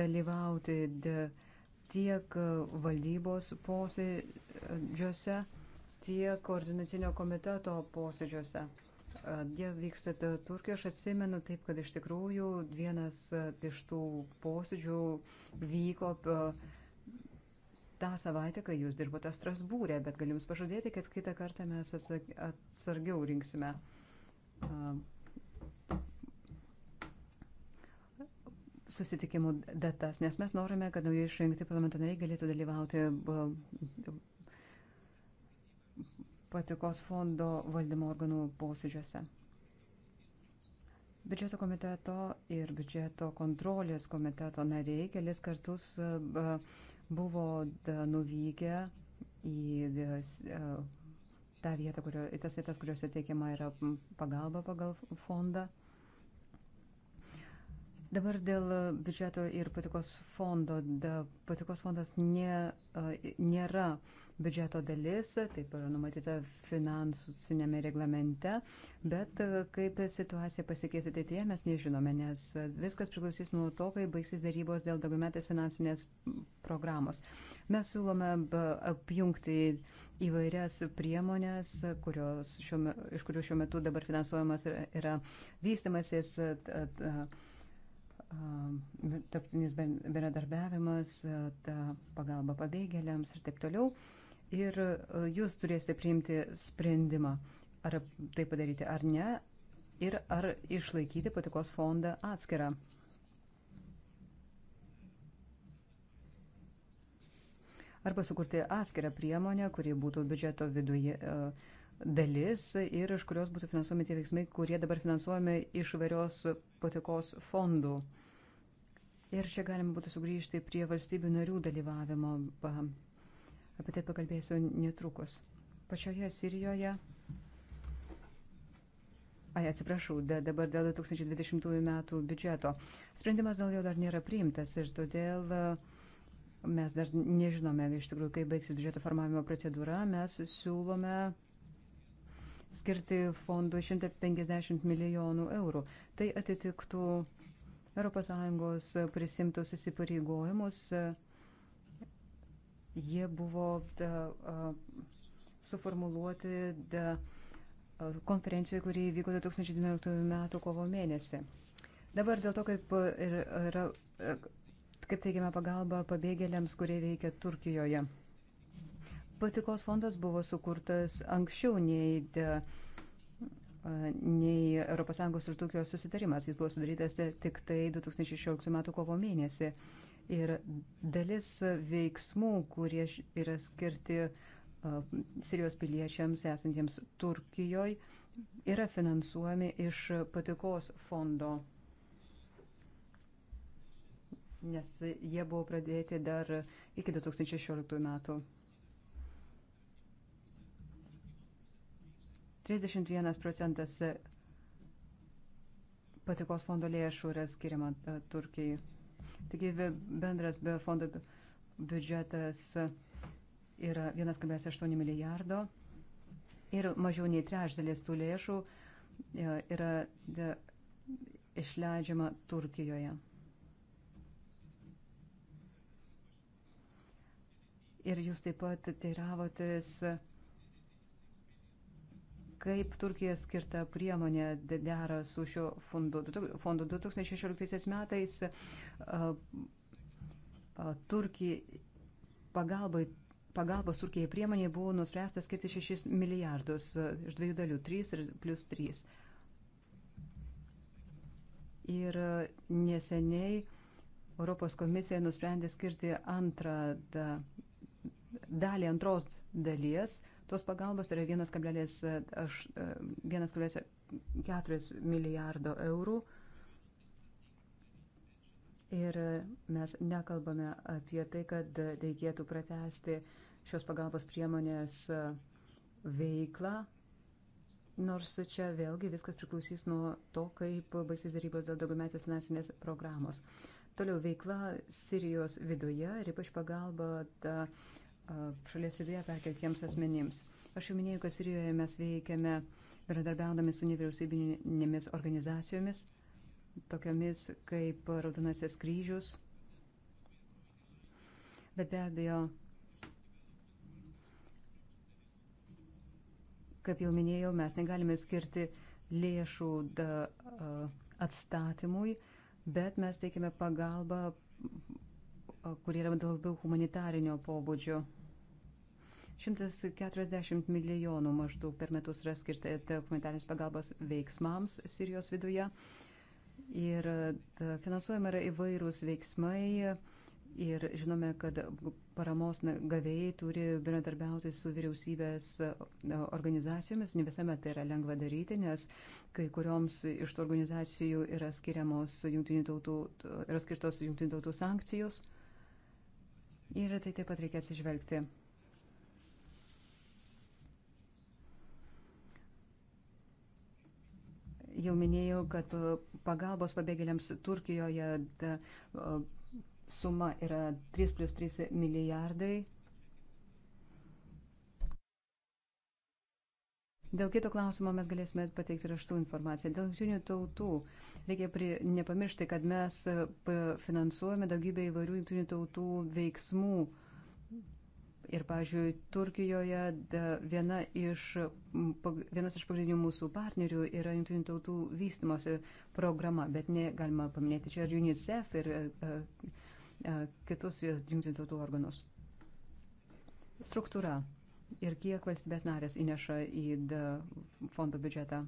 dalyvauti tiek valdybos posėdžiuose, tiek koordinacinio komiteto posėdžiuose. Jie vyksta Turkijoje, aš atsimenu taip, kad iš tikrųjų vienas iš tų posėdžių vyko tą savaitę, kai jūs dirbote Strasbūrė, bet galiu jums pažadėti, kad kitą kartą mes atsargiau rinksime. susitikimų datas, nes mes norime, kad naujai išrinkti parlamentarai galėtų dalyvauti patikos fondo valdymo organų posėdžiuose. Biudžeto komiteto ir biudžeto kontrolės komiteto nariai kelis kartus e, buvo e, nuvykę į e, tą vietą, kurio, į tas vietas, kuriuose teikiama yra pagalba pagal fondą. Dabar dėl biudžeto ir patikos fondo. Da, patikos fondas nė, nėra uh, biudžeto dalis, taip yra numatyta finansinėme reglamente, bet e, kaip situacija pasikeis ateityje, mes nežinome, nes viskas priklausys nuo to, kai baigsis darybos dėl daugiametės finansinės programos. Mes siūlome apjungti įvairias priemonės, kurios šiuo, iš kurių šiuo metu dabar finansuojamas yra, yra vystimasis. At, e, at, e, at, tarptautinis bendradarbiavimas, ta pagalba pabėgėliams ir taip toliau ir e, jūs turėsite priimti sprendimą, ar tai padaryti ar ne, ir ar išlaikyti patikos fondą atskirą. Arba sukurti atskirą priemonę, kuri būtų biudžeto viduje e, dalis ir iš kurios būtų finansuojami tie veiksmai, kurie dabar finansuojami iš varios patikos fondų. Ir čia galima būtų sugrįžti prie valstybių narių dalyvavimo Apie tai pakalbėsiu netrukus. Pačioje Sirijoje. Ai, atsiprašau, da, dabar dėl 2020 metų biudžeto. Sprendimas dėl jo dar nėra priimtas ir todėl mes dar nežinome iš tikrųjų, kaip baigsis biudžeto formavimo procedūra. Mes siūlome skirti fondų 150 milijonų eurų. Tai atitiktų ES prisimtus įsipareigojimus Jie buvo da, a, suformuluoti da, a, konferencijoje, kuri vyko 2019 m. kovo mėnesį. Dabar dėl to, kaip, yra, kaip teigiama pagalba pabėgėliams, kurie veikia Turkijoje. Patikos fondas buvo sukurtas anksčiau nei, de, nei ES ir Turkijos susitarimas. Jis buvo sudarytas tik tai 2016 m. kovo mėnesį. Ir dalis veiksmų, kurie yra skirti Sirijos piliečiams esantiems Turkijoje, yra finansuojami iš patikos fondo, nes jie buvo pradėti dar iki 2016 metų. 31 procentas patikos fondo lėšų yra skiriama Turkijai. Taigi bendras be fondo biudžetas e, yra 1,8 milijardo ir mažiau nei trečdalis tų lėšų e, yra išleidžiama Turkijoje. Ir jūs taip pat teiravotės. Tai kaip Turkija skirta priemonė dera su šiuo fondu. fondu 2016 metais Turkija pagalbai. Pagalbos Turkijai priemonė buvo nuspręsta skirti 6 milijardus iš dviejų dalių - 3 ir plus 3. Ir neseniai Europos komisija nusprendė skirti antrą da, dalį antros dalies Tos pagalbos yra 1,4 e, e, milijardo eurų. Ir e, mes nekalbame apie tai, kad reikėtų pratesti šios pagalbos priemonės veiklą, nors čia vėlgi viskas priklausys nuo to, kaip baisys darybos dėl daugiametės finansinės programos. Toliau veikla Sirijos viduje ir ypač pagalba ta, uh, šalies viduje perkeltiems asmenims. Aš jau minėjau, kad Sirijoje mes veikiame bendradarbiaudami su nevyriausybinėmis organizacijomis, tokiamis kaip Raudonasis kryžius. Bet be abejo, kaip jau minėjau, mes negalime skirti lėšų da, atstatymui, bet mes teikime pagalbą, kuri yra labiau humanitarinio pobūdžio. 140 milijonų maždaug per metus yra skirta humanitarės pagalbos veiksmams Sirijos viduje. Ir e, finansuojama yra įvairūs veiksmai. Ir žinome, kad paramos gavėjai turi bendradarbiauti su vyriausybės e, organizacijomis. Ne visuomet tai yra lengva daryti, nes kai kurioms iš tų organizacijų yra, tautų, e, yra skirtos jungtinių tautų sankcijos. Ir tai taip pat reikia atsižvelgti. jau minėjau, kad e, pagalbos pabėgėliams Turkijoje da, e, suma yra 3 plus 3 milijardai. Dėl kito klausimo mes galėsime pateikti raštų informaciją. Dėl jungtinių tautų reikia pri, nepamiršti, kad mes e, finansuojame daugybę įvairių jungtinių tautų veiksmų. Ir, pavyzdžiui, Turkijoje viena iš, vienas iš pagrindinių mūsų partnerių yra Junktinių tautų vystimosi programa, bet ne, galima paminėti čia ir UNICEF ir uh, uh, kitus Junktinių tautų organus. Struktūra ir kiek valstybės narės įneša į fondo biudžetą.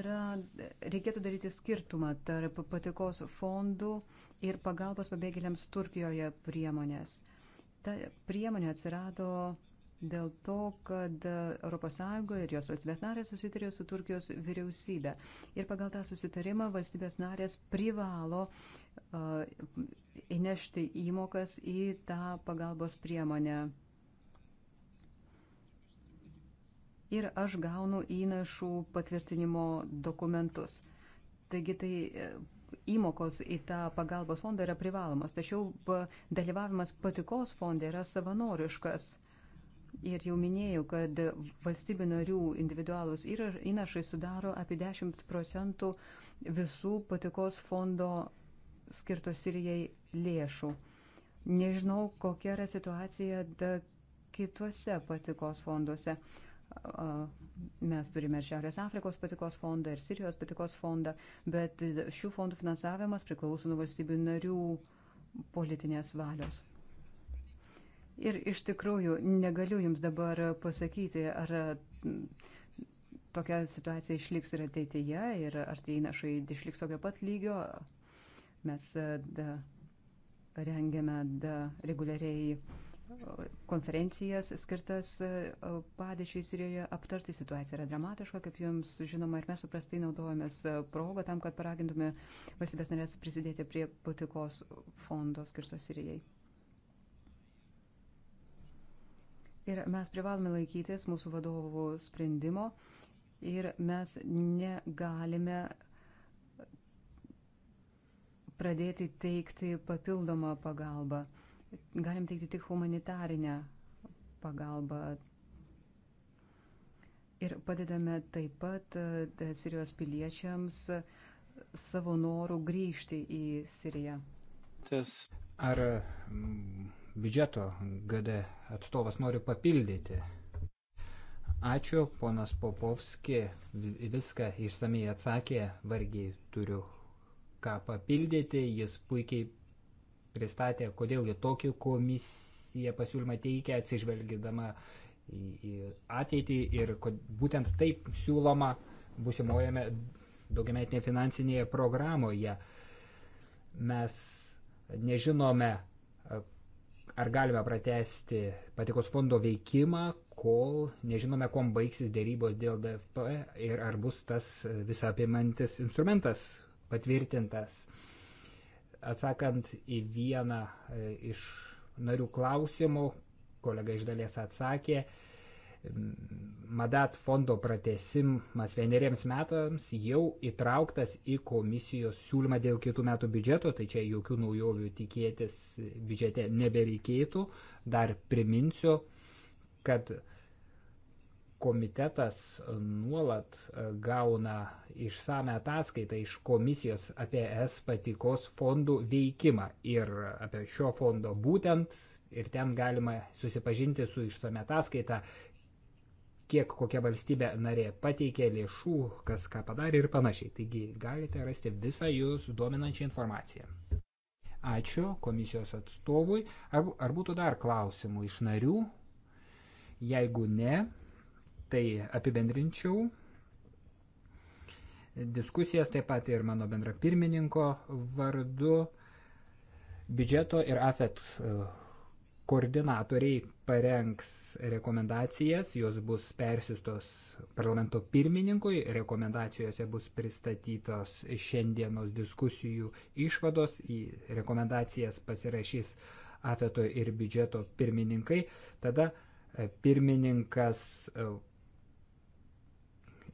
Yra, reikėtų daryti skirtumą tarp patikos fondų ir pagalbos pabėgėliams Turkijoje priemonės. Uh, Ta priemonė atsirado dėl to, kad ES ir jos valstybės narės susitarė su Turkijos vyriausybė. Ir pagal tą susitarimą valstybės narės privalo uh, įnešti įmokas į tą pagalbos priemonę. Ir aš gaunu įnašų patvirtinimo dokumentus. Taigi tai įmokos į tą pagalbos fondą yra privalomas, tačiau dalyvavimas patikos fonde yra savanoriškas. Ir jau minėjau, kad valstybių narių individualūs įnašai sudaro apie 10 procentų visų patikos fondo skirto Sirijai lėšų. Nežinau, kokia yra situacija kituose patikos fonduose. Mes turime ir Šiaurės Afrikos patikos fondą, ir Sirijos patikos fondą, bet šių fondų finansavimas priklauso nuo valstybių narių politinės valios. Ir iš tikrųjų negaliu Jums dabar pasakyti, ar mm, tokia situacija išliks ir ateityje, ir ar tie įnašai išliks tokio pat lygio. Mes da, rengiame da, reguliariai konferencijas skirtas e, padėčiai Sirijoje aptarti. Situacija yra dramatiška, kaip jums žinoma, ir mes suprastai naudojamės e, progą tam, kad paragintume valstybės narės prisidėti prie patikos fondo skirto Sirijai. Ir mes privalome laikytis mūsų vadovų sprendimo ir mes negalime pradėti teikti papildomą pagalbą galim teikti tik humanitarinę pagalbą. Ir padedame taip pat e, Sirijos piliečiams savo norų grįžti į Siriją.
Tas. Ar biudžeto GD atstovas nori papildyti? Ačiū, ponas Popovski, viską išsamei atsakė, vargiai turiu ką papildyti, jis puikiai pristatė, kodėl jie tokį komisiją pasiūlymą teikia atsižvelgydama į, į ateitį ir kod, būtent taip siūloma busimojame daugiametinėje finansinėje programoje. Mes nežinome, ar galime pratesti patikos fondo veikimą, kol nežinome, kom baigsis dėrybos dėl DFP e ir ar bus tas visapimantis instrumentas patvirtintas. Atsakant į vieną e, iš narių klausimų, kolega iš dalies atsakė, Madat fondo pratesimas vieneriems metams jau įtrauktas į komisijos siūlymą dėl kitų metų biudžeto, tai čia jokių naujovių tikėtis biudžete nebereikėtų. Dar priminsiu, kad uh, komitetas nuolat e, gauna išsame ataskaitą iš komisijos apie es patikos fondų veikimą ir apie šio fondo būtent ir ten galima susipažinti su išsame ataskaita, kiek kokia valstybė narė pateikė lėšų, kas ką padarė ir panašiai. Taigi galite rasti visą jūs dominančią informaciją. Ačiū komisijos atstovui. Ar, ar būtų dar klausimų iš narių? Jeigu ne, tai apibendrinčiau diskusijas taip pat ir mano bendra pirmininko vardu. Biudžeto ir AFET e, koordinatoriai parengs rekomendacijas, jos bus persistos parlamento pirmininkui, rekomendacijose bus pristatytos šiandienos diskusijų išvados, į rekomendacijas pasirašys AFETO ir biudžeto pirmininkai, tada e, pirmininkas e,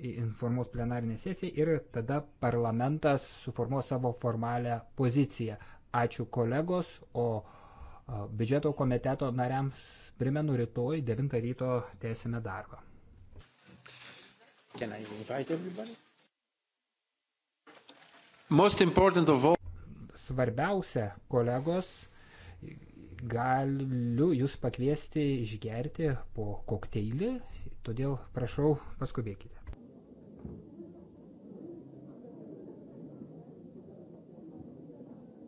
informuos plenarinę sesiją ir tada parlamentas suformuos savo formalią poziciją. Ačiū kolegos, o biudžeto komiteto nariams primenu rytoj 9 ryto tęsime darbą. Can I invite everybody? Most important of all. Svarbiausia, kolegos, galiu jūs pakviesti išgerti po kokteilį, todėl prašau paskubėkite.